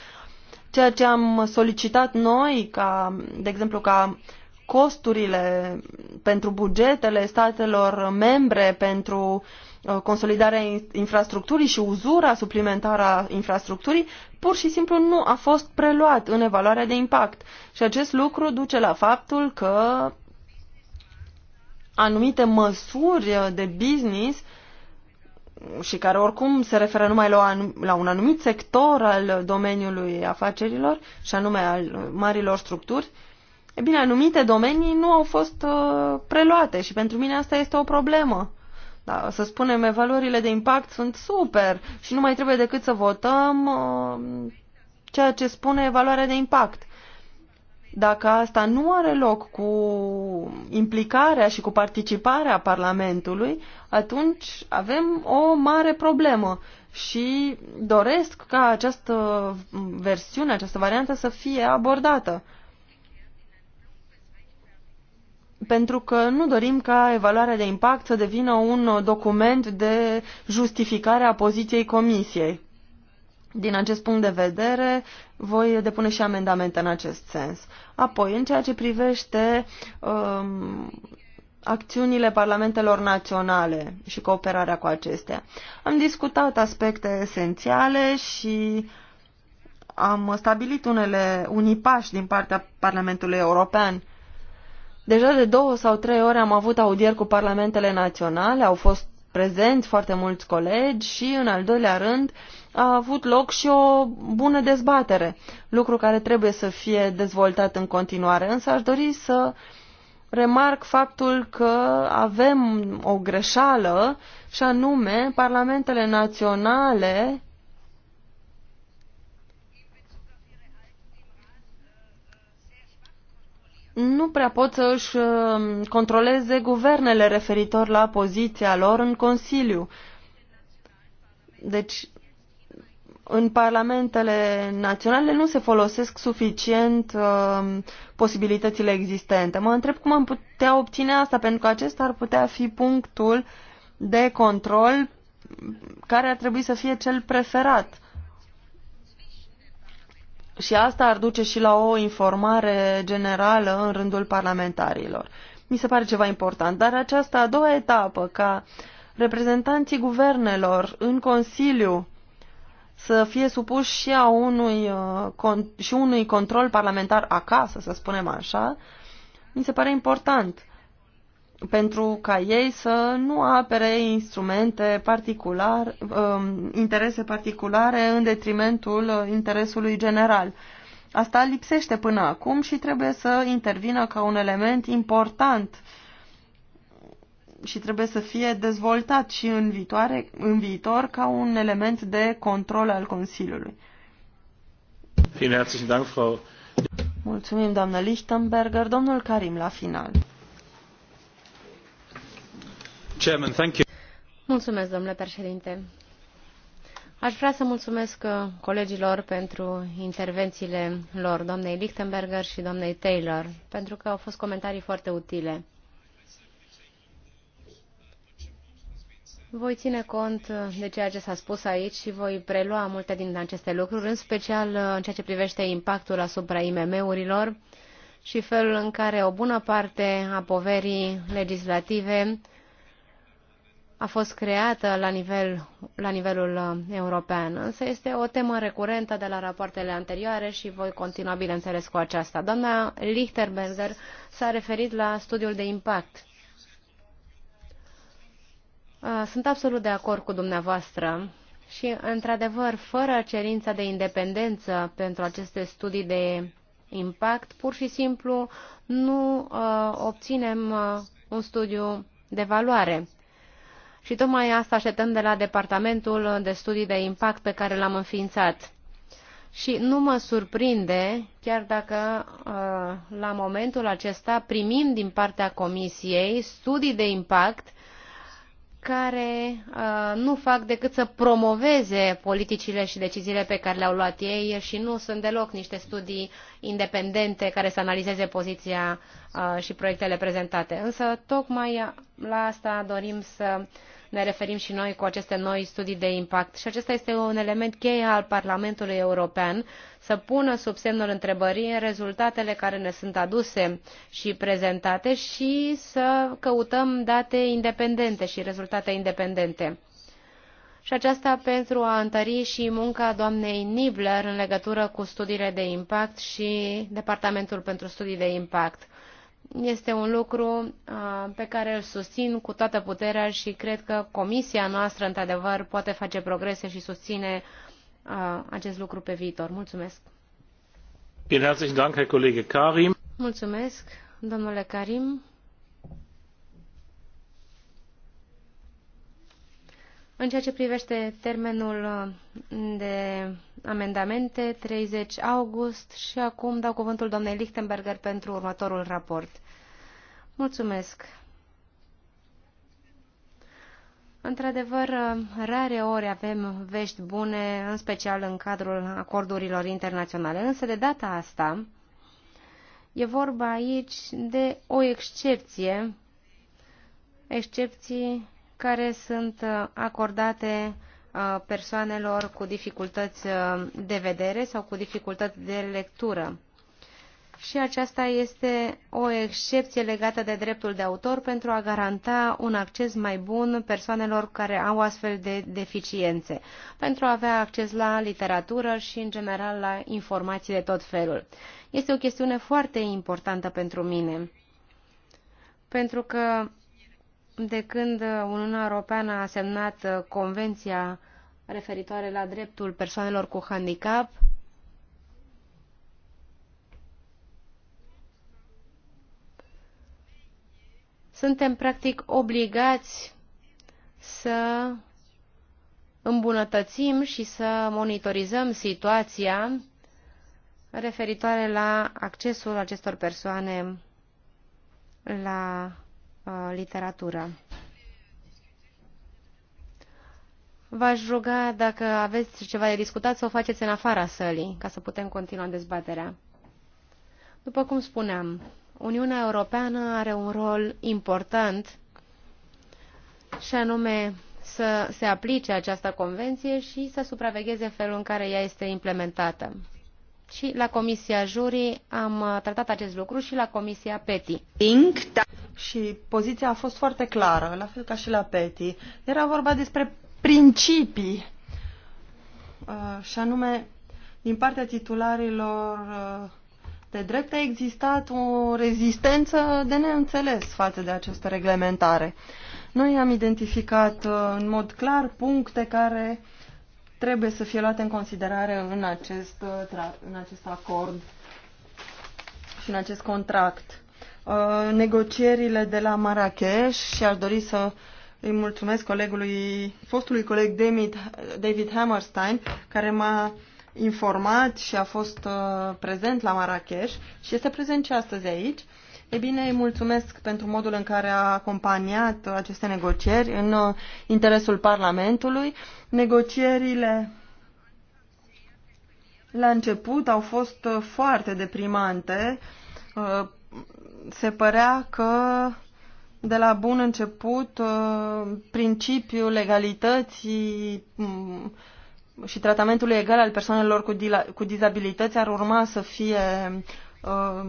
Ceea ce am solicitat noi, ca, de exemplu, ca costurile pentru bugetele statelor membre pentru uh, consolidarea infrastructurii și uzura suplimentară a infrastructurii, pur și simplu nu a fost preluat în evaluarea de impact. Și acest lucru duce la faptul că anumite măsuri de business și care oricum se referă numai la, la un anumit sector al domeniului afacerilor și anume al marilor structuri, e bine, anumite domenii nu au fost uh, preluate și pentru mine asta este o problemă. Da, să spunem, evaluările de impact sunt super și nu mai trebuie decât să votăm uh, ceea ce spune evaluarea de impact. Dacă asta nu are loc cu implicarea și cu participarea Parlamentului, atunci avem o mare problemă și doresc ca această versiune, această variantă să fie abordată. Pentru că nu dorim ca evaluarea de impact să devină un document de justificare a poziției Comisiei. Din acest punct de vedere, voi depune și amendamente în acest sens. Apoi, în ceea ce privește um, acțiunile parlamentelor naționale și cooperarea cu acestea, am discutat aspecte esențiale și am stabilit unele, unii pași din partea Parlamentului European. Deja de două sau trei ori am avut audieri cu parlamentele naționale, au fost prezenți foarte mulți colegi și, în al doilea rând, uh, a avut loc și o bună dezbatere, lucru care trebuie să fie dezvoltat în continuare. Însă aș dori să remarc faptul că avem o greșeală și anume parlamentele naționale nu prea pot să își uh, controleze guvernele referitor la poziția lor în Consiliu. Deci în parlamentele naționale nu se folosesc suficient uh, posibilitățile existente. Mă întreb cum am putea obține asta, pentru că acesta ar putea fi punctul de control care ar trebui să fie cel preferat. Și asta ar duce și la o informare generală în rândul parlamentarilor. Mi se pare ceva important. Dar această a doua etapă, ca reprezentanții guvernelor în Consiliu să fie supuși și, a unui, uh, și unui control parlamentar acasă, să spunem așa, mi se pare important pentru ca ei să nu apere instrumente particular, um, interese particulare în detrimentul uh, interesului general. Asta lipsește până acum și trebuie să intervină ca un element important uh, și trebuie să fie dezvoltat și în, viitoare, în viitor ca un element de control al Consiliului. Mulțumim, doamnă Lichtenberger. Domnul Karim, la final. Chairman, thank you. Mulțumesc, domnule președinte. Aș vrea să mulțumesc uh, colegilor pentru intervențiile lor, doamnei Lichtenberger și doamnei Taylor, pentru că au fost comentarii foarte utile. Voi ține cont uh, de ceea ce s-a spus aici și voi prelua multe din aceste lucruri, în special uh, în ceea ce privește impactul asupra IMM-urilor și felul în care o bună parte a poverii legislative a fost creată la, nivel, la nivelul uh, european, însă este o temă recurentă de la rapoartele anterioare și voi continua, bineînțeles, cu aceasta. Doamna Lichterberger s-a referit la studiul de impact Uh, sunt absolut de acord cu dumneavoastră și, într-adevăr, fără cerința de independență pentru aceste studii de impact, pur și simplu nu uh, obținem uh, un studiu de valoare. Și tocmai asta așteptăm de la Departamentul de Studii de Impact pe care l-am înființat. Și nu mă surprinde, chiar dacă uh, la momentul acesta primim din partea Comisiei studii de impact care uh, nu fac decât să promoveze politicile și deciziile pe care le-au luat ei și nu sunt deloc niște studii independente care să analizeze poziția uh, și proiectele prezentate. Însă, tocmai la asta dorim să ne referim și noi cu aceste noi studii de impact. Și acesta este un element cheie al Parlamentului European să pună sub semnul întrebării rezultatele care ne sunt aduse și prezentate și să căutăm date independente și rezultate independente și aceasta pentru a întări și munca doamnei Nibler în legătură cu studiile de impact și Departamentul pentru Studii de Impact este un lucru pe care îl susțin cu toată puterea și cred că comisia noastră, într-adevăr, poate face progrese și susține acest lucru pe viitor. Mulțumesc! Mulțumesc, domnule Karim. În ceea ce privește termenul de amendamente, 30 august și acum dau cuvântul doamnei Lichtenberger pentru următorul raport. Mulțumesc! Într-adevăr, rare ori avem vești bune, în special în cadrul acordurilor internaționale, însă de data asta e vorba aici de o excepție, excepții care sunt acordate persoanelor cu dificultăți uh, de vedere sau cu dificultăți de lectură. Și aceasta este o excepție legată de dreptul de autor pentru a garanta un acces mai bun persoanelor care au astfel de deficiențe, pentru a avea acces la literatură și, în general, la informații de tot felul. Este o chestiune foarte importantă pentru mine, pentru că de când Uniunea Europeană a semnat uh, Convenția referitoare la dreptul persoanelor cu handicap. Suntem practic obligați să îmbunătățim și să monitorizăm situația referitoare la accesul acestor persoane la uh, literatură. V-aș ruga dacă aveți ceva de discutat să o faceți în afara sălii, ca să putem continua dezbaterea. După cum spuneam, Uniunea Europeană are un rol important și anume să se aplice această convenție și să supravegheze felul în care ea este implementată. Și la Comisia Jurii am tratat acest lucru și la Comisia PETI. Și poziția a fost foarte clară, la fel ca și la PETI. Era vorba despre principii, uh, și anume, din partea titularilor uh, de drept a existat o rezistență de neînțeles față de această reglementare. Noi am identificat uh, în mod clar puncte care trebuie să fie luate în considerare în acest, în acest acord și în acest contract. Negocierile de la Marrakesh și aș dori să îi mulțumesc colegului, fostului coleg David, David Hammerstein, care m-a informat și a fost uh, prezent la Marrakesh și este prezent și astăzi aici. E bine, îi mulțumesc pentru modul în care a acompaniat aceste negocieri în uh, interesul Parlamentului. Negocierile la început au fost uh, foarte deprimante. Uh, se părea că de la bun început uh, principiul legalității mm, și tratamentul egal al persoanelor cu, cu dizabilități ar urma să fie uh,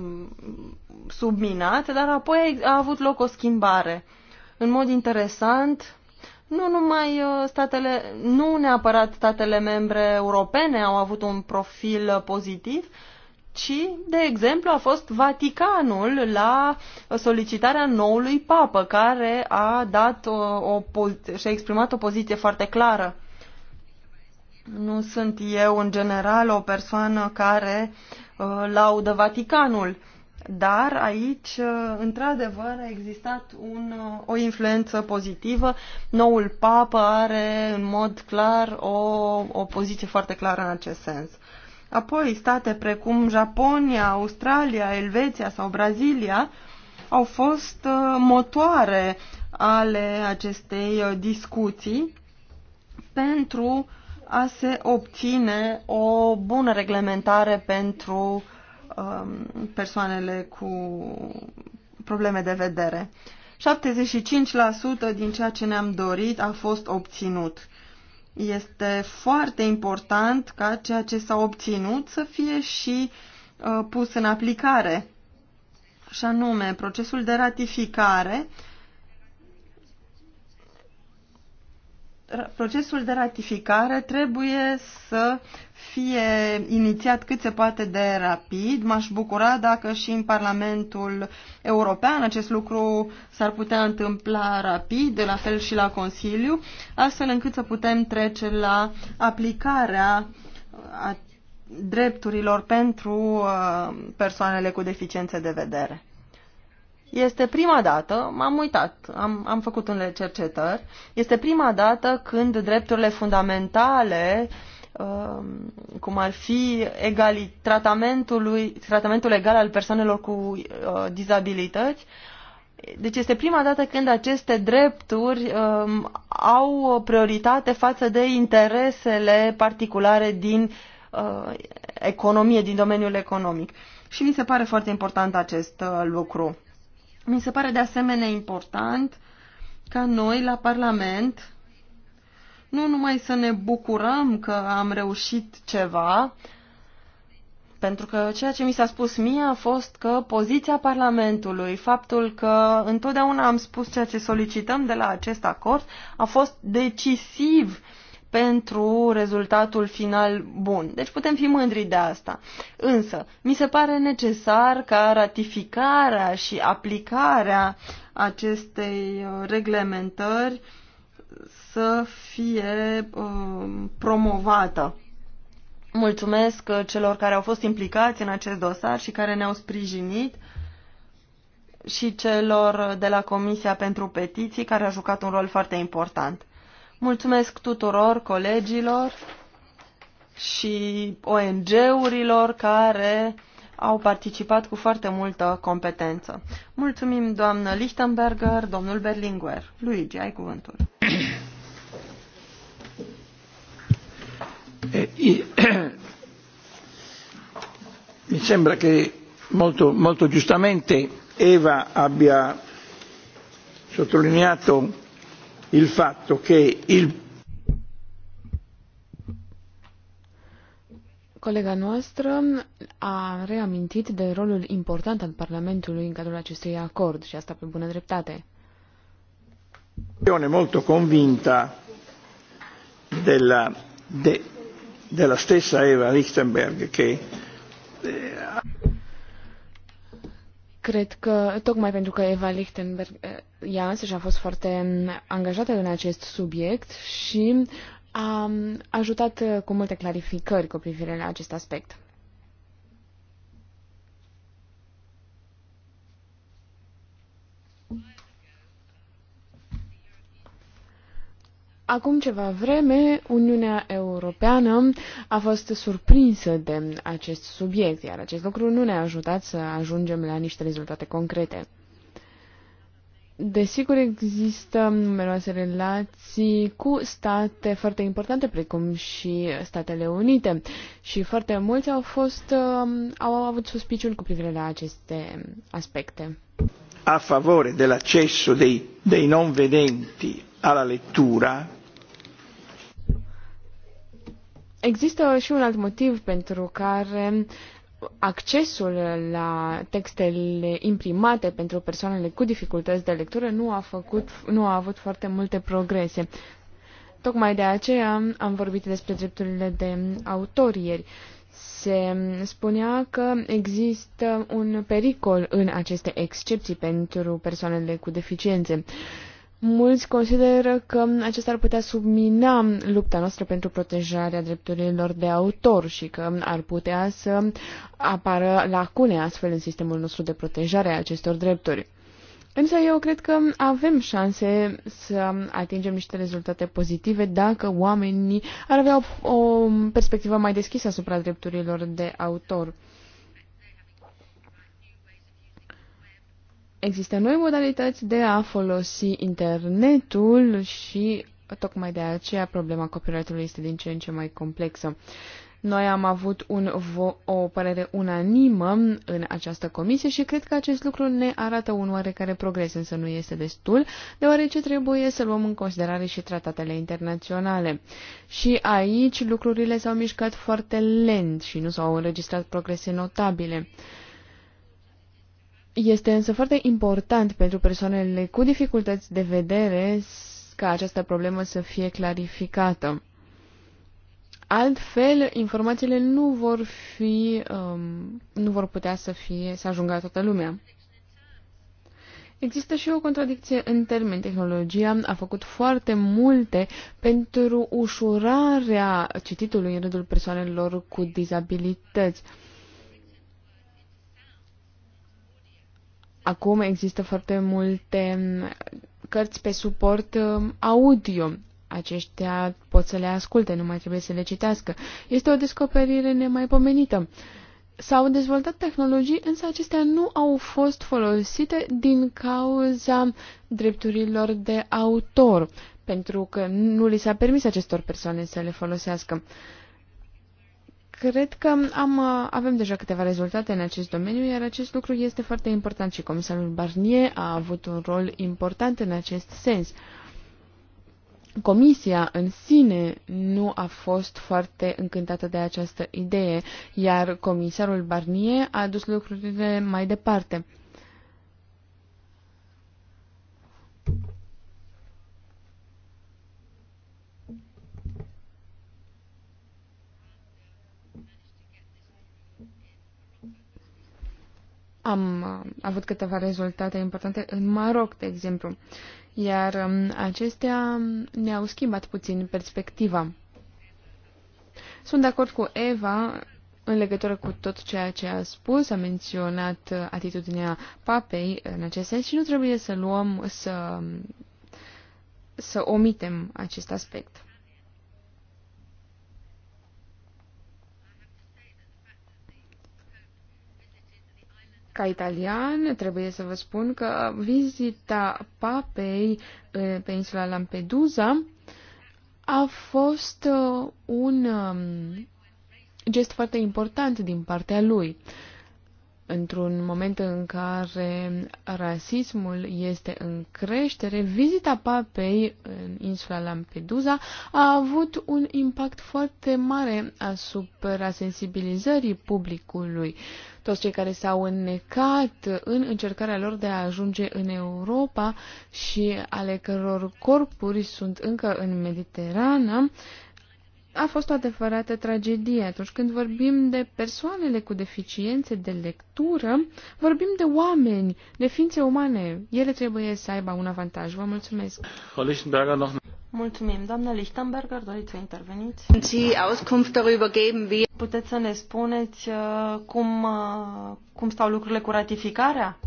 subminat, dar apoi a avut loc o schimbare. În mod interesant, nu numai uh, statele, nu neapărat statele membre europene au avut un profil pozitiv, ci, de exemplu, a fost Vaticanul la solicitarea noului papă, care a dat o, o, și-a exprimat o poziție foarte clară. Nu sunt eu, în general, o persoană care uh, laudă Vaticanul, dar aici, uh, într-adevăr, a existat un, uh, o influență pozitivă. Noul papă are, în mod clar, o, o poziție foarte clară în acest sens. Apoi, state precum Japonia, Australia, Elveția sau Brazilia au fost uh, motoare ale acestei uh, discuții pentru a se obține o bună reglementare pentru um, persoanele cu probleme de vedere. 75% din ceea ce ne-am dorit a fost obținut. Este foarte important ca ceea ce s-a obținut să fie și uh, pus în aplicare. Și anume, procesul de ratificare procesul de ratificare trebuie să fie inițiat cât se poate de rapid. M-aș bucura dacă și în Parlamentul European acest lucru s-ar putea întâmpla rapid, de la fel și la Consiliu, astfel încât să putem trece la aplicarea a drepturilor pentru uh, persoanele cu deficiențe de vedere. Este prima dată, m-am uitat, am, am făcut unele cercetări, este prima dată când drepturile fundamentale uh, Um, cum ar fi egali, tratamentului, tratamentul egal al persoanelor cu uh, dizabilități. Deci este prima dată când aceste drepturi um, au prioritate față de interesele particulare din uh, economie, din domeniul economic. Și mi se pare foarte important acest uh, lucru. Mi se pare de asemenea important ca noi la Parlament nu numai să ne bucurăm că am reușit ceva, pentru că ceea ce mi s-a spus mie a fost că poziția Parlamentului, faptul că întotdeauna am spus ceea ce solicităm de la acest acord, a fost decisiv pentru rezultatul final bun. Deci putem fi mândri de asta. Însă, mi se pare necesar ca ratificarea și aplicarea acestei reglementări să fie um, promovată. Mulțumesc uh, celor care au fost implicați în acest dosar și care ne-au sprijinit și celor uh, de la Comisia pentru Petiții care a jucat un rol foarte important. Mulțumesc tuturor colegilor și ONG-urilor care au participat cu foarte multă competență. Mulțumim, doamnă Lichtenberger, domnul Berlinguer. Luigi, ai cuvântul. Eh, mi sembra che molto, molto giustamente Eva abbia sottolineato il fatto che il Colega noastră a reamintit de rolul important al Parlamentului în cadrul acestui acord și asta pe bună dreptate. Molto convinta della, de, della stessa Eva Lichtenberg che eh, Cred că, tocmai pentru că Eva Lichtenberg, eh, ea însăși a fost foarte mm, angajată în acest subiect și a mm, ajutat eh, cu multe clarificări cu privire la acest aspect. Acum ceva vreme, Uniunea Europeană a fost surprinsă de acest subiect, iar acest lucru nu ne-a ajutat să ajungem la niște rezultate concrete. Desigur, există numeroase relații cu state foarte importante, precum și Statele Unite, și foarte mulți au, fost, um, au avut suspiciuni cu privire la aceste aspecte. A favore dell'accesso dei, dei non vedenti alla lettura Există și un alt motiv pentru care accesul la textele imprimate pentru persoanele cu dificultăți de lectură nu a, făcut, nu a avut foarte multe progrese. Tocmai de aceea am vorbit despre drepturile de autorieri. Se spunea că există un pericol în aceste excepții pentru persoanele cu deficiențe. Mulți consideră că acesta ar putea submina lupta noastră pentru protejarea drepturilor de autor și că ar putea să apară lacune astfel în sistemul nostru de protejare a acestor drepturi. Însă eu cred că avem șanse să atingem niște rezultate pozitive dacă oamenii ar avea o, o perspectivă mai deschisă asupra drepturilor de autor. există noi modalități de a folosi internetul și tocmai de aceea problema copyright-ului este din ce în ce mai complexă. Noi am avut un o părere unanimă în această comisie și cred că acest lucru ne arată un oarecare progres, însă nu este destul, deoarece trebuie să luăm în considerare și tratatele internaționale. Și aici lucrurile s-au mișcat foarte lent și nu s-au înregistrat progrese notabile. Este însă foarte important pentru persoanele cu dificultăți de vedere ca această problemă să fie clarificată. Altfel, informațiile nu vor fi, um, nu vor putea să fie, să ajungă la toată lumea. Există și o contradicție în termeni. Tehnologia a făcut foarte multe pentru ușurarea cititului în rândul persoanelor cu dizabilități. Uh, Acum există foarte multe cărți pe suport um, audio. Aceștia pot să le asculte, nu mai trebuie să le citească. Este o descoperire nemaipomenită. S-au dezvoltat tehnologii, însă acestea nu au fost folosite din cauza drepturilor de autor, pentru că nu li s-a permis acestor persoane să le folosească. Uh, Cred că am, uh, avem deja câteva rezultate în acest domeniu, iar acest lucru este foarte important și comisarul Barnier a avut un rol important în acest sens. Comisia în sine nu a fost foarte încântată de această idee, iar comisarul Barnier a dus lucrurile mai departe. am uh, avut câteva rezultate importante în Maroc, de exemplu, iar um, acestea ne-au schimbat puțin perspectiva. Sunt de acord cu Eva în legătură cu tot ceea ce a spus, a menționat uh, atitudinea papei în acest sens și nu trebuie să luăm, să, să omitem acest aspect. Ca italian, trebuie să vă spun că vizita papei eh, pe insula Lampedusa a fost eh, un mm, gest foarte important din partea lui într-un moment în care rasismul este în creștere, vizita papei în insula Lampedusa a avut un impact foarte mare asupra sensibilizării publicului. Toți cei care s-au înnecat în încercarea lor de a ajunge în Europa și ale căror corpuri sunt încă în Mediterană, uh, a fost o adevărată tragedie. Atunci când vorbim de persoanele cu deficiențe de lectură, vorbim de oameni, de ființe umane. Ele trebuie să aibă un avantaj. Vă mulțumesc. Mulțumim. Doamna Lichtenberger, doriți să interveniți? Puteți să ne spuneți uh, cum, uh, cum stau lucrurile cu ratificarea?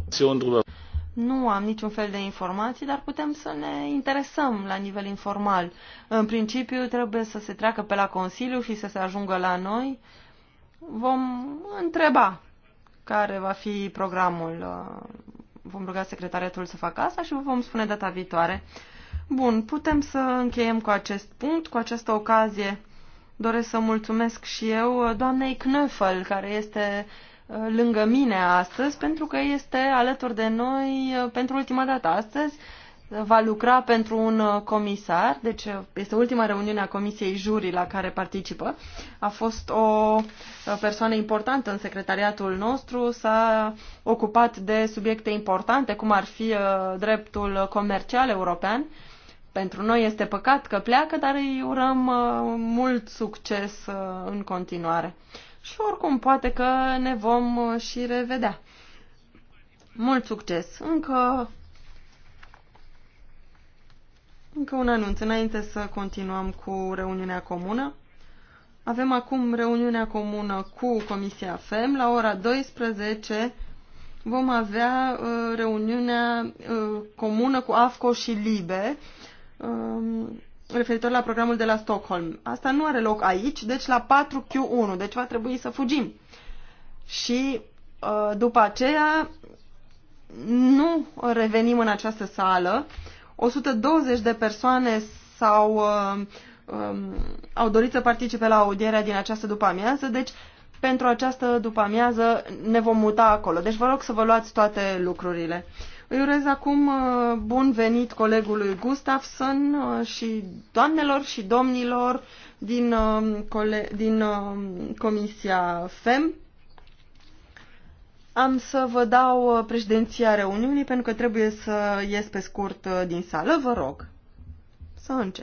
Nu am niciun fel de informații, dar putem să ne interesăm la nivel informal. În principiu trebuie să se treacă pe la Consiliu și să se ajungă la noi. Vom întreba care va fi programul. Uh, vom ruga secretariatul să facă asta și vă vom spune data viitoare. Bun, putem să încheiem cu acest punct, cu această ocazie. Doresc să mulțumesc și eu uh, doamnei Knöfel, care este Uh, lângă mine astăzi pentru că este alături de noi uh, pentru ultima dată astăzi. Uh, va lucra pentru un comisar, deci este ultima reuniune a Comisiei Juri la care participă. A fost o persoană importantă în secretariatul nostru, s-a ocupat de subiecte importante, cum ar fi dreptul comercial european. Pentru noi este păcat că pleacă, dar îi urăm mult succes în continuare și oricum poate că ne vom uh, și revedea. Mult succes! Încă, încă un anunț înainte să continuăm cu reuniunea comună. Avem acum reuniunea comună cu Comisia FEM. La ora 12 vom avea uh, reuniunea uh, comună cu AFCO și LIBE. Uh, um, referitor la programul de la Stockholm. Asta nu are loc aici, deci la 4Q1, deci va trebui să fugim. Și uh, după aceea nu revenim în această sală. 120 de persoane s-au, uh, um, au dorit să participe la audierea din această după-amiază, deci pentru această după-amiază ne vom muta acolo. Deci vă rog să vă luați toate lucrurile. Îi urez acum uh, bun venit colegului Gustafsson uh, și doamnelor și domnilor din, uh, din Comisia FEM. Am să vă dau președinția reuniunii pentru că trebuie să ies pe scurt din sală. Vă rog să încep.